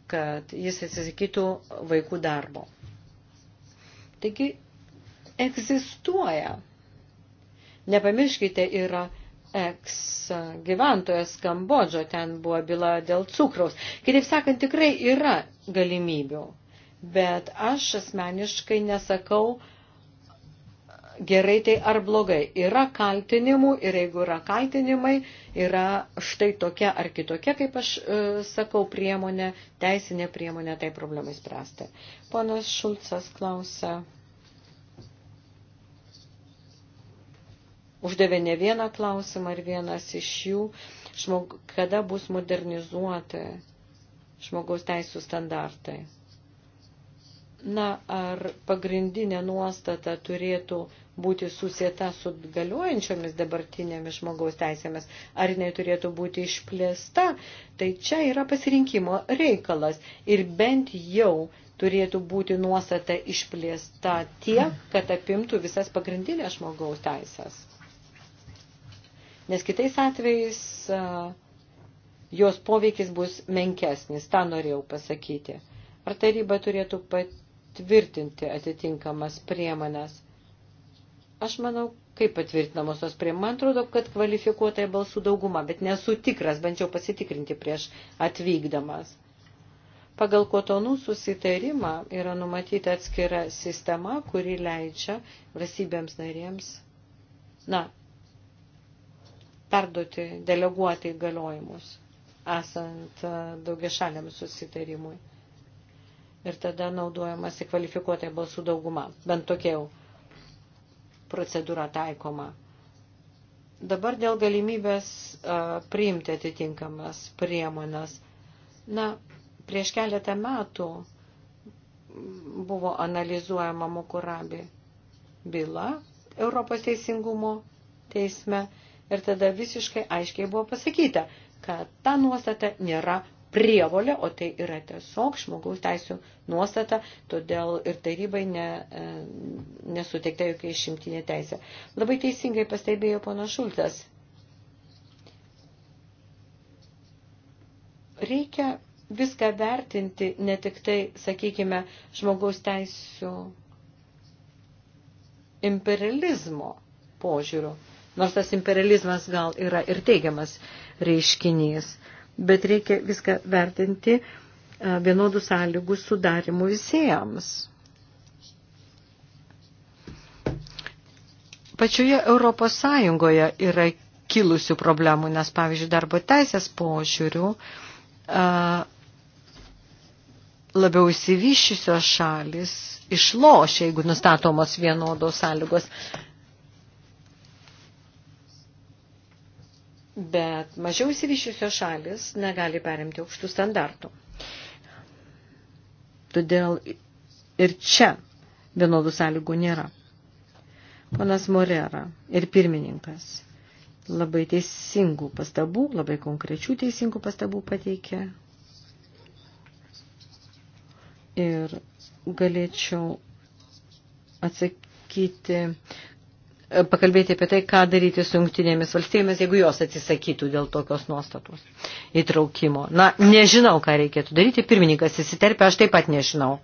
kad jis atsisakytų vaikų darbo. Taigi egzistuoja. Nepamirškite, yra eks gyventojas Kambodžo, ten buvo byla dėl cukraus. Kitaip sakant, tikrai yra galimybių, bet aš asmeniškai nesakau, gerai tai ar blogai. Yra kaltinimų ir jeigu yra kaltinimai, yra štai tokia ar kitokia, kaip aš e, sakau, priemonė, teisinė priemonė tai problemai spręsti. Ponas Šulcas klausia uždavė ne vieną klausimą ir vienas iš jų, žmog, kada bus modernizuoti žmogaus teisų standartai. Na, ar pagrindinė nuostata turėtų būti susieta su galiojančiomis dabartinėmis žmogaus teisėmis, ar jinai turėtų būti išplėsta, tai čia yra pasirinkimo reikalas. Ir bent jau turėtų būti nuostata išplėsta tiek, kad apimtų visas pagrindinės žmogaus teisės nes kitais atvejais jos poveikis bus menkesnis, tą norėjau pasakyti. Ar taryba turėtų patvirtinti atitinkamas priemonės? Aš manau, kaip patvirtinamos tos priemonės. Man atrodo, kad kvalifikuotai balsų dauguma, bet nesu tikras, bandžiau pasitikrinti prieš atvykdamas. Pagal kotonų susitarimą yra numatyta atskira sistema, kuri leidžia valstybėms narėms, na, perduoti, deleguoti įgaliojimus, esant e, daugiašaliam susitarimui. Ir tada naudojamas į kvalifikuotą balsų daugumą. Bent tokia jau procedūra taikoma. Dabar dėl galimybės e, priimti atitinkamas priemonas. Na, prieš keletą metų buvo analizuojama Mukurabi byla Europos teisingumo teisme Ir tada visiškai aiškiai buvo pasakyta, kad ta nuostata nėra prievolė, o tai yra tiesiog žmogaus teisų nuostata, todėl ir tarybai ne, e, nesuteikta jokia išimtinė teisė. Labai teisingai pastebėjo pono Šultas. Reikia viską vertinti ne tik tai, sakykime, žmogaus teisų imperializmo požiūriu nors tas imperializmas gal yra ir teigiamas reiškinys. Bet reikia viską vertinti vienodų sąlygų sudarimu visiems. Pačioje Europos Sąjungoje yra kilusių problemų, nes, pavyzdžiui, darbo teisės požiūrių labiau įsivyščiusios šalis išloš, jeigu nustatomos vienodos sąlygos bet mažiau įsivyšiusios šalis negali perimti aukštų standartų. Todėl ir čia vienodų sąlygų nėra. Ponas Morera ir pirmininkas labai teisingų pastabų, labai konkrečių teisingų pastabų pateikė. Ir galėčiau atsakyti E, pakalbėti apie tai, ką daryti su jungtinėmis valstybėmis, jeigu jos atsisakytų dėl tokios nuostatos įtraukimo. Na, nežinau, ką reikėtų daryti. Pirmininkas įsiterpia, aš taip pat nežinau.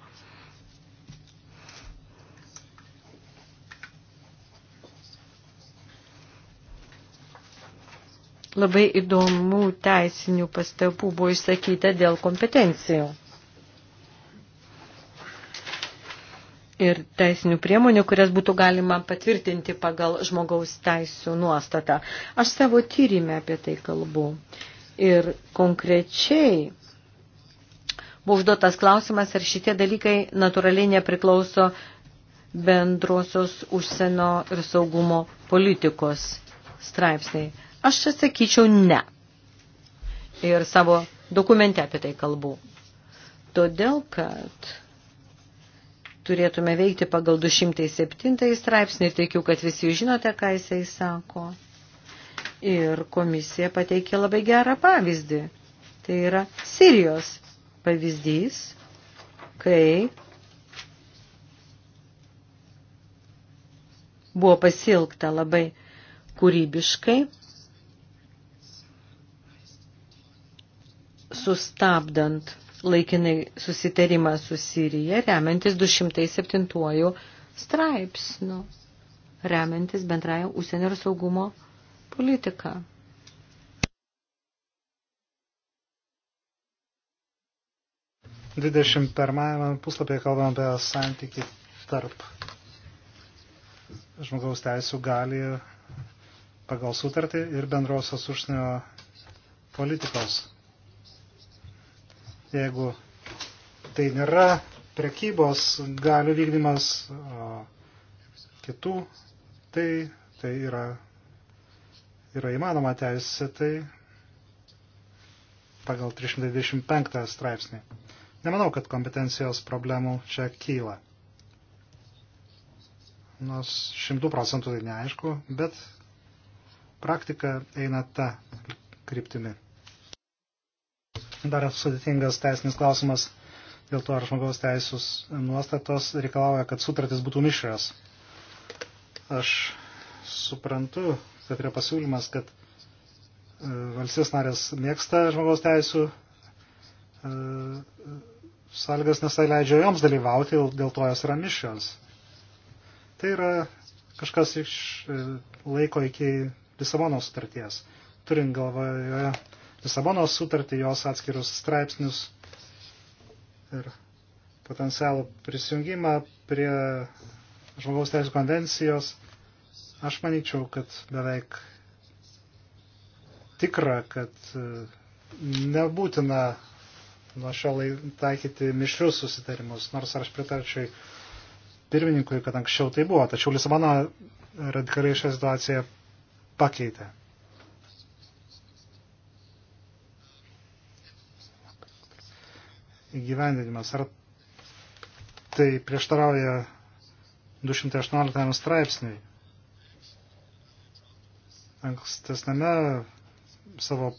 Labai įdomų teisinių pastabų buvo išsakyta dėl kompetencijų. ir teisinių priemonių, kurias būtų galima patvirtinti pagal žmogaus teisų nuostatą. Aš savo tyrimę apie tai kalbu. Ir konkrečiai buvo užduotas klausimas, ar šitie dalykai natūraliai nepriklauso bendrosios užsienio ir saugumo politikos straipsniai. Aš atsakyčiau ne. Ir savo dokumente apie tai kalbu. Todėl, kad turėtume veikti pagal 207 straipsnį ir teikiu, kad visi jūs žinote, ką jisai sako. Ir komisija pateikė labai gerą pavyzdį. Tai yra Sirijos pavyzdys, kai buvo pasilgta labai kūrybiškai, sustabdant laikinai susitarimą su Sirija, remiantis 207 straipsniu, remiantis bendraja užsienio ir saugumo politika.
Dvidešimt pirmajame puslapyje kalbame apie santykį tarp žmogaus teisų gali pagal sutartį ir bendrosios užsienio politikos jeigu tai nėra prekybos galių vykdymas kitų, tai, tai yra, yra įmanoma teisė, tai pagal 325 straipsnį. Nemanau, kad kompetencijos problemų čia kyla. Nors šimtų procentų tai neaišku, bet praktika eina ta kryptimi dar sudėtingas teisinis klausimas dėl to, ar žmogaus teisus nuostatos reikalauja, kad sutartis būtų mišrios. Aš suprantu, kad yra pasiūlymas, kad e, valstybės narės mėgsta žmogaus teisų e, sąlygas, nes tai leidžia joms dalyvauti, dėl to jos yra mišrios. Tai yra kažkas iš e, laiko iki Lisabono sutarties, turint galvoje Lisabonos sutartį, jos atskirus straipsnius ir potencialų prisijungimą prie žmogaus teisų konvencijos, aš manyčiau, kad beveik tikra, kad e, nebūtina nuo šio taikyti mišrius susitarimus, nors aš pritarčiau pirmininkui, kad anksčiau tai buvo, tačiau Lisabono radikaliai šią situaciją pakeitė. įgyvendinimas. Ar tai prieštarauja 218 straipsniui? Ankstesname savo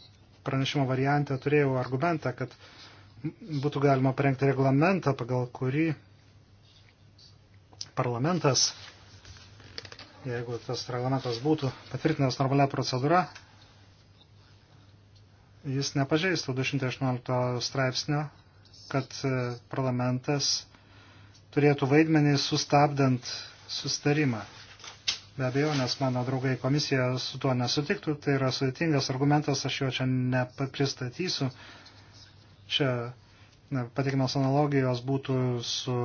pranešimo variante turėjau argumentą, kad būtų galima parengti reglamentą, pagal kurį parlamentas, jeigu tas reglamentas būtų patvirtinęs normalia procedūra, jis nepažeistų 218 straipsnio kad e, parlamentas turėtų vaidmenį sustabdant sustarimą. Be abejo, nes mano draugai komisija su tuo nesutiktų, tai yra sudėtingas argumentas, aš jo čia nepristatysiu. Čia ne, patikimas analogijos būtų su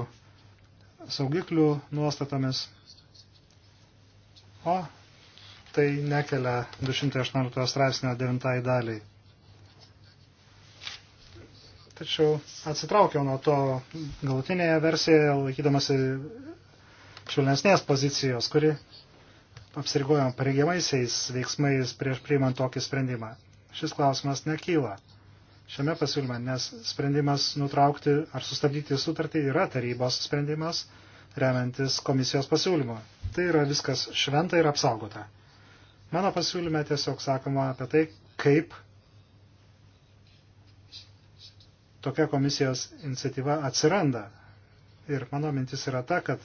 saugiklių nuostatomis. O tai nekelia 218 straipsnio 9 daliai. Tačiau atsitraukiau nuo to galutinėje versijoje, laikydamasi švelnesnės pozicijos, kuri apsirigojo pareigiamaisiais veiksmais prieš priimant tokį sprendimą. Šis klausimas nekyla šiame pasiūlyme, nes sprendimas nutraukti ar sustabdyti sutartį yra tarybos sprendimas, remiantis komisijos pasiūlymu. Tai yra viskas šventa ir apsaugota. Mano pasiūlyme tiesiog sakoma apie tai, kaip tokia komisijos iniciatyva atsiranda. Ir mano mintis yra ta, kad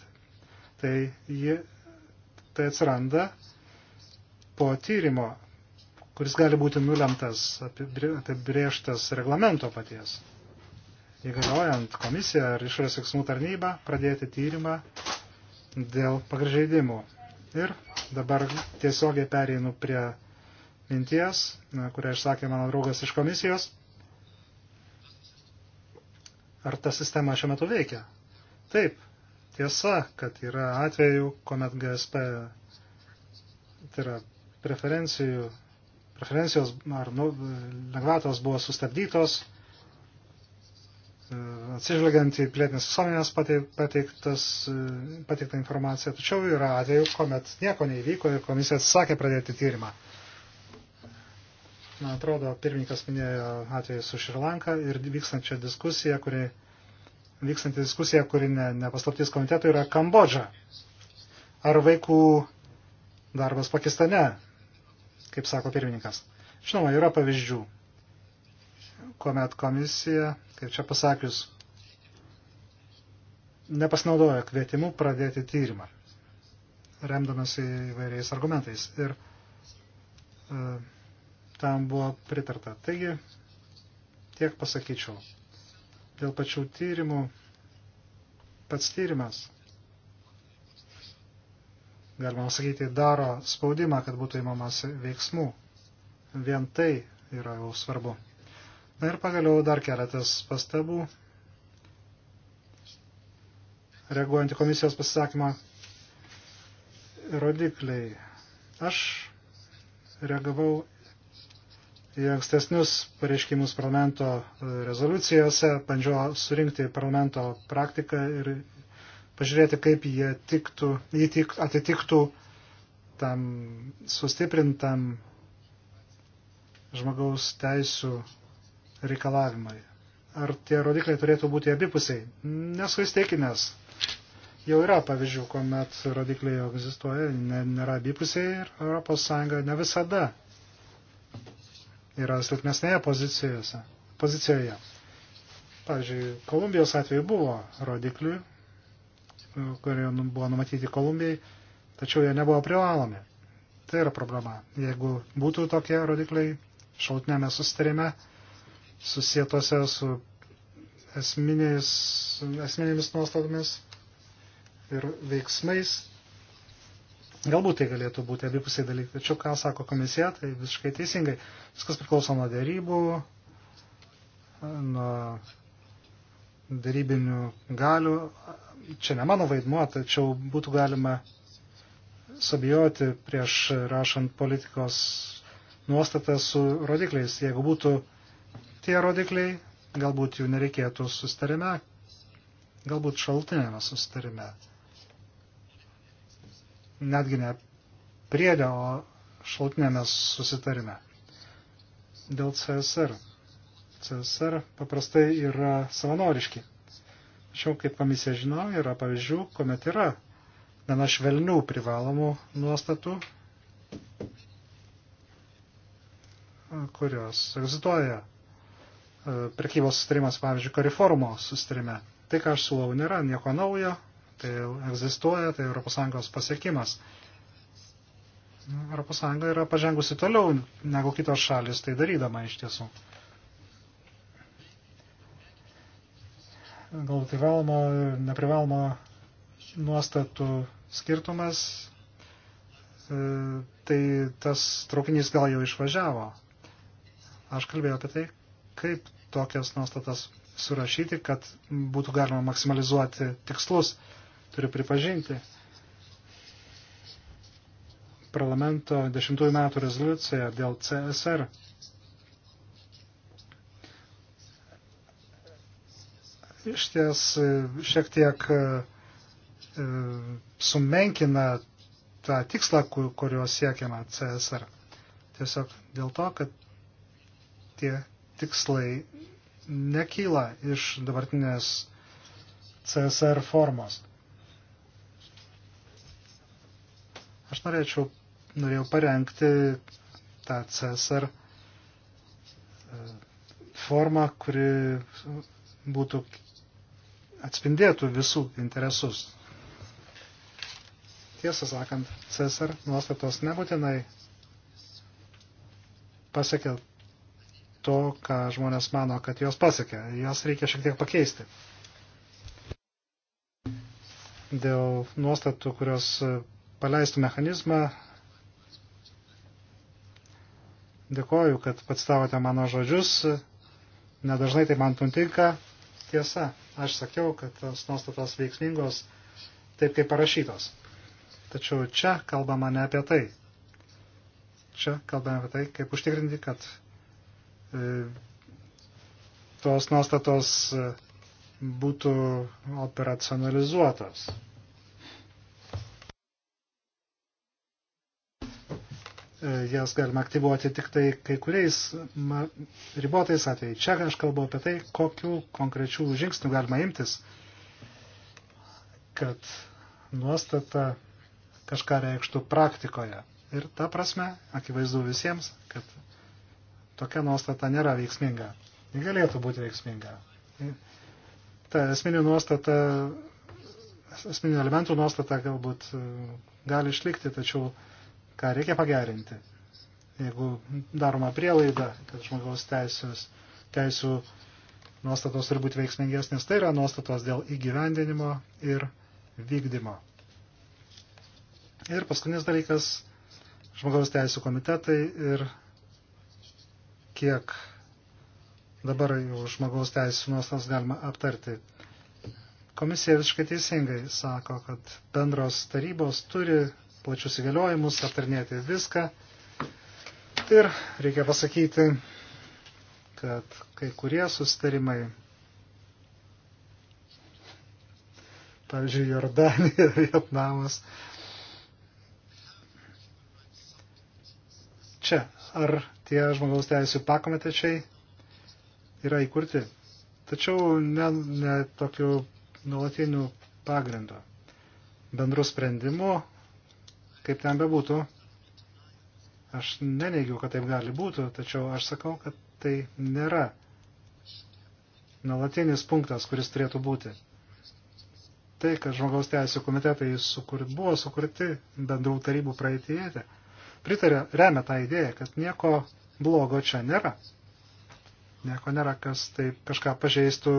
tai, ji, tai atsiranda po tyrimo, kuris gali būti nulemtas, apibrieštas reglamento paties. Įgaliojant komisiją ar išorės veiksmų tarnybą pradėti tyrimą dėl pagražeidimų. Ir dabar tiesiogiai pereinu prie minties, kurią išsakė mano draugas iš komisijos ar ta sistema šiuo metu veikia. Taip, tiesa, kad yra atvejų, kuomet GSP, tai yra preferencijų, preferencijos ar nu, lengvatos buvo sustabdytos, atsižvelgiant į plėtinės visuomenės pateiktą informaciją, tačiau yra atvejų, kuomet nieko neįvyko ir komisija atsisakė pradėti tyrimą. Man atrodo, pirmininkas minėjo atvejį su Šrilanka ir vykstančią diskusiją, kuri, vykstantį diskusiją, kuri ne, nepaslaptys komitetui, yra Kambodža. Ar vaikų darbas Pakistane, kaip sako pirmininkas. Žinoma, yra pavyzdžių, kuomet komisija, kaip čia pasakius, nepasinaudoja kvietimu pradėti tyrimą, remdamasi įvairiais argumentais. Ir, uh, tam buvo pritarta. Taigi, tiek pasakyčiau. Dėl pačių tyrimų, pats tyrimas, galima sakyti, daro spaudimą, kad būtų įmamas veiksmų. Vien tai yra jau svarbu. Na ir pagaliau dar keletas pastabų. Reaguojant į komisijos pasisakymą, rodikliai. Aš reagavau į ankstesnius pareiškimus parlamento e, rezoliucijose, bandžiau surinkti parlamento praktiką ir pažiūrėti, kaip jie tiktų, jį tik, atitiktų tam sustiprintam žmogaus teisų reikalavimai. Ar tie rodikliai turėtų būti abipusiai? Nesu įsteikinęs. Jau yra pavyzdžių, kuomet rodikliai egzistuoja, nėra abipusiai ir ES ne visada yra silpnesnėje pozicijoje. Pavyzdžiui, Kolumbijos atveju buvo rodiklių, kurie nu, buvo numatyti Kolumbijai, tačiau jie nebuvo privalomi. Tai yra problema. Jeigu būtų tokie rodikliai šaltinėme susitarime, susijėtose su esminės, esminėmis nuostatomis ir veiksmais, Galbūt tai galėtų būti abipusiai dalykai, tačiau ką sako komisija, tai visiškai teisingai. Viskas priklauso nuo dėrybų, nuo dėrybinių galių. Čia ne mano vaidmuo, tačiau būtų galima sabijoti prieš rašant politikos nuostatą su rodikliais. Jeigu būtų tie rodikliai, galbūt jų nereikėtų sustarime, galbūt šaltinėme sustarime netgi ne priedė, o šaltinėme susitarime. Dėl CSR. CSR paprastai yra savanoriški. Tačiau, kaip komisija žino, yra pavyzdžių, kuomet yra gana švelnių privalomų nuostatų, kurios egzistuoja. E, prekybos sustarimas, pavyzdžiui, kariforumo sustarime. Tai, ką aš siūlau, nėra nieko naujo, tai egzistuoja, tai ES pasiekimas. ES yra pažengusi toliau negu kitos šalis, tai darydama iš tiesų. Gal privalomo ir neprivalomo nuostatų skirtumas, e, tai tas traukinys gal jau išvažiavo. Aš kalbėjau apie tai, kaip tokias nuostatas surašyti, kad būtų galima maksimalizuoti tikslus. Turiu pripažinti. Parlamento 10 metų rezoliucija dėl CSR. Iš ties šiek tiek e, sumenkina tą tikslą, kurio siekiama CSR. Tiesiog dėl to, kad tie tikslai nekyla iš dabartinės CSR formos. Aš norėčiau, norėjau parengti tą CSR e, formą, kuri būtų atspindėtų visų interesus. Tiesą sakant, CSR nuostatos nebūtinai pasiekė to, ką žmonės mano, kad jos pasiekė. Jas reikia šiek tiek pakeisti. Dėl nuostatų, kurios paleistų mechanizmą. Dėkoju, kad pats tavote mano žodžius. Nedažnai tai man tuntinka. Tiesa, aš sakiau, kad tos nuostatos veiksmingos taip kaip parašytos. Tačiau čia kalbama ne apie tai. Čia kalbame apie tai, kaip užtikrinti, kad e, tos nuostatos e, būtų operacionalizuotos. E, jas galima aktyvuoti tik tai kai kuriais ribotais atvejais. Čia aš kalbu apie tai, kokiu konkrečių žingsnių galima imtis, kad nuostata kažką reikštų praktikoje. Ir ta prasme, akivaizdu visiems, kad tokia nuostata nėra veiksminga. Ji galėtų būti veiksminga. Ta esminė nuostata, esminių elementų nuostata galbūt e, gali išlikti, tačiau ką reikia pagerinti. Jeigu daroma prielaida, kad žmogaus teisės, teisų nuostatos turi būti veiksmingesnės, tai yra nuostatos dėl įgyvendinimo ir vykdymo. Ir paskutinis dalykas - žmogaus teisų komitetai ir kiek dabar jau žmogaus teisų nuostatas galima aptarti. Komisija visiškai teisingai sako, kad bendros tarybos turi plačius įgaliojimus, aptarnėti viską. Ir reikia pasakyti, kad kai kurie sustarimai, pavyzdžiui, Jordanija, Vietnamas, čia ar tie žmogaus teisų pakomitečiai yra įkurti, tačiau ne, ne tokiu nuolatiniu pagrindu. Bendrų sprendimų Kaip ten bebūtų, aš neneigiu, kad taip gali būti, tačiau aš sakau, kad tai nėra nuolatinis punktas, kuris turėtų būti. Tai, kad žmogaus teisų komitetai sukur, buvo sukurti bendrų tarybų praeitėje, pritarė, remia tą idėją, kad nieko blogo čia nėra. Nieko nėra, kas taip kažką pažeistų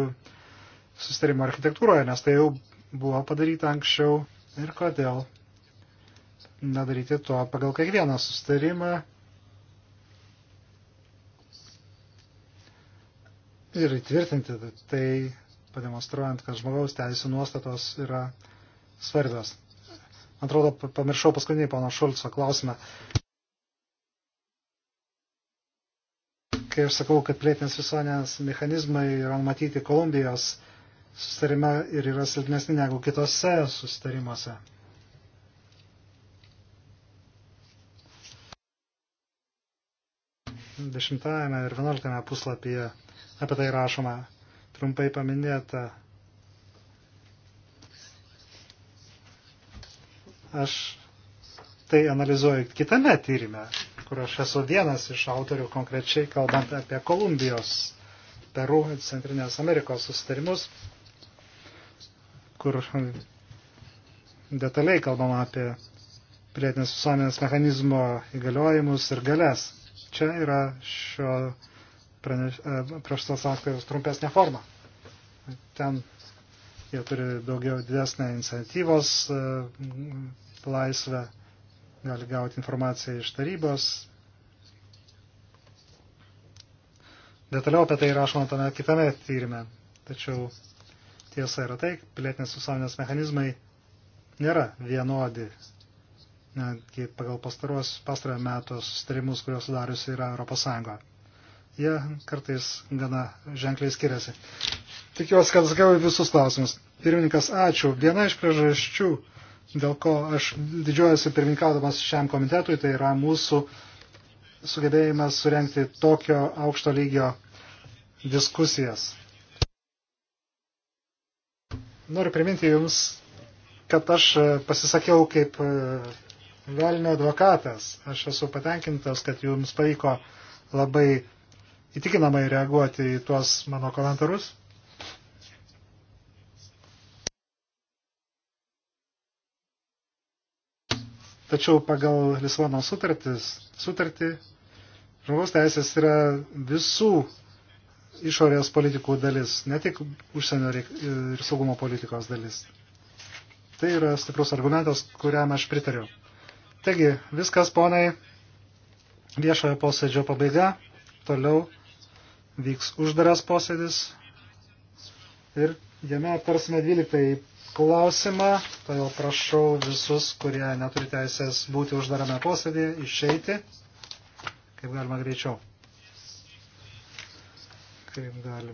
sustarimo architektūroje, nes tai jau buvo padaryta anksčiau ir kodėl nedaryti to pagal kiekvieną sustarimą. Ir įtvirtinti tai, pademonstruojant, kad žmogaus teisų nuostatos yra svarbios. Man atrodo, pamiršau paskutinį pono Šulco klausimą. Kai aš sakau, kad plėtinės visuomenės mechanizmai yra matyti Kolumbijos sustarime ir yra silpnesni negu kitose sustarimuose. 10 ir 11 puslapyje apie tai rašoma trumpai paminėta. Aš tai analizuoju kitame tyrime, kur aš esu vienas iš autorių konkrečiai kalbant apie Kolumbijos, Peru, Centrinės Amerikos susitarimus, kur detaliai kalbama apie pilietinės visuomenės mechanizmo įgaliojimus ir galės. Čia yra šio praneš, e, prieš tos sąskaitos trumpesnė forma. Ten jie turi daugiau didesnę iniciatyvos e, laisvę, gali gauti informaciją iš tarybos. Detaliau apie tai rašoma tame kitame tyrime. Tačiau tiesa yra tai, pilietinės visuomenės mechanizmai nėra vienodi netgi pagal pastarojo metų sustarimus, kuriuos sudarius yra Europos Sąjunga. Jie kartais gana ženkliai skiriasi. Tikiuosi, kad atsakiau visus klausimus. Pirmininkas, ačiū. Viena iš priežasčių, dėl ko aš didžiuojasi pirmininkaudamas šiam komitetui, tai yra mūsų sugebėjimas surenkti tokio aukšto lygio diskusijas. Noriu priminti Jums, kad aš pasisakiau kaip velnio advokatas. Aš esu patenkintas, kad jums pavyko labai įtikinamai reaguoti į tuos mano komentarus. Tačiau pagal Lisvono sutartis, sutartį žmogaus teisės yra visų išorės politikų dalis, ne tik užsienio ir saugumo politikos dalis. Tai yra stiprus argumentas, kuriam aš pritariu. Taigi, viskas, ponai, viešojo posėdžio pabaiga. Toliau vyks uždaras posėdis ir jame aptarsime 12 klausimą, todėl tai prašau visus, kurie neturi teisės būti uždarame posėdėje, išeiti, kaip galima greičiau. Kaip galima.